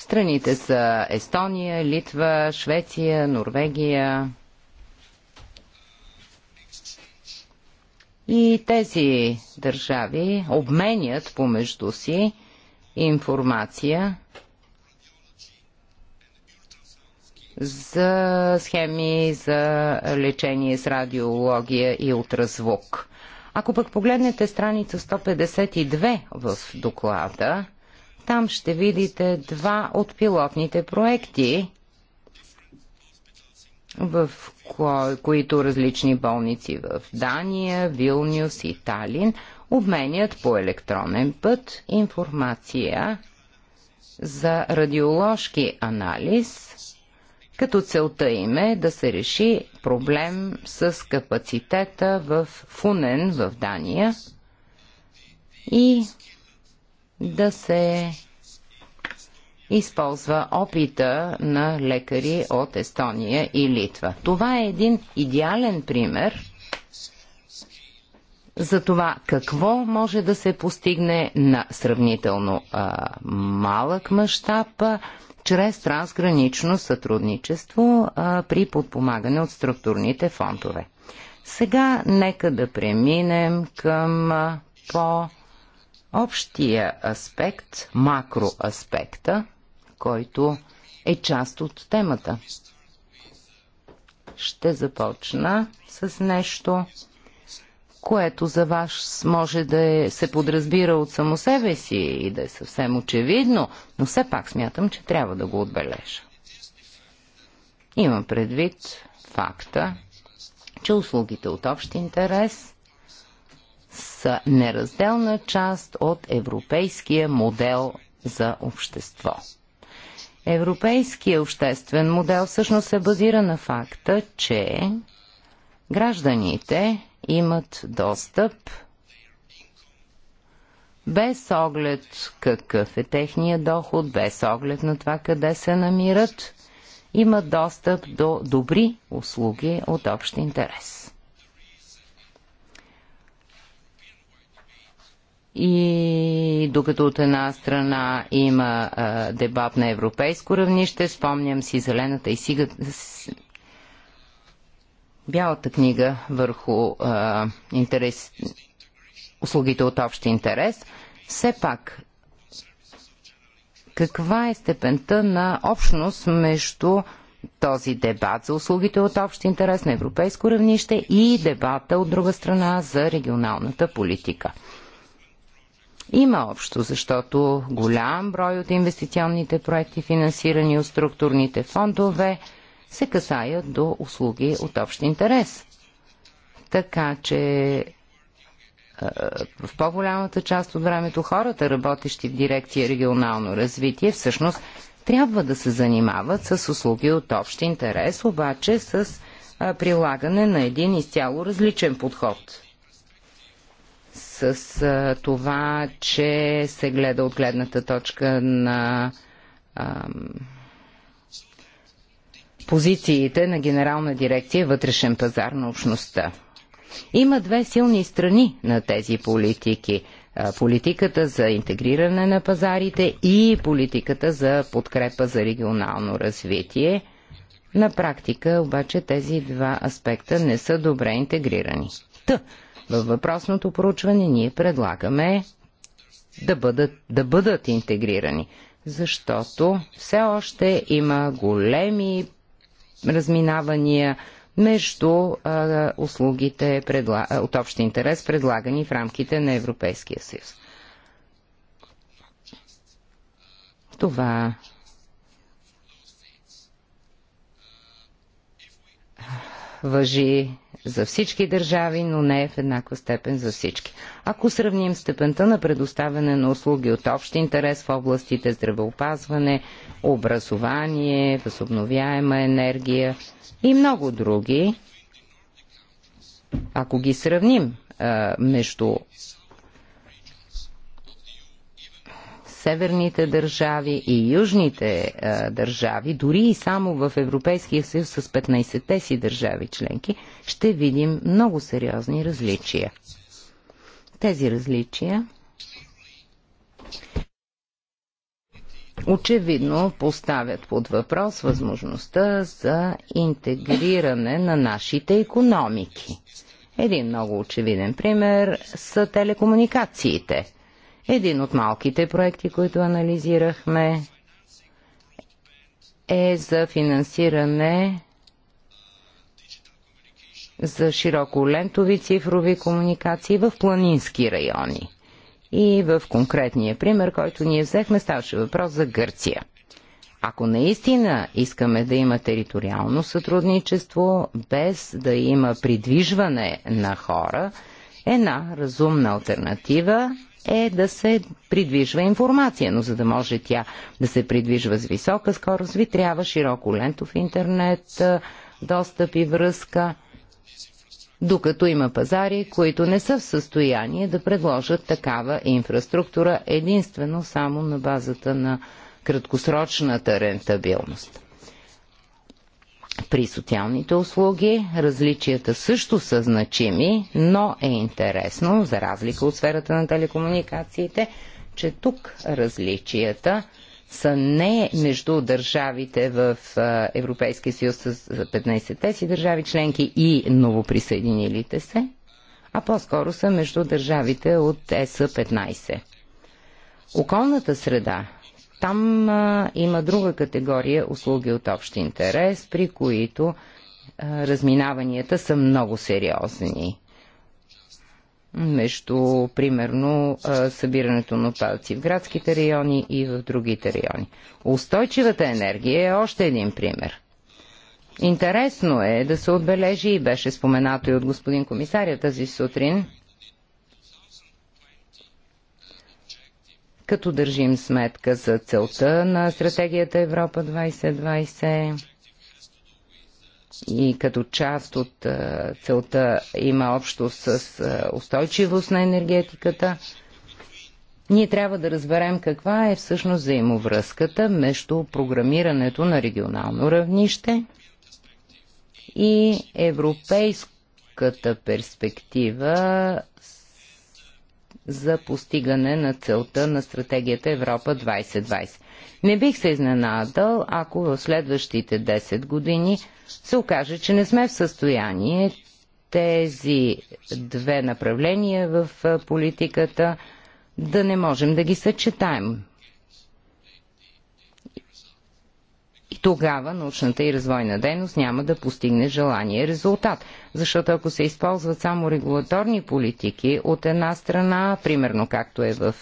Страните са Естония, Литва, Швеция, Норвегия. И тези държави обменят помежду си информация за схеми за лечение с радиология и ултразвук. Ако пък погледнете страница 152 в доклада, там ще видите два от пилотните проекти, в ко... които различни болници в Дания, Вилнюс и Талин обменят по електронен път информация за радиоложки анализ, като целта им е да се реши проблем с капацитета в Фунен в Дания и да се използва опита на лекари от Естония и Литва. Това е един идеален пример за това какво може да се постигне на сравнително а, малък мащаб чрез трансгранично сътрудничество а, при подпомагане от структурните фондове. Сега нека да преминем към а, по- общия аспект, макроаспекта, който е част от темата. Ще започна с нещо, което за вас може да е, се подразбира от само себе си и да е съвсем очевидно, но все пак смятам, че трябва да го отбележа. Имам предвид факта, че услугите от общ интерес са неразделна част от европейския модел за общество. Европейския обществен модел всъщност се базира на факта, че гражданите имат достъп без оглед какъв е техния доход, без оглед на това къде се намират, имат достъп до добри услуги от общ интерес. И докато от една страна има а, дебат на европейско равнище, спомням си зелената и сига... бялата книга върху а, интерес... услугите от общ интерес, все пак каква е степента на общност между този дебат за услугите от общ интерес на европейско равнище и дебата от друга страна за регионалната политика има общо, защото голям брой от инвестиционните проекти, финансирани от структурните фондове, се касаят до услуги от общ интерес. Така че в по-голямата част от времето хората, работещи в дирекция регионално развитие, всъщност трябва да се занимават с услуги от общ интерес, обаче с прилагане на един изцяло различен подход с това, че се гледа от гледната точка на позициите на Генерална дирекция вътрешен пазар на общността. Има две силни страни на тези политики. Политиката за интегриране на пазарите и политиката за подкрепа за регионално развитие. На практика обаче тези два аспекта не са добре интегрирани. Та, във въпросното проучване ние предлагаме да бъдат, да бъдат интегрирани, защото все още има големи разминавания между а, услугите предла... от общ интерес, предлагани в рамките на Европейския съюз. Това въжи за всички държави, но не е в еднаква степен за всички. Ако сравним степента на предоставяне на услуги от общ интерес в областите здравеопазване, образование, възобновяема енергия и много други, ако ги сравним а, между северните държави и южните а, държави, дори и само в Европейския съюз с 15-те си държави членки, ще видим много сериозни различия. Тези различия очевидно поставят под въпрос възможността за интегриране на нашите економики. Един много очевиден пример са телекомуникациите – един от малките проекти, които анализирахме, е за финансиране за широколентови цифрови комуникации в планински райони. И в конкретния пример, който ние взехме, ставаше въпрос за Гърция. Ако наистина искаме да има териториално сътрудничество, без да има придвижване на хора, една разумна альтернатива е да се придвижва информация, но за да може тя да се придвижва с висока скорост, ви трябва широко лентов интернет, достъп и връзка, докато има пазари, които не са в състояние да предложат такава инфраструктура единствено само на базата на краткосрочната рентабилност. При социалните услуги различията също са значими, но е интересно, за разлика от сферата на телекомуникациите, че тук различията са не между държавите в Европейския съюз с 15-те си държави членки и новоприсъединилите се, а по-скоро са между държавите от ЕС 15. Околната среда там а, има друга категория услуги от общ интерес, при които а, разминаванията са много сериозни. Между, примерно, а, събирането на отпадъци в градските райони и в другите райони. Устойчивата енергия е още един пример. Интересно е да се отбележи и беше споменато и от господин комисаря тази сутрин – като държим сметка за целта на стратегията Европа 2020 и като част от целта има общо с устойчивост на енергетиката, ние трябва да разберем каква е всъщност взаимовръзката между програмирането на регионално равнище и европейската перспектива за постигане на целта на стратегията Европа 2020. Не бих се изненадал, ако в следващите 10 години се окаже, че не сме в състояние тези две направления в политиката да не можем да ги съчетаем. И тогава научната и развойна дейност няма да постигне желания резултат. Защото ако се използват само регулаторни политики от една страна, примерно както е в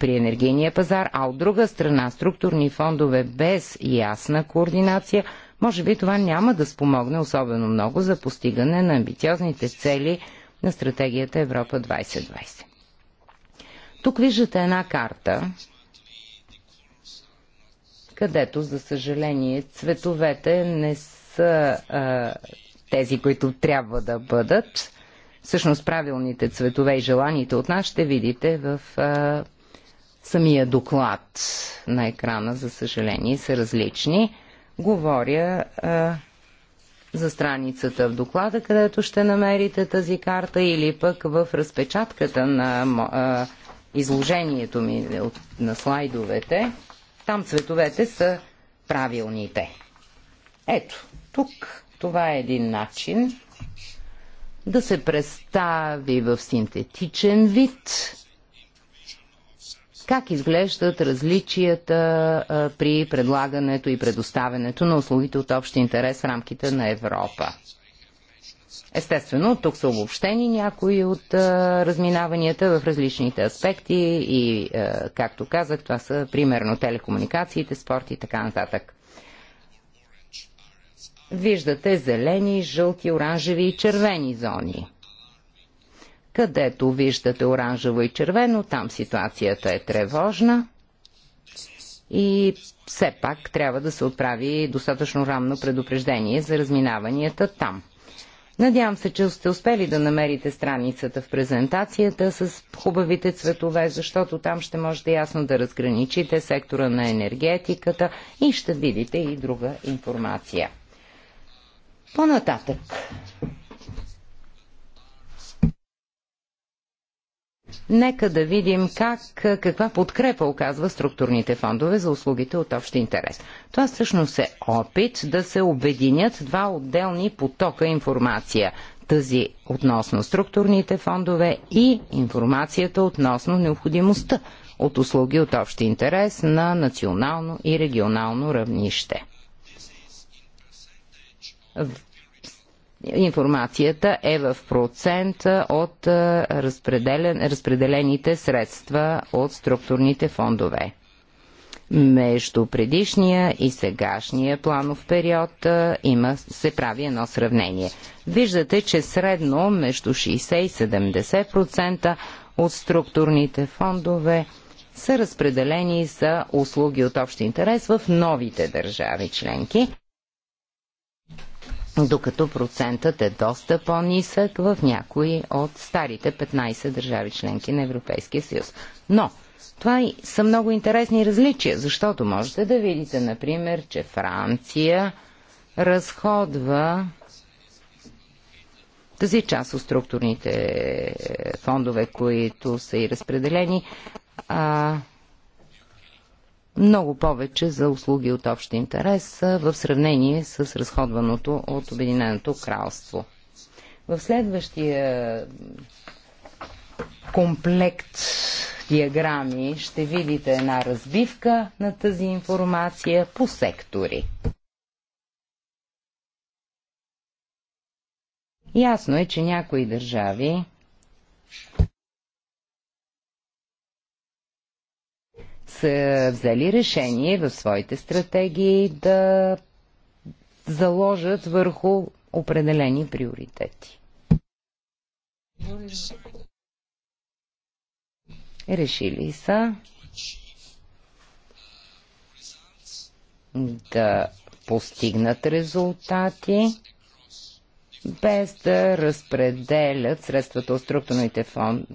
при енергийния пазар, а от друга страна структурни фондове без ясна координация, може би това няма да спомогне особено много за постигане на амбициозните цели на стратегията Европа 2020. Тук виждате една карта, където, за съжаление, цветовете не са а, тези, които трябва да бъдат. Всъщност правилните цветове и желаните от нас ще видите в а, самия доклад на екрана, за съжаление, са различни. Говоря а, за страницата в доклада, където ще намерите тази карта или пък в разпечатката на а, изложението ми от, на слайдовете. Там цветовете са правилните. Ето, тук това е един начин да се представи в синтетичен вид как изглеждат различията при предлагането и предоставянето на услугите от общ интерес в рамките на Европа. Естествено, тук са обобщени някои от а, разминаванията в различните аспекти и, а, както казах, това са примерно телекомуникациите, спорт и така нататък. Виждате зелени, жълти, оранжеви и червени зони. Където виждате оранжево и червено, там ситуацията е тревожна и все пак трябва да се отправи достатъчно рамно предупреждение за разминаванията там. Надявам се, че сте успели да намерите страницата в презентацията с хубавите цветове, защото там ще можете ясно да разграничите сектора на енергетиката и ще видите и друга информация. По-нататък. Нека да видим как, каква подкрепа оказва структурните фондове за услугите от общ интерес. Това всъщност е опит да се обединят два отделни потока информация тази относно структурните фондове и информацията относно необходимостта от услуги от общ интерес на национално и регионално равнище информацията е в процент от разпределен, разпределените средства от структурните фондове. Между предишния и сегашния планов период има, се прави едно сравнение. Виждате, че средно между 60 и 70% от структурните фондове са разпределени за услуги от общ интерес в новите държави членки докато процентът е доста по-нисък в някои от старите 15 държави членки на Европейския съюз. Но това са много интересни различия, защото можете да видите, например, че Франция разходва тази част от структурните фондове, които са и разпределени, а, много повече за услуги от общ интерес в сравнение с разходваното от Обединеното кралство. В следващия комплект диаграми ще видите една разбивка на тази информация по сектори. Ясно е, че някои държави са взели решение в своите стратегии да заложат върху определени приоритети. Решили са да постигнат резултати, без да разпределят средствата от структурните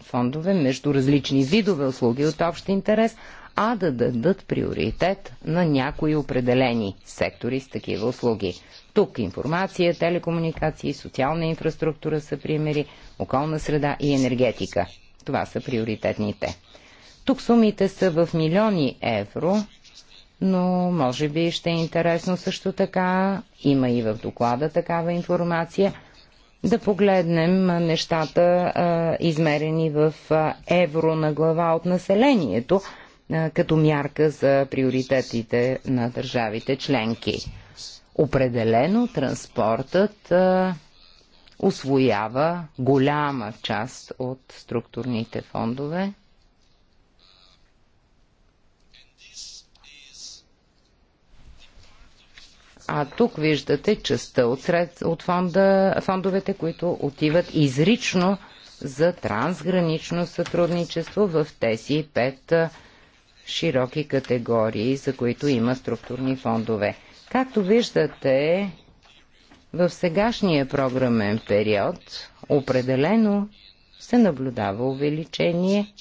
фондове между различни видове услуги от общ интерес, а да дадат приоритет на някои определени сектори с такива услуги. Тук информация, телекомуникации, социална инфраструктура са примери, околна среда и енергетика. Това са приоритетните. Тук сумите са в милиони евро, но може би ще е интересно също така, има и в доклада такава информация, да погледнем нещата, измерени в евро на глава от населението, като мярка за приоритетите на държавите членки. Определено транспортът освоява голяма част от структурните фондове. А тук виждате частта от, сред, от фонда, фондовете, които отиват изрично за трансгранично сътрудничество в тези пет широки категории, за които има структурни фондове. Както виждате, в сегашния програмен период определено се наблюдава увеличение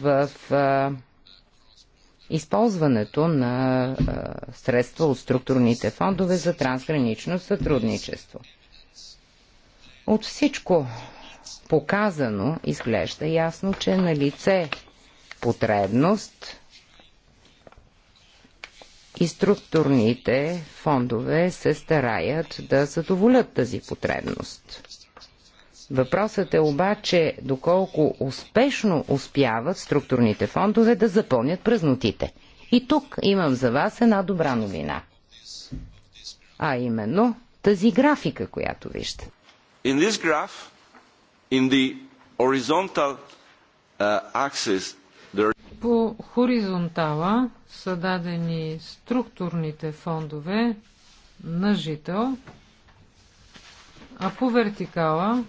в а, използването на а, средства от структурните фондове за трансгранично сътрудничество. От всичко показано изглежда ясно, че на лице потребност и структурните фондове се стараят да задоволят тази потребност. Въпросът е обаче доколко успешно успяват структурните фондове да запълнят празнотите. И тук имам за вас една добра новина. А именно тази графика, която вижте. In this graph, in the horizontal uh, axis по хоризонтала са дадени структурните фондове на жител, а по вертикала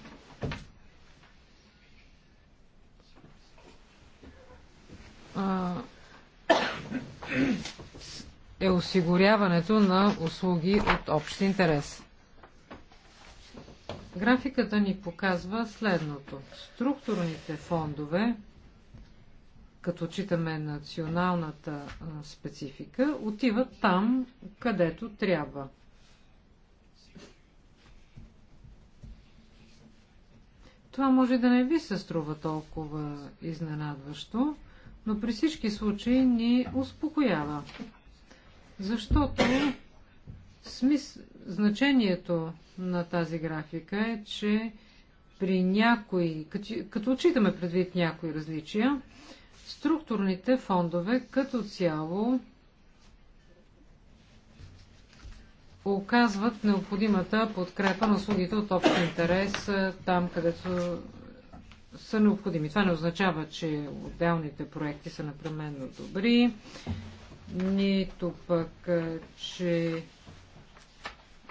е осигуряването на услуги от общ интерес. Графиката ни показва следното. Структурните фондове като читаме националната специфика, отиват там, където трябва. Това може да не ви се струва толкова изненадващо, но при всички случаи ни успокоява. Защото смис... значението на тази графика е, че при някои, като, като отчитаме предвид някои различия, Структурните фондове като цяло оказват необходимата подкрепа на услугите от общ интерес е, там, където са необходими. Това не означава, че отделните проекти са непременно добри, нито пък, е, че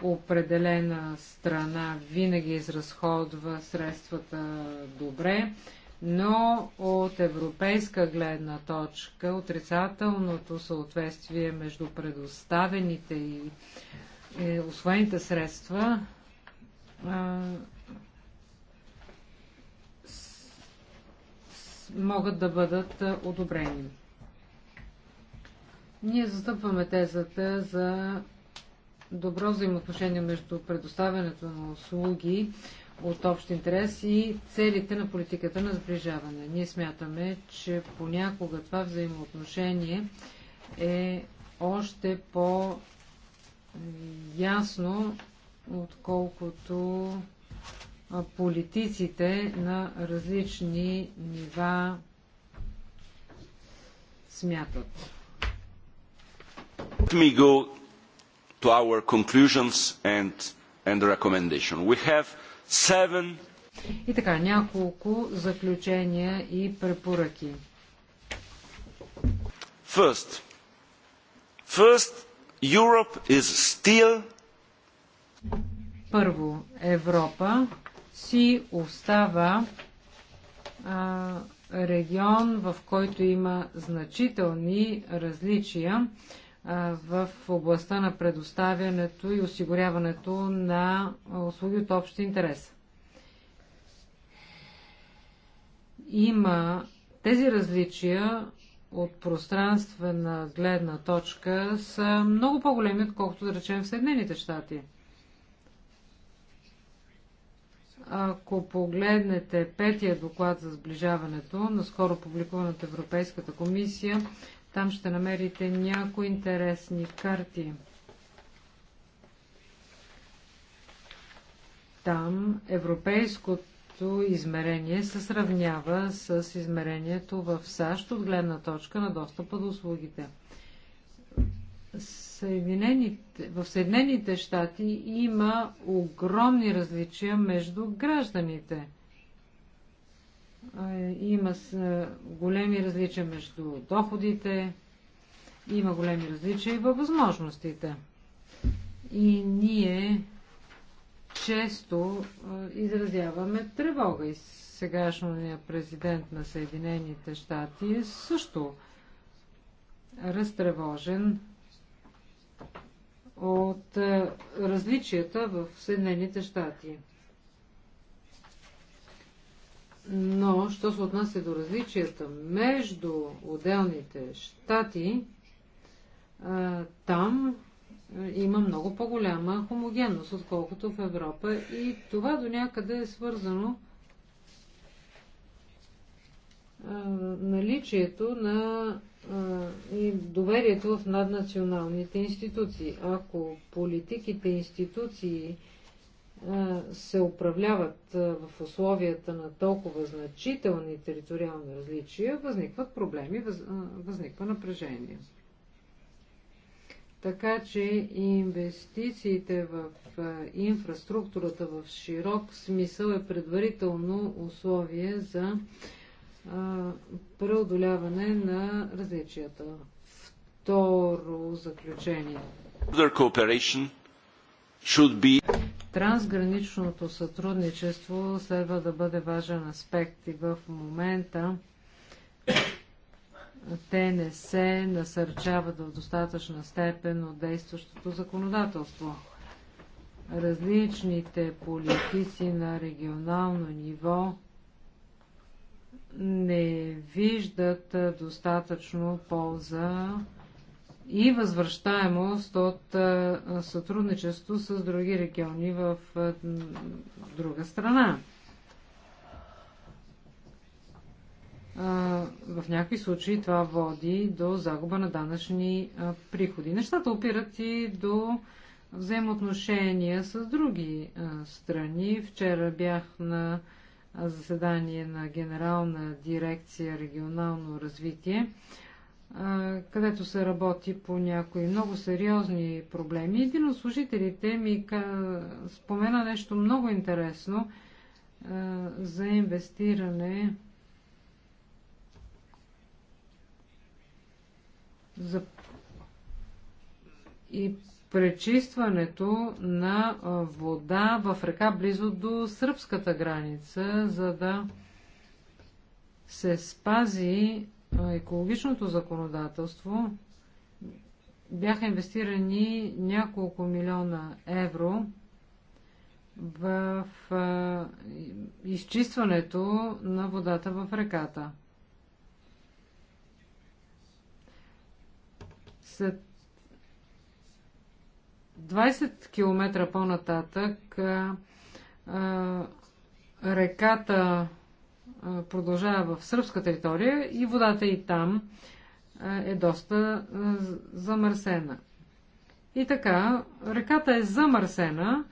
определена страна винаги изразходва средствата добре но от европейска гледна точка отрицателното съответствие между предоставените и е, освоените средства а, с, с, могат да бъдат одобрени. Ние застъпваме тезата за добро взаимоотношение между предоставянето на услуги от общ интерес и целите на политиката на сближаване. Ние смятаме, че понякога това взаимоотношение е още по-ясно, отколкото политиците на различни нива смятат. Let me go to our conclusions and, and recommendation. We have и така, няколко заключения и препоръки. First, first Europe is still първо, Европа си остава а, регион, в който има значителни различия в областта на предоставянето и осигуряването на услуги от общ интерес. Има тези различия от пространствена гледна точка са много по-големи, отколкото да речем в Съединените щати. Ако погледнете петия доклад за сближаването, на публикуван от Европейската комисия, там ще намерите някои интересни карти. Там европейското измерение се сравнява с измерението в САЩ от гледна точка на достъпа до услугите. Съединените, в Съединените щати има огромни различия между гражданите – има големи различия между доходите, има големи различия и във възможностите. И ние често изразяваме тревога. И сегашния президент на Съединените щати е също разтревожен от различията в Съединените щати. Но, що се отнася до различията между отделните щати, там има много по-голяма хомогенност, отколкото в Европа. И това до някъде е свързано наличието на и доверието в наднационалните институции. Ако политиките, институции се управляват в условията на толкова значителни териториални различия, възникват проблеми, възниква напрежение. Така че инвестициите в инфраструктурата в широк смисъл е предварително условие за преодоляване на различията. Второ заключение. Трансграничното сътрудничество следва да бъде важен аспект и в момента те не се насърчават в достатъчна степен от действащото законодателство. Различните политици на регионално ниво не виждат достатъчно полза и възвръщаемост от сътрудничество с други региони в друга страна. В някои случаи това води до загуба на данъчни приходи. Нещата опират и до взаимоотношения с други страни. Вчера бях на заседание на Генерална дирекция регионално развитие където се работи по някои много сериозни проблеми. Един от служителите ми спомена нещо много интересно за инвестиране за и пречистването на вода в река близо до сръбската граница, за да се спази екологичното законодателство бяха инвестирани няколко милиона евро в изчистването на водата в реката. След 20 км по-нататък реката продължава в сръбска територия и водата и там е доста замърсена. И така, реката е замърсена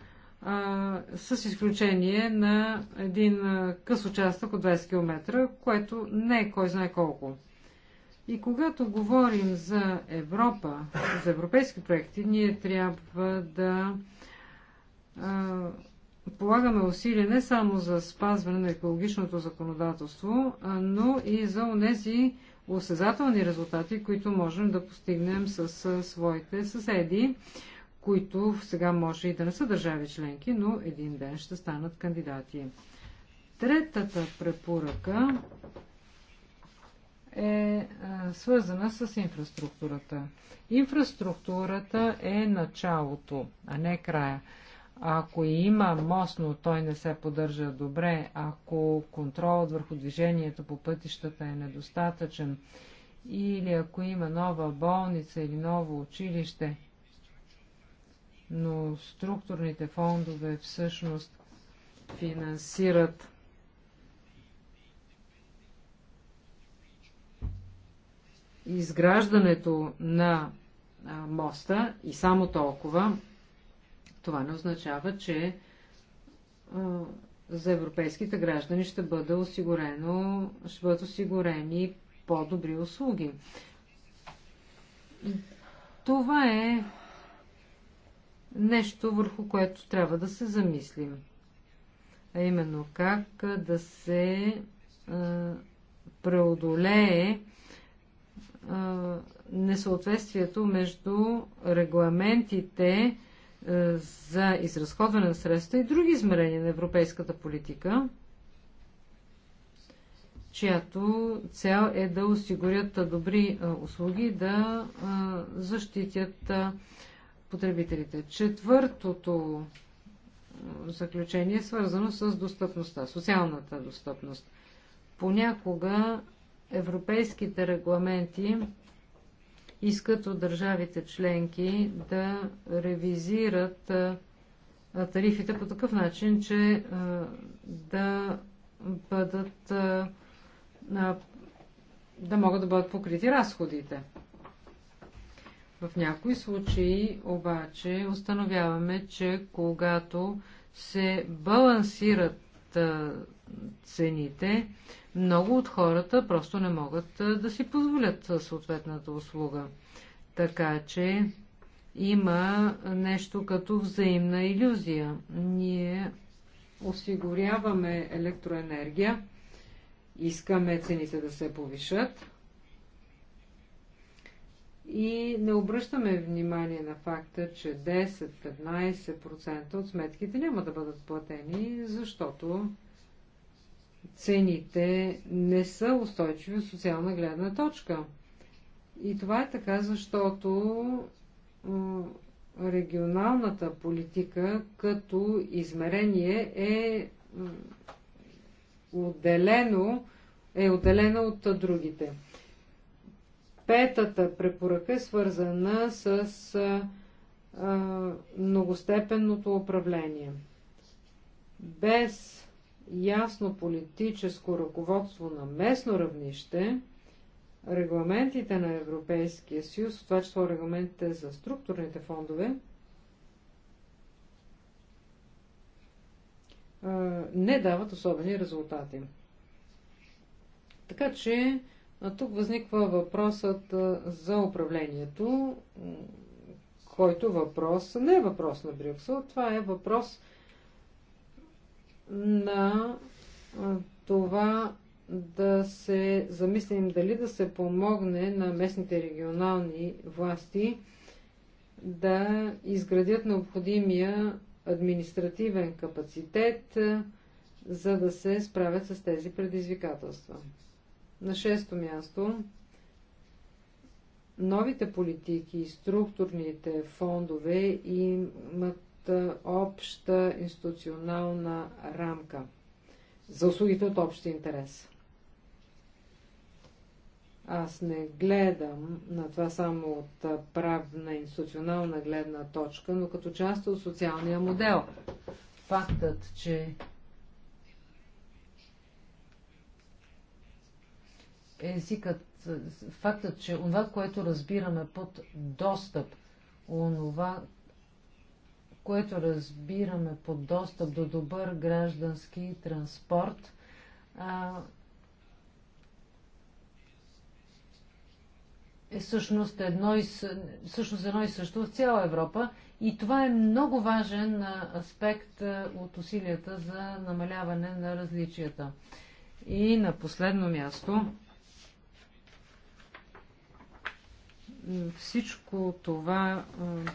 а, с изключение на един къс участък от 20 км, което не е кой знае колко. И когато говорим за Европа, за европейски проекти, ние трябва да а, полагаме усилия не само за спазване на екологичното законодателство, но и за тези осезателни резултати, които можем да постигнем с своите съседи, които сега може и да не са държави членки, но един ден ще станат кандидати. Третата препоръка е свързана с инфраструктурата. Инфраструктурата е началото, а не края. Ако има мост, но той не се поддържа добре, ако контролът върху движението по пътищата е недостатъчен, или ако има нова болница или ново училище, но структурните фондове всъщност финансират изграждането на моста и само толкова, това не означава, че а, за европейските граждани ще, бъде осигурено, ще бъдат осигурени по-добри услуги. Това е нещо, върху което трябва да се замислим. А именно как да се а, преодолее а, несъответствието между регламентите, е, за изразходване на средства и други измерения на европейската политика, чиято цел е да осигурят добри е, услуги, да е, защитят потребителите. Четвъртото заключение е свързано с достъпността, социалната достъпност. Понякога европейските регламенти искат от държавите членки да ревизират тарифите по такъв начин, че да бъдат да могат да бъдат покрити разходите. В някои случаи обаче установяваме, че когато се балансират цените, много от хората просто не могат да си позволят съответната услуга. Така че има нещо като взаимна иллюзия. Ние осигуряваме електроенергия, искаме цените да се повишат и не обръщаме внимание на факта, че 10-15% от сметките няма да бъдат платени, защото цените не са устойчиви от социална гледна точка. И това е така, защото регионалната политика като измерение е отделено, е отделена от другите. Петата препоръка е свързана с а, многостепенното управление. Без ясно политическо ръководство на местно равнище, регламентите на Европейския съюз, в това число регламентите за структурните фондове, не дават особени резултати. Така че тук възниква въпросът за управлението, който въпрос не е въпрос на Брюксел, това е въпрос на това да се замислим дали да се помогне на местните регионални власти да изградят необходимия административен капацитет, за да се справят с тези предизвикателства. На шесто място, новите политики и структурните фондове имат обща институционална рамка за услугите от общ интерес. Аз не гледам на това само от правна институционална гледна точка, но като част от социалния модел. Фактът, че езикът, фактът, че това, което разбираме под достъп, онова, което разбираме под достъп до добър граждански транспорт, е всъщност едно и, всъщност едно и също в цяла Европа. И това е много важен аспект от усилията за намаляване на различията. И на последно място, всичко това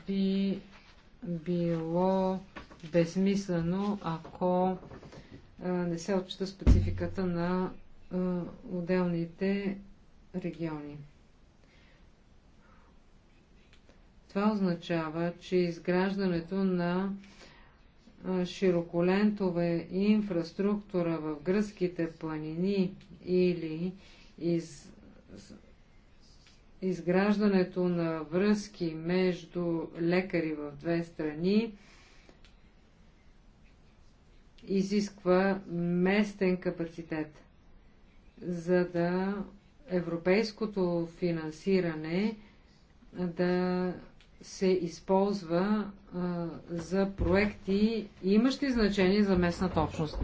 би било безмислено, ако не се отчита спецификата на отделните региони. Това означава, че изграждането на широколентове инфраструктура в гръцките планини или из изграждането на връзки между лекари в две страни изисква местен капацитет, за да европейското финансиране да се използва а, за проекти, имащи значение за местната общност.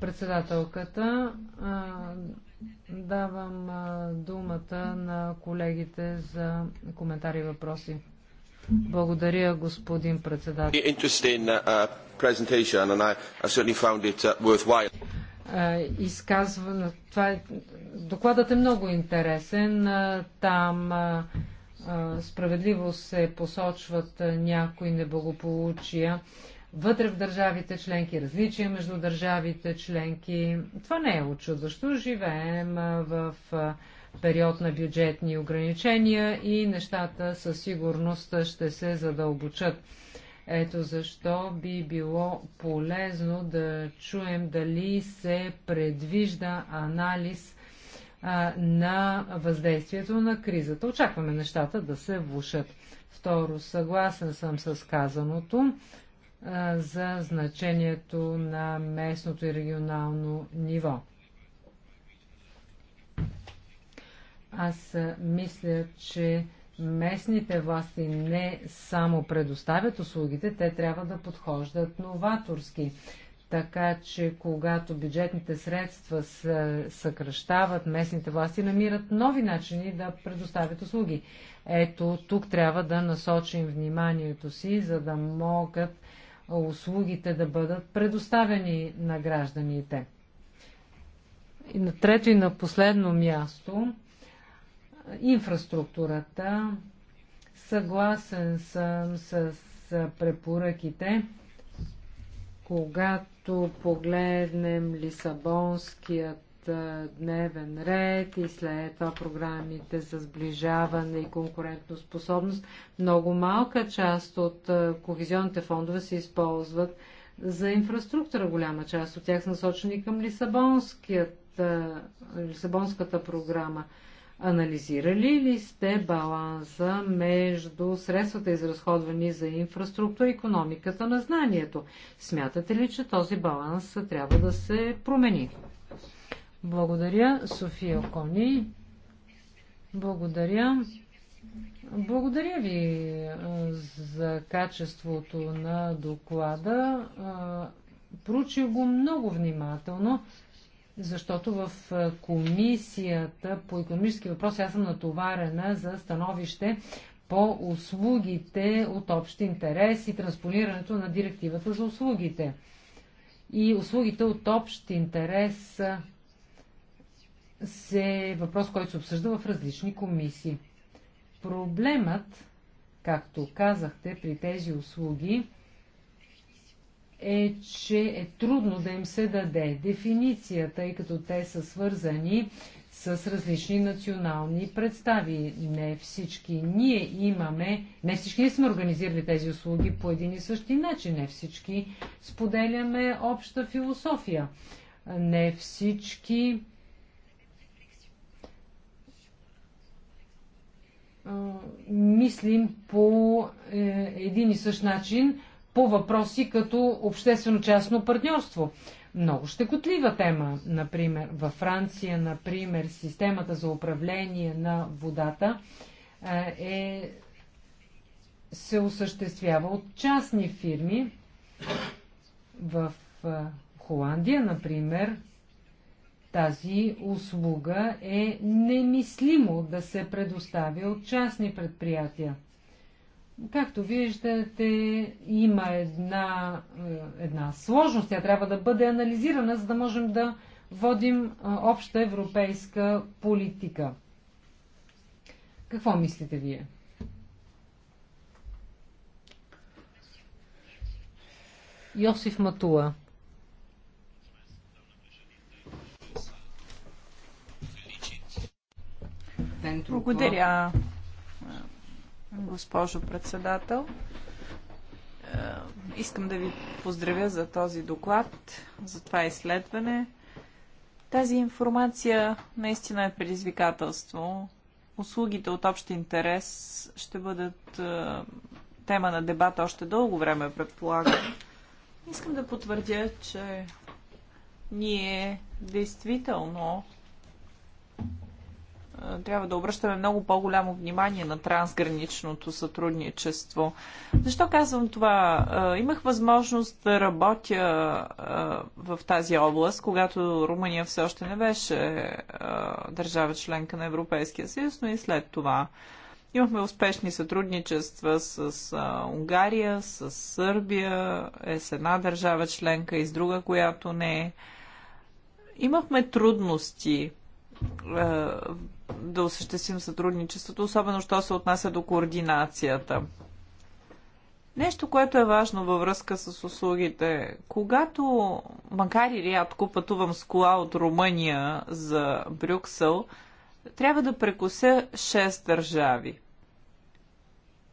Председателката, давам а, думата на колегите за коментари и въпроси. Благодаря, господин председател на Това е... Докладът е много интересен. Там справедливо се посочват някои неблагополучия вътре в държавите членки, различия между държавите членки. Това не е очудващо. Живеем в период на бюджетни ограничения и нещата със сигурност ще се задълбочат. Ето защо би било полезно да чуем дали се предвижда анализ а, на въздействието на кризата. Очакваме нещата да се влушат. Второ, съгласен съм с казаното а, за значението на местното и регионално ниво. Аз мисля, че местните власти не само предоставят услугите, те трябва да подхождат новаторски. Така че когато бюджетните средства се съкръщават, местните власти намират нови начини да предоставят услуги. Ето, тук трябва да насочим вниманието си, за да могат услугите да бъдат предоставени на гражданите. И на трето и на последно място инфраструктурата. Съгласен съм с препоръките. Когато погледнем Лисабонският дневен ред и след това програмите за сближаване и конкурентоспособност, много малка част от ковизионните фондове се използват за инфраструктура. Голяма част от тях са насочени към Лисабонският, Лисабонската програма. Анализирали ли сте баланса между средствата изразходвани за инфраструктура и економиката на знанието? Смятате ли, че този баланс трябва да се промени? Благодаря, София Кони. Благодаря. Благодаря ви за качеството на доклада. Проучил го много внимателно защото в комисията по економически въпроси аз съм натоварена за становище по услугите от общ интерес и транспонирането на директивата за услугите. И услугите от общ интерес се въпрос, който се обсъжда в различни комисии. Проблемът, както казахте, при тези услуги е, че е трудно да им се даде дефиниция, тъй като те са свързани с различни национални представи. Не всички ние имаме, не всички ние сме организирали тези услуги по един и същи начин, не всички споделяме обща философия, не всички мислим по е, един и същ начин по въпроси като обществено-частно партньорство. Много щекотлива тема, например, във Франция, например, системата за управление на водата е, е се осъществява от частни фирми. В е, Холандия, например, тази услуга е немислимо да се предоставя от частни предприятия – Както виждате, има една, е, една сложност. Тя трябва да бъде анализирана, за да можем да водим е, обща европейска политика. Какво мислите вие? Йосиф Матула. Благодаря, госпожо председател. Е, искам да ви поздравя за този доклад, за това изследване. Тази информация наистина е предизвикателство. Услугите от общ интерес ще бъдат е, тема на дебат още дълго време, предполагам. Искам да потвърдя, че ние действително трябва да обръщаме много по-голямо внимание на трансграничното сътрудничество. Защо казвам това? Имах възможност да работя в тази област, когато Румъния все още не беше държава членка на Европейския съюз, но и след това. Имахме успешни сътрудничества с Унгария, с Сърбия, е с една държава членка и с друга, която не е. Имахме трудности е, да осъществим сътрудничеството, особено що се отнася до координацията. Нещо, което е важно във връзка с услугите. Когато, макар и рядко, пътувам с кола от Румъния за Брюксел, трябва да прекося 6 държави.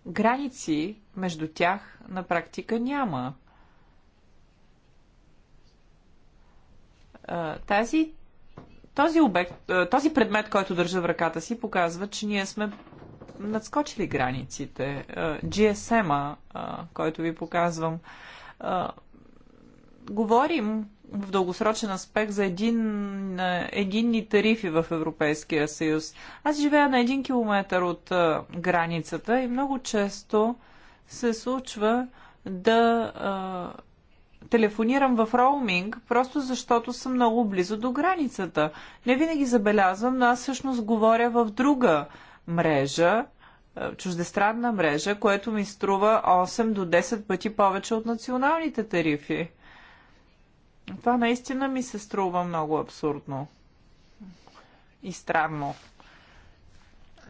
Граници между тях на практика няма. Е, тази този обект, е, този предмет, който държа в ръката си, показва, че ние сме надскочили границите. Е, GSM-а, е, който ви показвам, говорим в дългосрочен аспект за един, единни тарифи в Европейския съюз. Аз живея на един километр от границата и много често се случва да телефонирам в роуминг, просто защото съм много близо до границата. Не винаги забелязвам, но аз всъщност говоря в друга мрежа, е, чуждестранна мрежа, което ми струва 8 до 10 пъти повече от националните тарифи. Това наистина ми се струва много абсурдно и странно.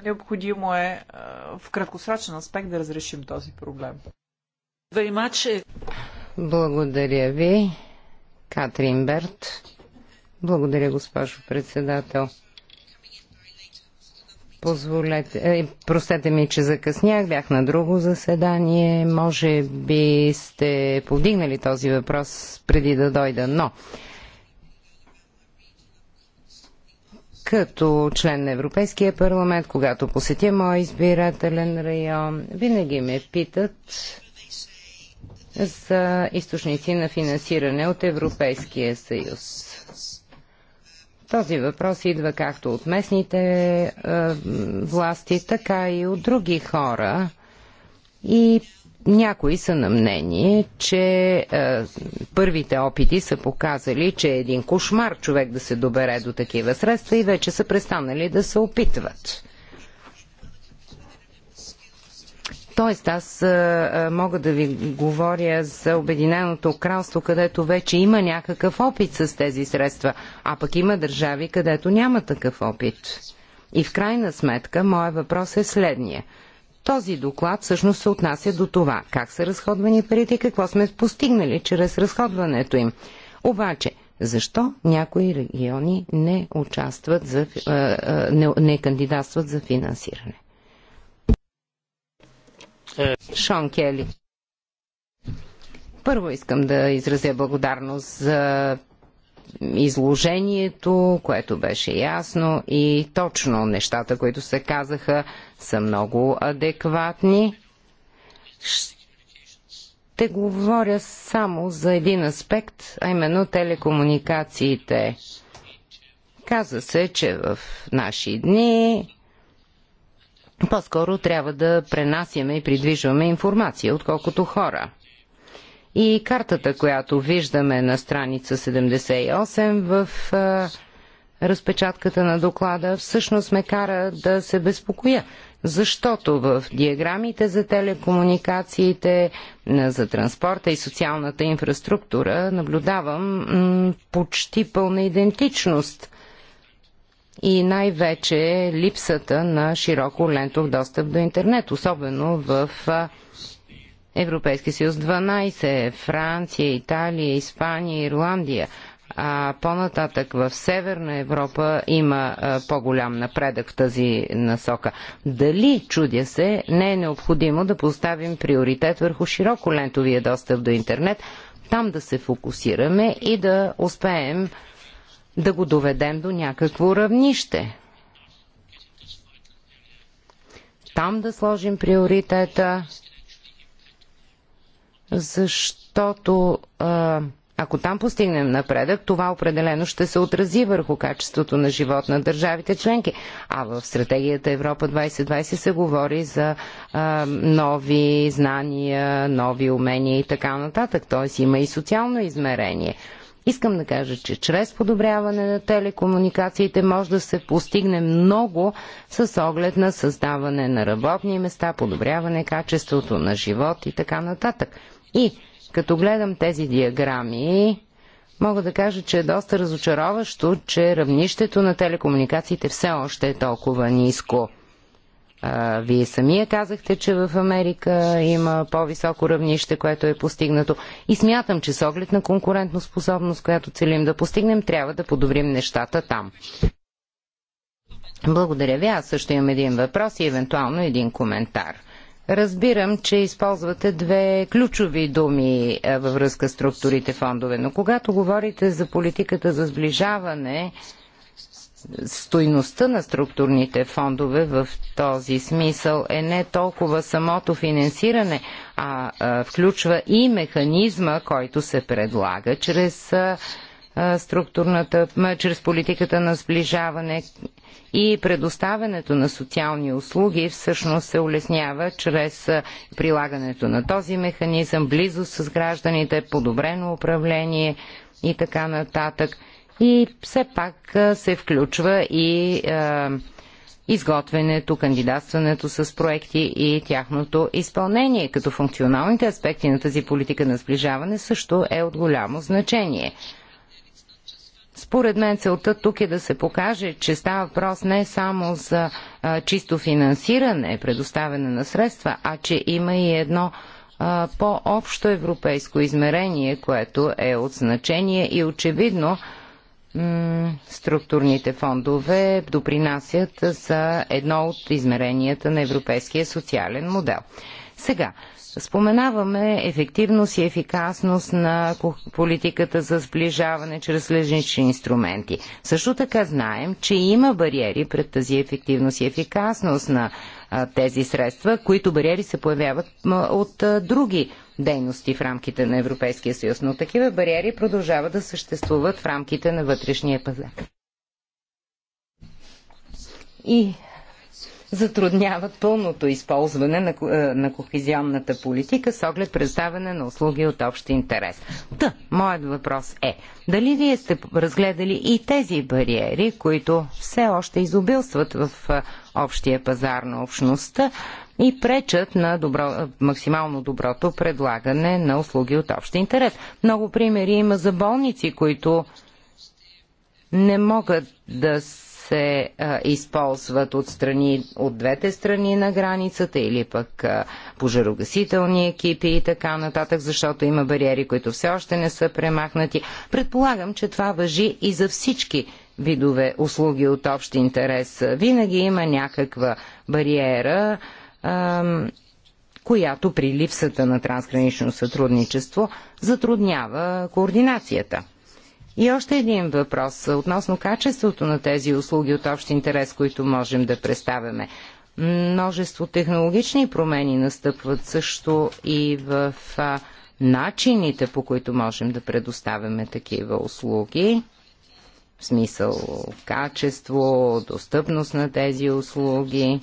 Необходимо е, е в краткосрочен аспект да разрешим този проблем. Благодаря ви, Катрин Берт. Благодаря, госпожо председател. Позволете, е, простете ми, че закъснях, бях на друго заседание. Може би сте повдигнали този въпрос преди да дойда, но като член на Европейския парламент, когато посетя мой избирателен район, винаги ме питат за източници на финансиране от Европейския съюз. Този въпрос идва както от местните е, власти, така и от други хора. И някои са на мнение, че е, първите опити са показали, че е един кошмар човек да се добере до такива средства и вече са престанали да се опитват. Тоест, аз а, мога да ви говоря за Обединеното кралство, където вече има някакъв опит с тези средства, а пък има държави, където няма такъв опит. И в крайна сметка, моят въпрос е следния. Този доклад всъщност се отнася до това, как са разходвани парите и какво сме постигнали чрез разходването им. Обаче, защо някои региони не участват за, не, не кандидатстват за финансиране? Шон Кели. Първо искам да изразя благодарност за изложението, което беше ясно и точно нещата, които се казаха, са много адекватни. Ще говоря само за един аспект, а именно телекомуникациите. Каза се, че в наши дни по-скоро трябва да пренасяме и придвижваме информация, отколкото хора. И картата, която виждаме на страница 78 в а, разпечатката на доклада, всъщност ме кара да се безпокоя защото в диаграмите за телекомуникациите, за транспорта и социалната инфраструктура наблюдавам почти пълна идентичност и най-вече липсата на широко лентов достъп до интернет, особено в Европейския съюз 12, е Франция, Италия, Испания, Ирландия. А по-нататък в Северна Европа има по-голям напредък в тази насока. Дали, чудя се, не е необходимо да поставим приоритет върху широко лентовия достъп до интернет, там да се фокусираме и да успеем да го доведем до някакво равнище. Там да сложим приоритета, защото ако там постигнем напредък, това определено ще се отрази върху качеството на живот на държавите членки. А в стратегията Европа 2020 се говори за а, нови знания, нови умения и така нататък. Тоест има и социално измерение. Искам да кажа, че чрез подобряване на телекомуникациите може да се постигне много с оглед на създаване на работни места, подобряване качеството на живот и така нататък. И като гледам тези диаграми, мога да кажа, че е доста разочароващо, че равнището на телекомуникациите все още е толкова ниско. Вие самия казахте, че в Америка има по-високо равнище, което е постигнато. И смятам, че с оглед на способност, която целим да постигнем, трябва да подобрим нещата там. Благодаря ви. Аз също имам един въпрос и евентуално един коментар. Разбирам, че използвате две ключови думи във връзка с структурите фондове, но когато говорите за политиката за сближаване, стойността на структурните фондове в този смисъл е не толкова самото финансиране, а, а включва и механизма, който се предлага чрез а, структурната, чрез политиката на сближаване и предоставянето на социални услуги всъщност се улеснява чрез прилагането на този механизъм, близост с гражданите, подобрено управление и така нататък и все пак се включва и е, изготвянето, кандидатстването с проекти и тяхното изпълнение, като функционалните аспекти на тази политика на сближаване също е от голямо значение. Според мен целта тук е да се покаже, че става въпрос не само за а, чисто финансиране, предоставяне на средства, а че има и едно по-общо европейско измерение, което е от значение и очевидно структурните фондове допринасят за едно от измеренията на европейския социален модел. Сега, споменаваме ефективност и ефикасност на политиката за сближаване чрез лежнични инструменти. Също така знаем, че има бариери пред тази ефективност и ефикасност на тези средства, които бариери се появяват от други дейности в рамките на Европейския съюз, но такива бариери продължават да съществуват в рамките на вътрешния пазар. И затрудняват пълното използване на, е, на кохезионната политика с оглед представяне на услуги от общ интерес. Та, моят въпрос е, дали вие сте разгледали и тези бариери, които все още изобилстват в е, общия пазар на общността, и пречат на добро, максимално доброто предлагане на услуги от общ интерес. Много примери има за болници, които не могат да се а, използват от, страни, от двете страни на границата или пък а, пожарогасителни екипи и така нататък, защото има бариери, които все още не са премахнати. Предполагам, че това въжи и за всички видове услуги от общ интерес. Винаги има някаква бариера, която при липсата на трансгранично сътрудничество затруднява координацията. И още един въпрос относно качеството на тези услуги от общ интерес, които можем да представяме. Множество технологични промени настъпват също и в начините, по които можем да предоставяме такива услуги. В смисъл качество, достъпност на тези услуги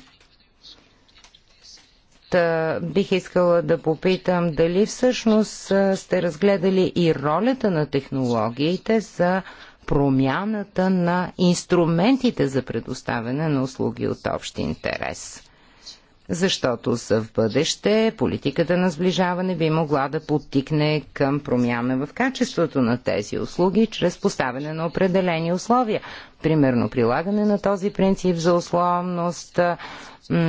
бих искала да попитам дали всъщност сте разгледали и ролята на технологиите за промяната на инструментите за предоставяне на услуги от общ интерес защото са в бъдеще политиката на сближаване би могла да подтикне към промяна в качеството на тези услуги чрез поставяне на определени условия. Примерно прилагане на този принцип за условност,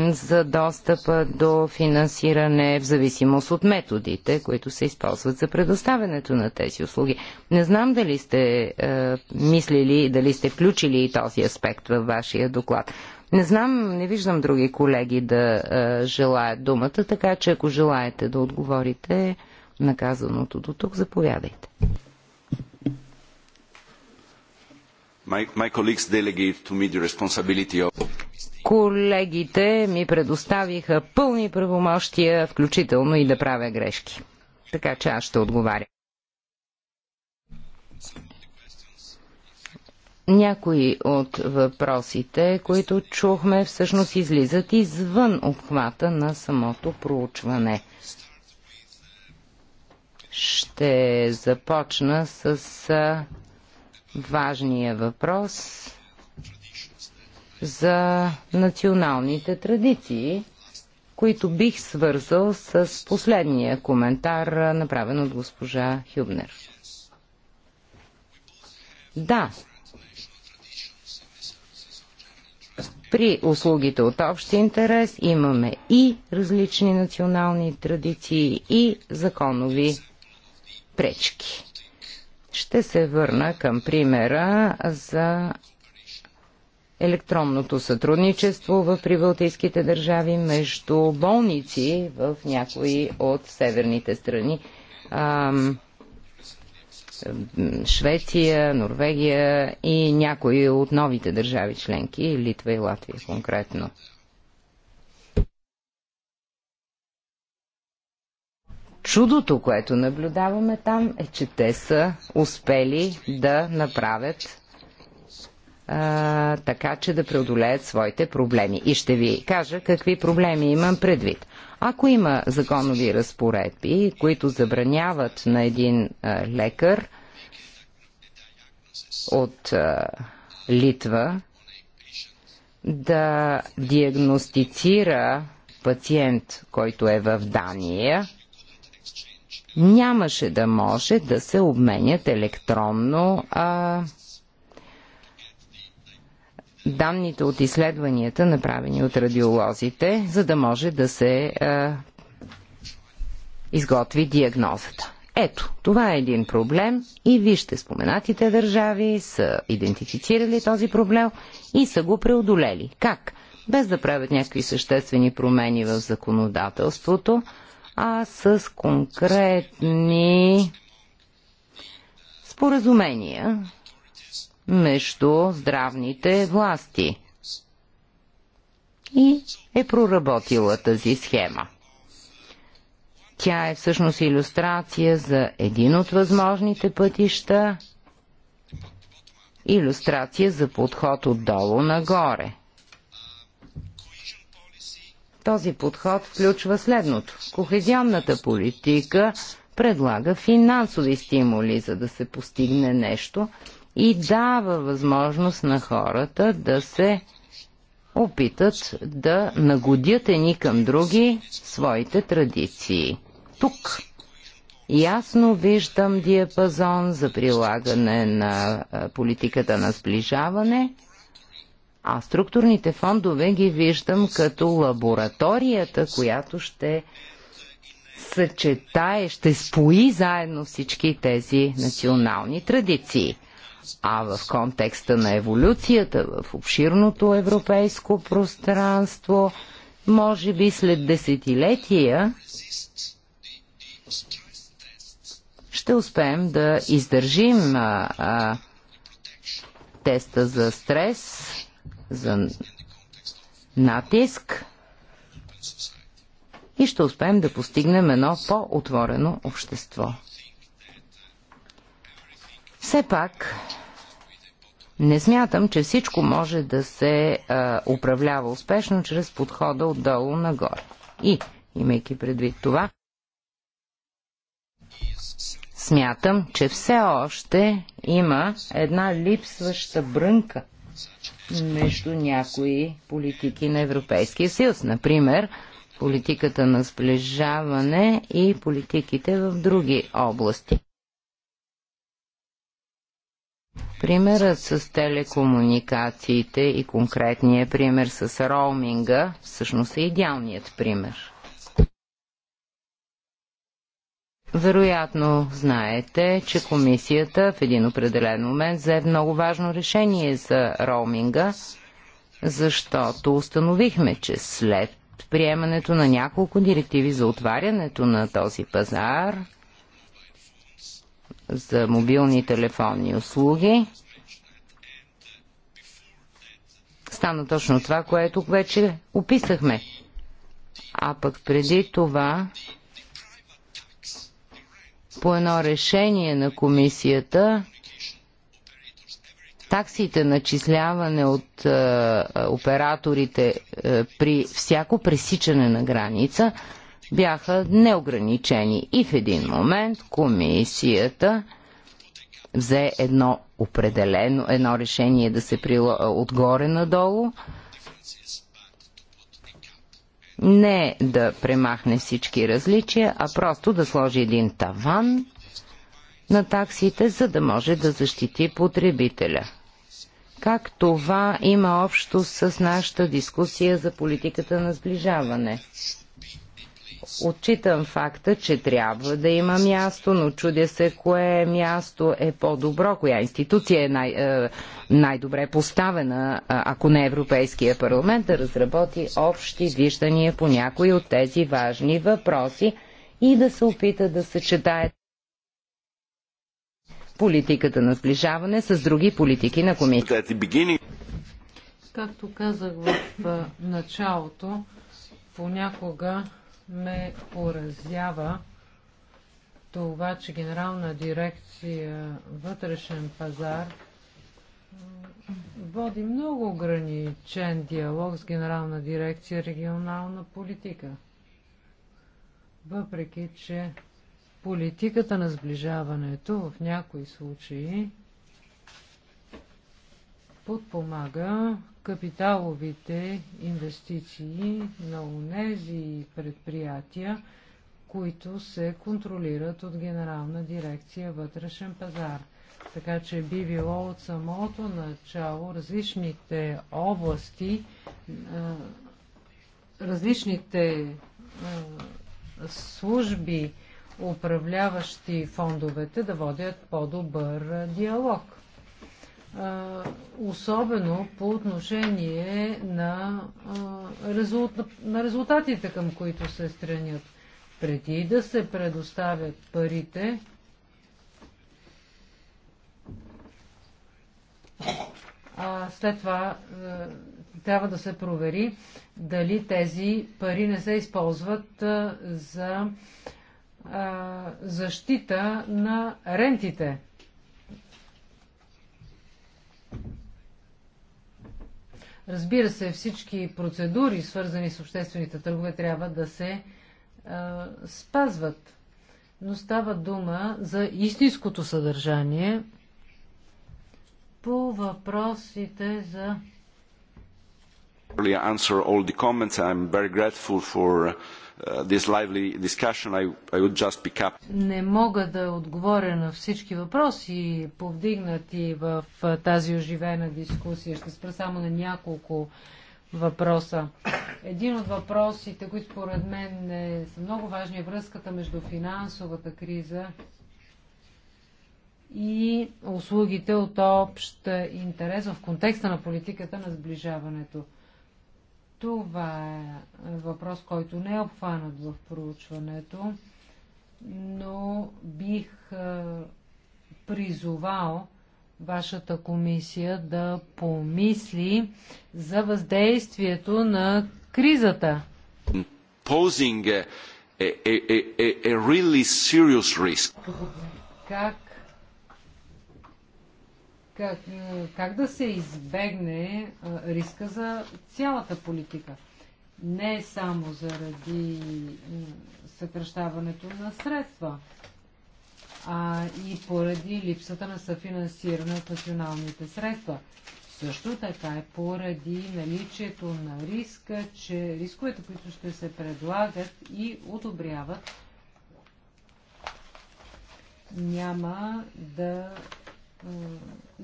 за достъпа до финансиране в зависимост от методите, които се използват за предоставянето на тези услуги. Не знам дали сте е, мислили, дали сте включили и този аспект във вашия доклад. Не знам, не виждам други колеги да а, е, желаят думата, така че ако желаете да отговорите на казаното до тук, заповядайте. My, my of... Колегите ми предоставиха пълни правомощия, включително и да правя грешки. Така че аз ще отговаря. Някои от въпросите, които чухме, всъщност излизат извън обхвата на самото проучване. Ще започна с важния въпрос за националните традиции, които бих свързал с последния коментар, направен от госпожа Хюбнер. Да, При услугите от общ интерес имаме и различни национални традиции и законови пречки. Ще се върна към примера за електронното сътрудничество в прибалтийските държави между болници в някои от северните страни. Ам, Швеция, Норвегия и някои от новите държави членки, Литва и Латвия конкретно. Чудото, което наблюдаваме там, е, че те са успели да направят а, така, че да преодолеят своите проблеми. И ще ви кажа какви проблеми имам предвид. Ако има законови разпоредби, които забраняват на един лекар от Литва да диагностицира пациент, който е в Дания, нямаше да може да се обменят електронно а, данните от изследванията, направени от радиолозите, за да може да се а, изготви диагнозата. Ето, това е един проблем и вижте, споменатите държави са идентифицирали този проблем и са го преодолели. Как? Без да правят някакви съществени промени в законодателството, а с конкретни споразумения между здравните власти. И е проработила тази схема. Тя е всъщност иллюстрация за един от възможните пътища, иллюстрация за подход отдолу нагоре. Този подход включва следното. Кохезионната политика предлага финансови стимули, за да се постигне нещо – и дава възможност на хората да се опитат да нагодят едни към други своите традиции. Тук ясно виждам диапазон за прилагане на политиката на сближаване, а структурните фондове ги виждам като лабораторията, която ще съчетае, ще спои заедно всички тези национални традиции а в контекста на еволюцията в обширното европейско пространство, може би след десетилетия ще успеем да издържим а, а, теста за стрес, за натиск и ще успеем да постигнем едно по-отворено общество. Все пак, не смятам, че всичко може да се а, управлява успешно чрез подхода отдолу нагоре. И, имайки предвид това, смятам, че все още има една липсваща брънка между някои политики на Европейския съюз. Например, политиката на сближаване и политиките в други области. Примерът с телекомуникациите и конкретният пример с роуминга всъщност е идеалният пример. Вероятно знаете, че комисията в един определен момент взе много важно решение за роуминга, защото установихме, че след приемането на няколко директиви за отварянето на този пазар – за мобилни телефонни услуги. Стана точно това, което вече описахме. А пък преди това, по едно решение на комисията, таксите начисляване от е, операторите е, при всяко пресичане на граница – бяха неограничени. И в един момент комисията взе едно определено, едно решение да се прила отгоре надолу, не да премахне всички различия, а просто да сложи един таван на таксите, за да може да защити потребителя. Как това има общо с нашата дискусия за политиката на сближаване? Отчитам факта, че трябва да има място, но чудя се кое място е по-добро, коя институция е най- е, най-добре поставена, ако не Европейския парламент, да разработи общи виждания по някои от тези важни въпроси и да се опита да съчетае политиката на сближаване с други политики на комисията. Както казах в началото, понякога ме поразява това, че Генерална дирекция вътрешен пазар води много ограничен диалог с Генерална дирекция регионална политика. Въпреки, че политиката на сближаването в някои случаи подпомага капиталовите инвестиции на унези предприятия, които се контролират от Генерална дирекция вътрешен пазар. Така че би било от самото начало различните области, различните служби, управляващи фондовете, да водят по-добър диалог особено по отношение на, на резултатите, към които се странят. Преди да се предоставят парите, а след това трябва да се провери дали тези пари не се използват за защита на рентите Разбира се, всички процедури, свързани с обществените търгове, трябва да се а, спазват. Но става дума за истинското съдържание по въпросите за answer all the comments. I'm very grateful for Uh, this lively discussion. I, I would just pick up. Не мога да отговоря на всички въпроси, повдигнати в тази оживена дискусия. Ще спра само на няколко въпроса. Един от въпросите, които според мен е, са много важни, е връзката между финансовата криза и услугите от общ интерес в контекста на политиката на сближаването – това е въпрос, който не е обхванат в проучването, но бих призовал вашата комисия да помисли за въздействието на кризата. Как как, е, как да се избегне е, риска за цялата политика. Не само заради е, съкръщаването на средства, а и поради липсата на съфинансиране от националните средства. Също така е поради наличието на риска, че рисковете, които ще се предлагат и одобряват, няма да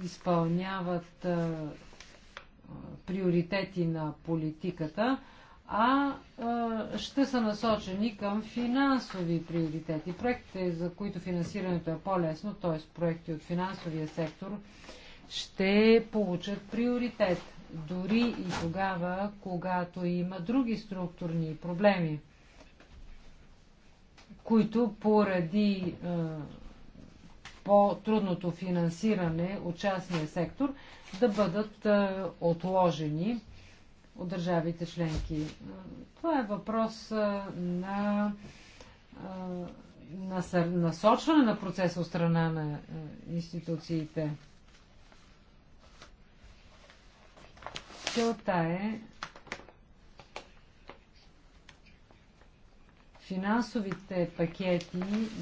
изпълняват приоритети на политиката, а ще са насочени към финансови приоритети. Проектите, за които финансирането е по-лесно, т.е. проекти от финансовия сектор, ще получат приоритет. Дори и тогава, когато има други структурни проблеми, които поради по-трудното финансиране от частния сектор да бъдат е, отложени от държавите членки. Това е въпрос е, на е, насочване на процеса от страна на институциите. Целта е финансовите пакети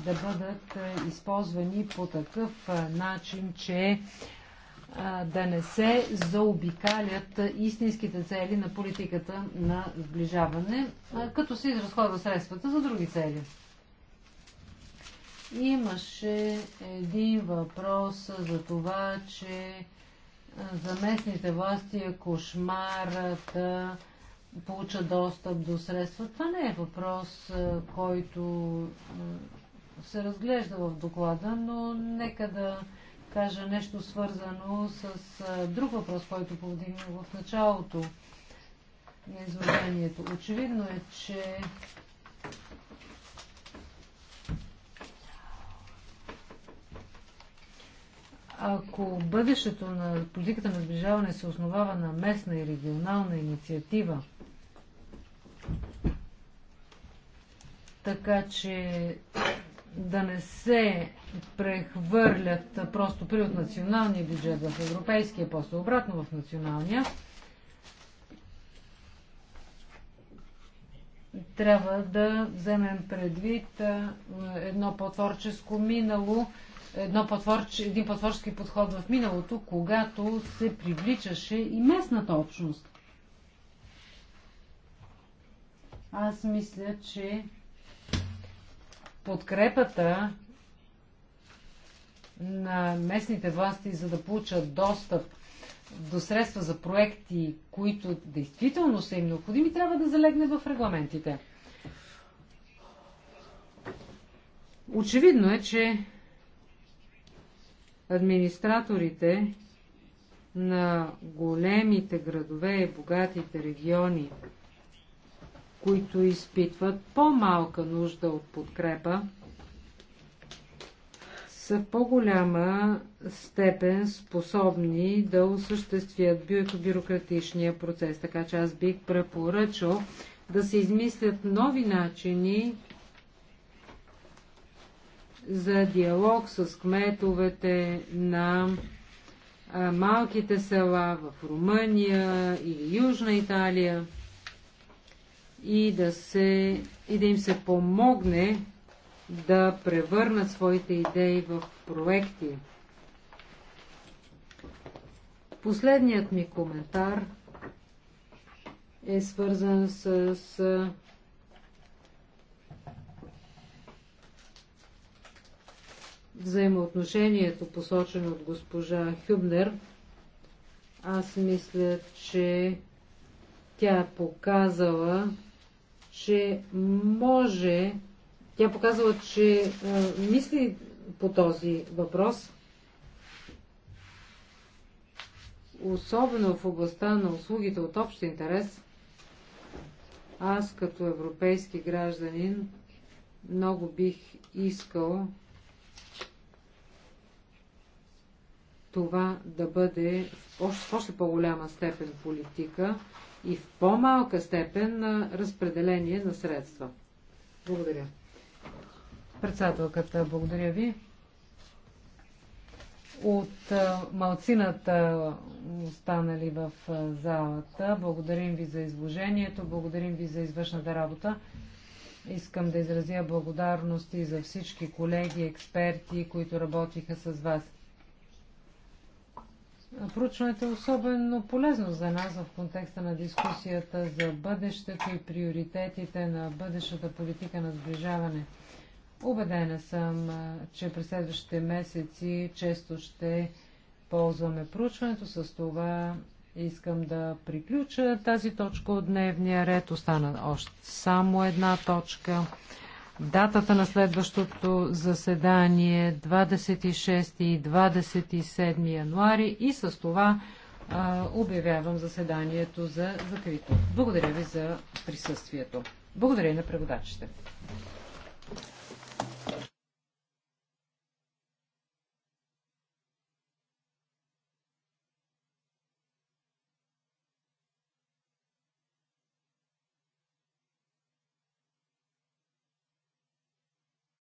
да бъдат е, използвани по такъв е, начин, че е, да не се заобикалят истинските цели на политиката на сближаване, като се изразходва средствата за други цели. Имаше един въпрос за това, че за местните власти е кошмарата Получа достъп до средства. Това не е въпрос, който се разглежда в доклада, но нека да кажа нещо свързано с друг въпрос, който повдигнах в началото на изложението. Очевидно е, че Ако бъдещето на политиката на сближаване се основава на местна и регионална инициатива, така че да не се прехвърлят просто при от националния бюджет в европейския, после обратно в националния, трябва да вземем предвид едно по-творческо минало едно платворч, един потворчески подход в миналото, когато се привличаше и местната общност. Аз мисля, че подкрепата на местните власти, за да получат достъп до средства за проекти, които действително са им необходими, трябва да залегне в регламентите. Очевидно е, че администраторите на големите градове и богатите региони, които изпитват по-малка нужда от подкрепа, са в по-голяма степен способни да осъществят бюрократичния процес. Така че аз бих препоръчал да се измислят нови начини за диалог с кметовете на малките села в Румъния или Южна Италия и да, се, и да им се помогне да превърнат своите идеи в проекти. Последният ми коментар е свързан с, с взаимоотношението, посочено от госпожа Хюбнер, аз мисля, че тя е показала, че може, тя показала, че а, мисли по този въпрос, особено в областта на услугите от общ интерес. Аз като европейски гражданин много бих искал това да бъде в още, още по-голяма степен политика и в по-малка степен на разпределение на средства. Благодаря. Председателката, благодаря ви. От малцината останали в залата, благодарим ви за изложението, благодарим ви за извършната работа. Искам да изразя благодарности за всички колеги, експерти, които работиха с вас. Проучването е особено полезно за нас в контекста на дискусията за бъдещето и приоритетите на бъдещата политика на сближаване. Убедена съм, че през следващите месеци често ще ползваме проучването. С това искам да приключа тази точка от дневния ред. Остана още само една точка. Датата на следващото заседание 26 е и 27 януари и с това а, обявявам заседанието за закрито. Благодаря ви за присъствието. Благодаря и на преводачите.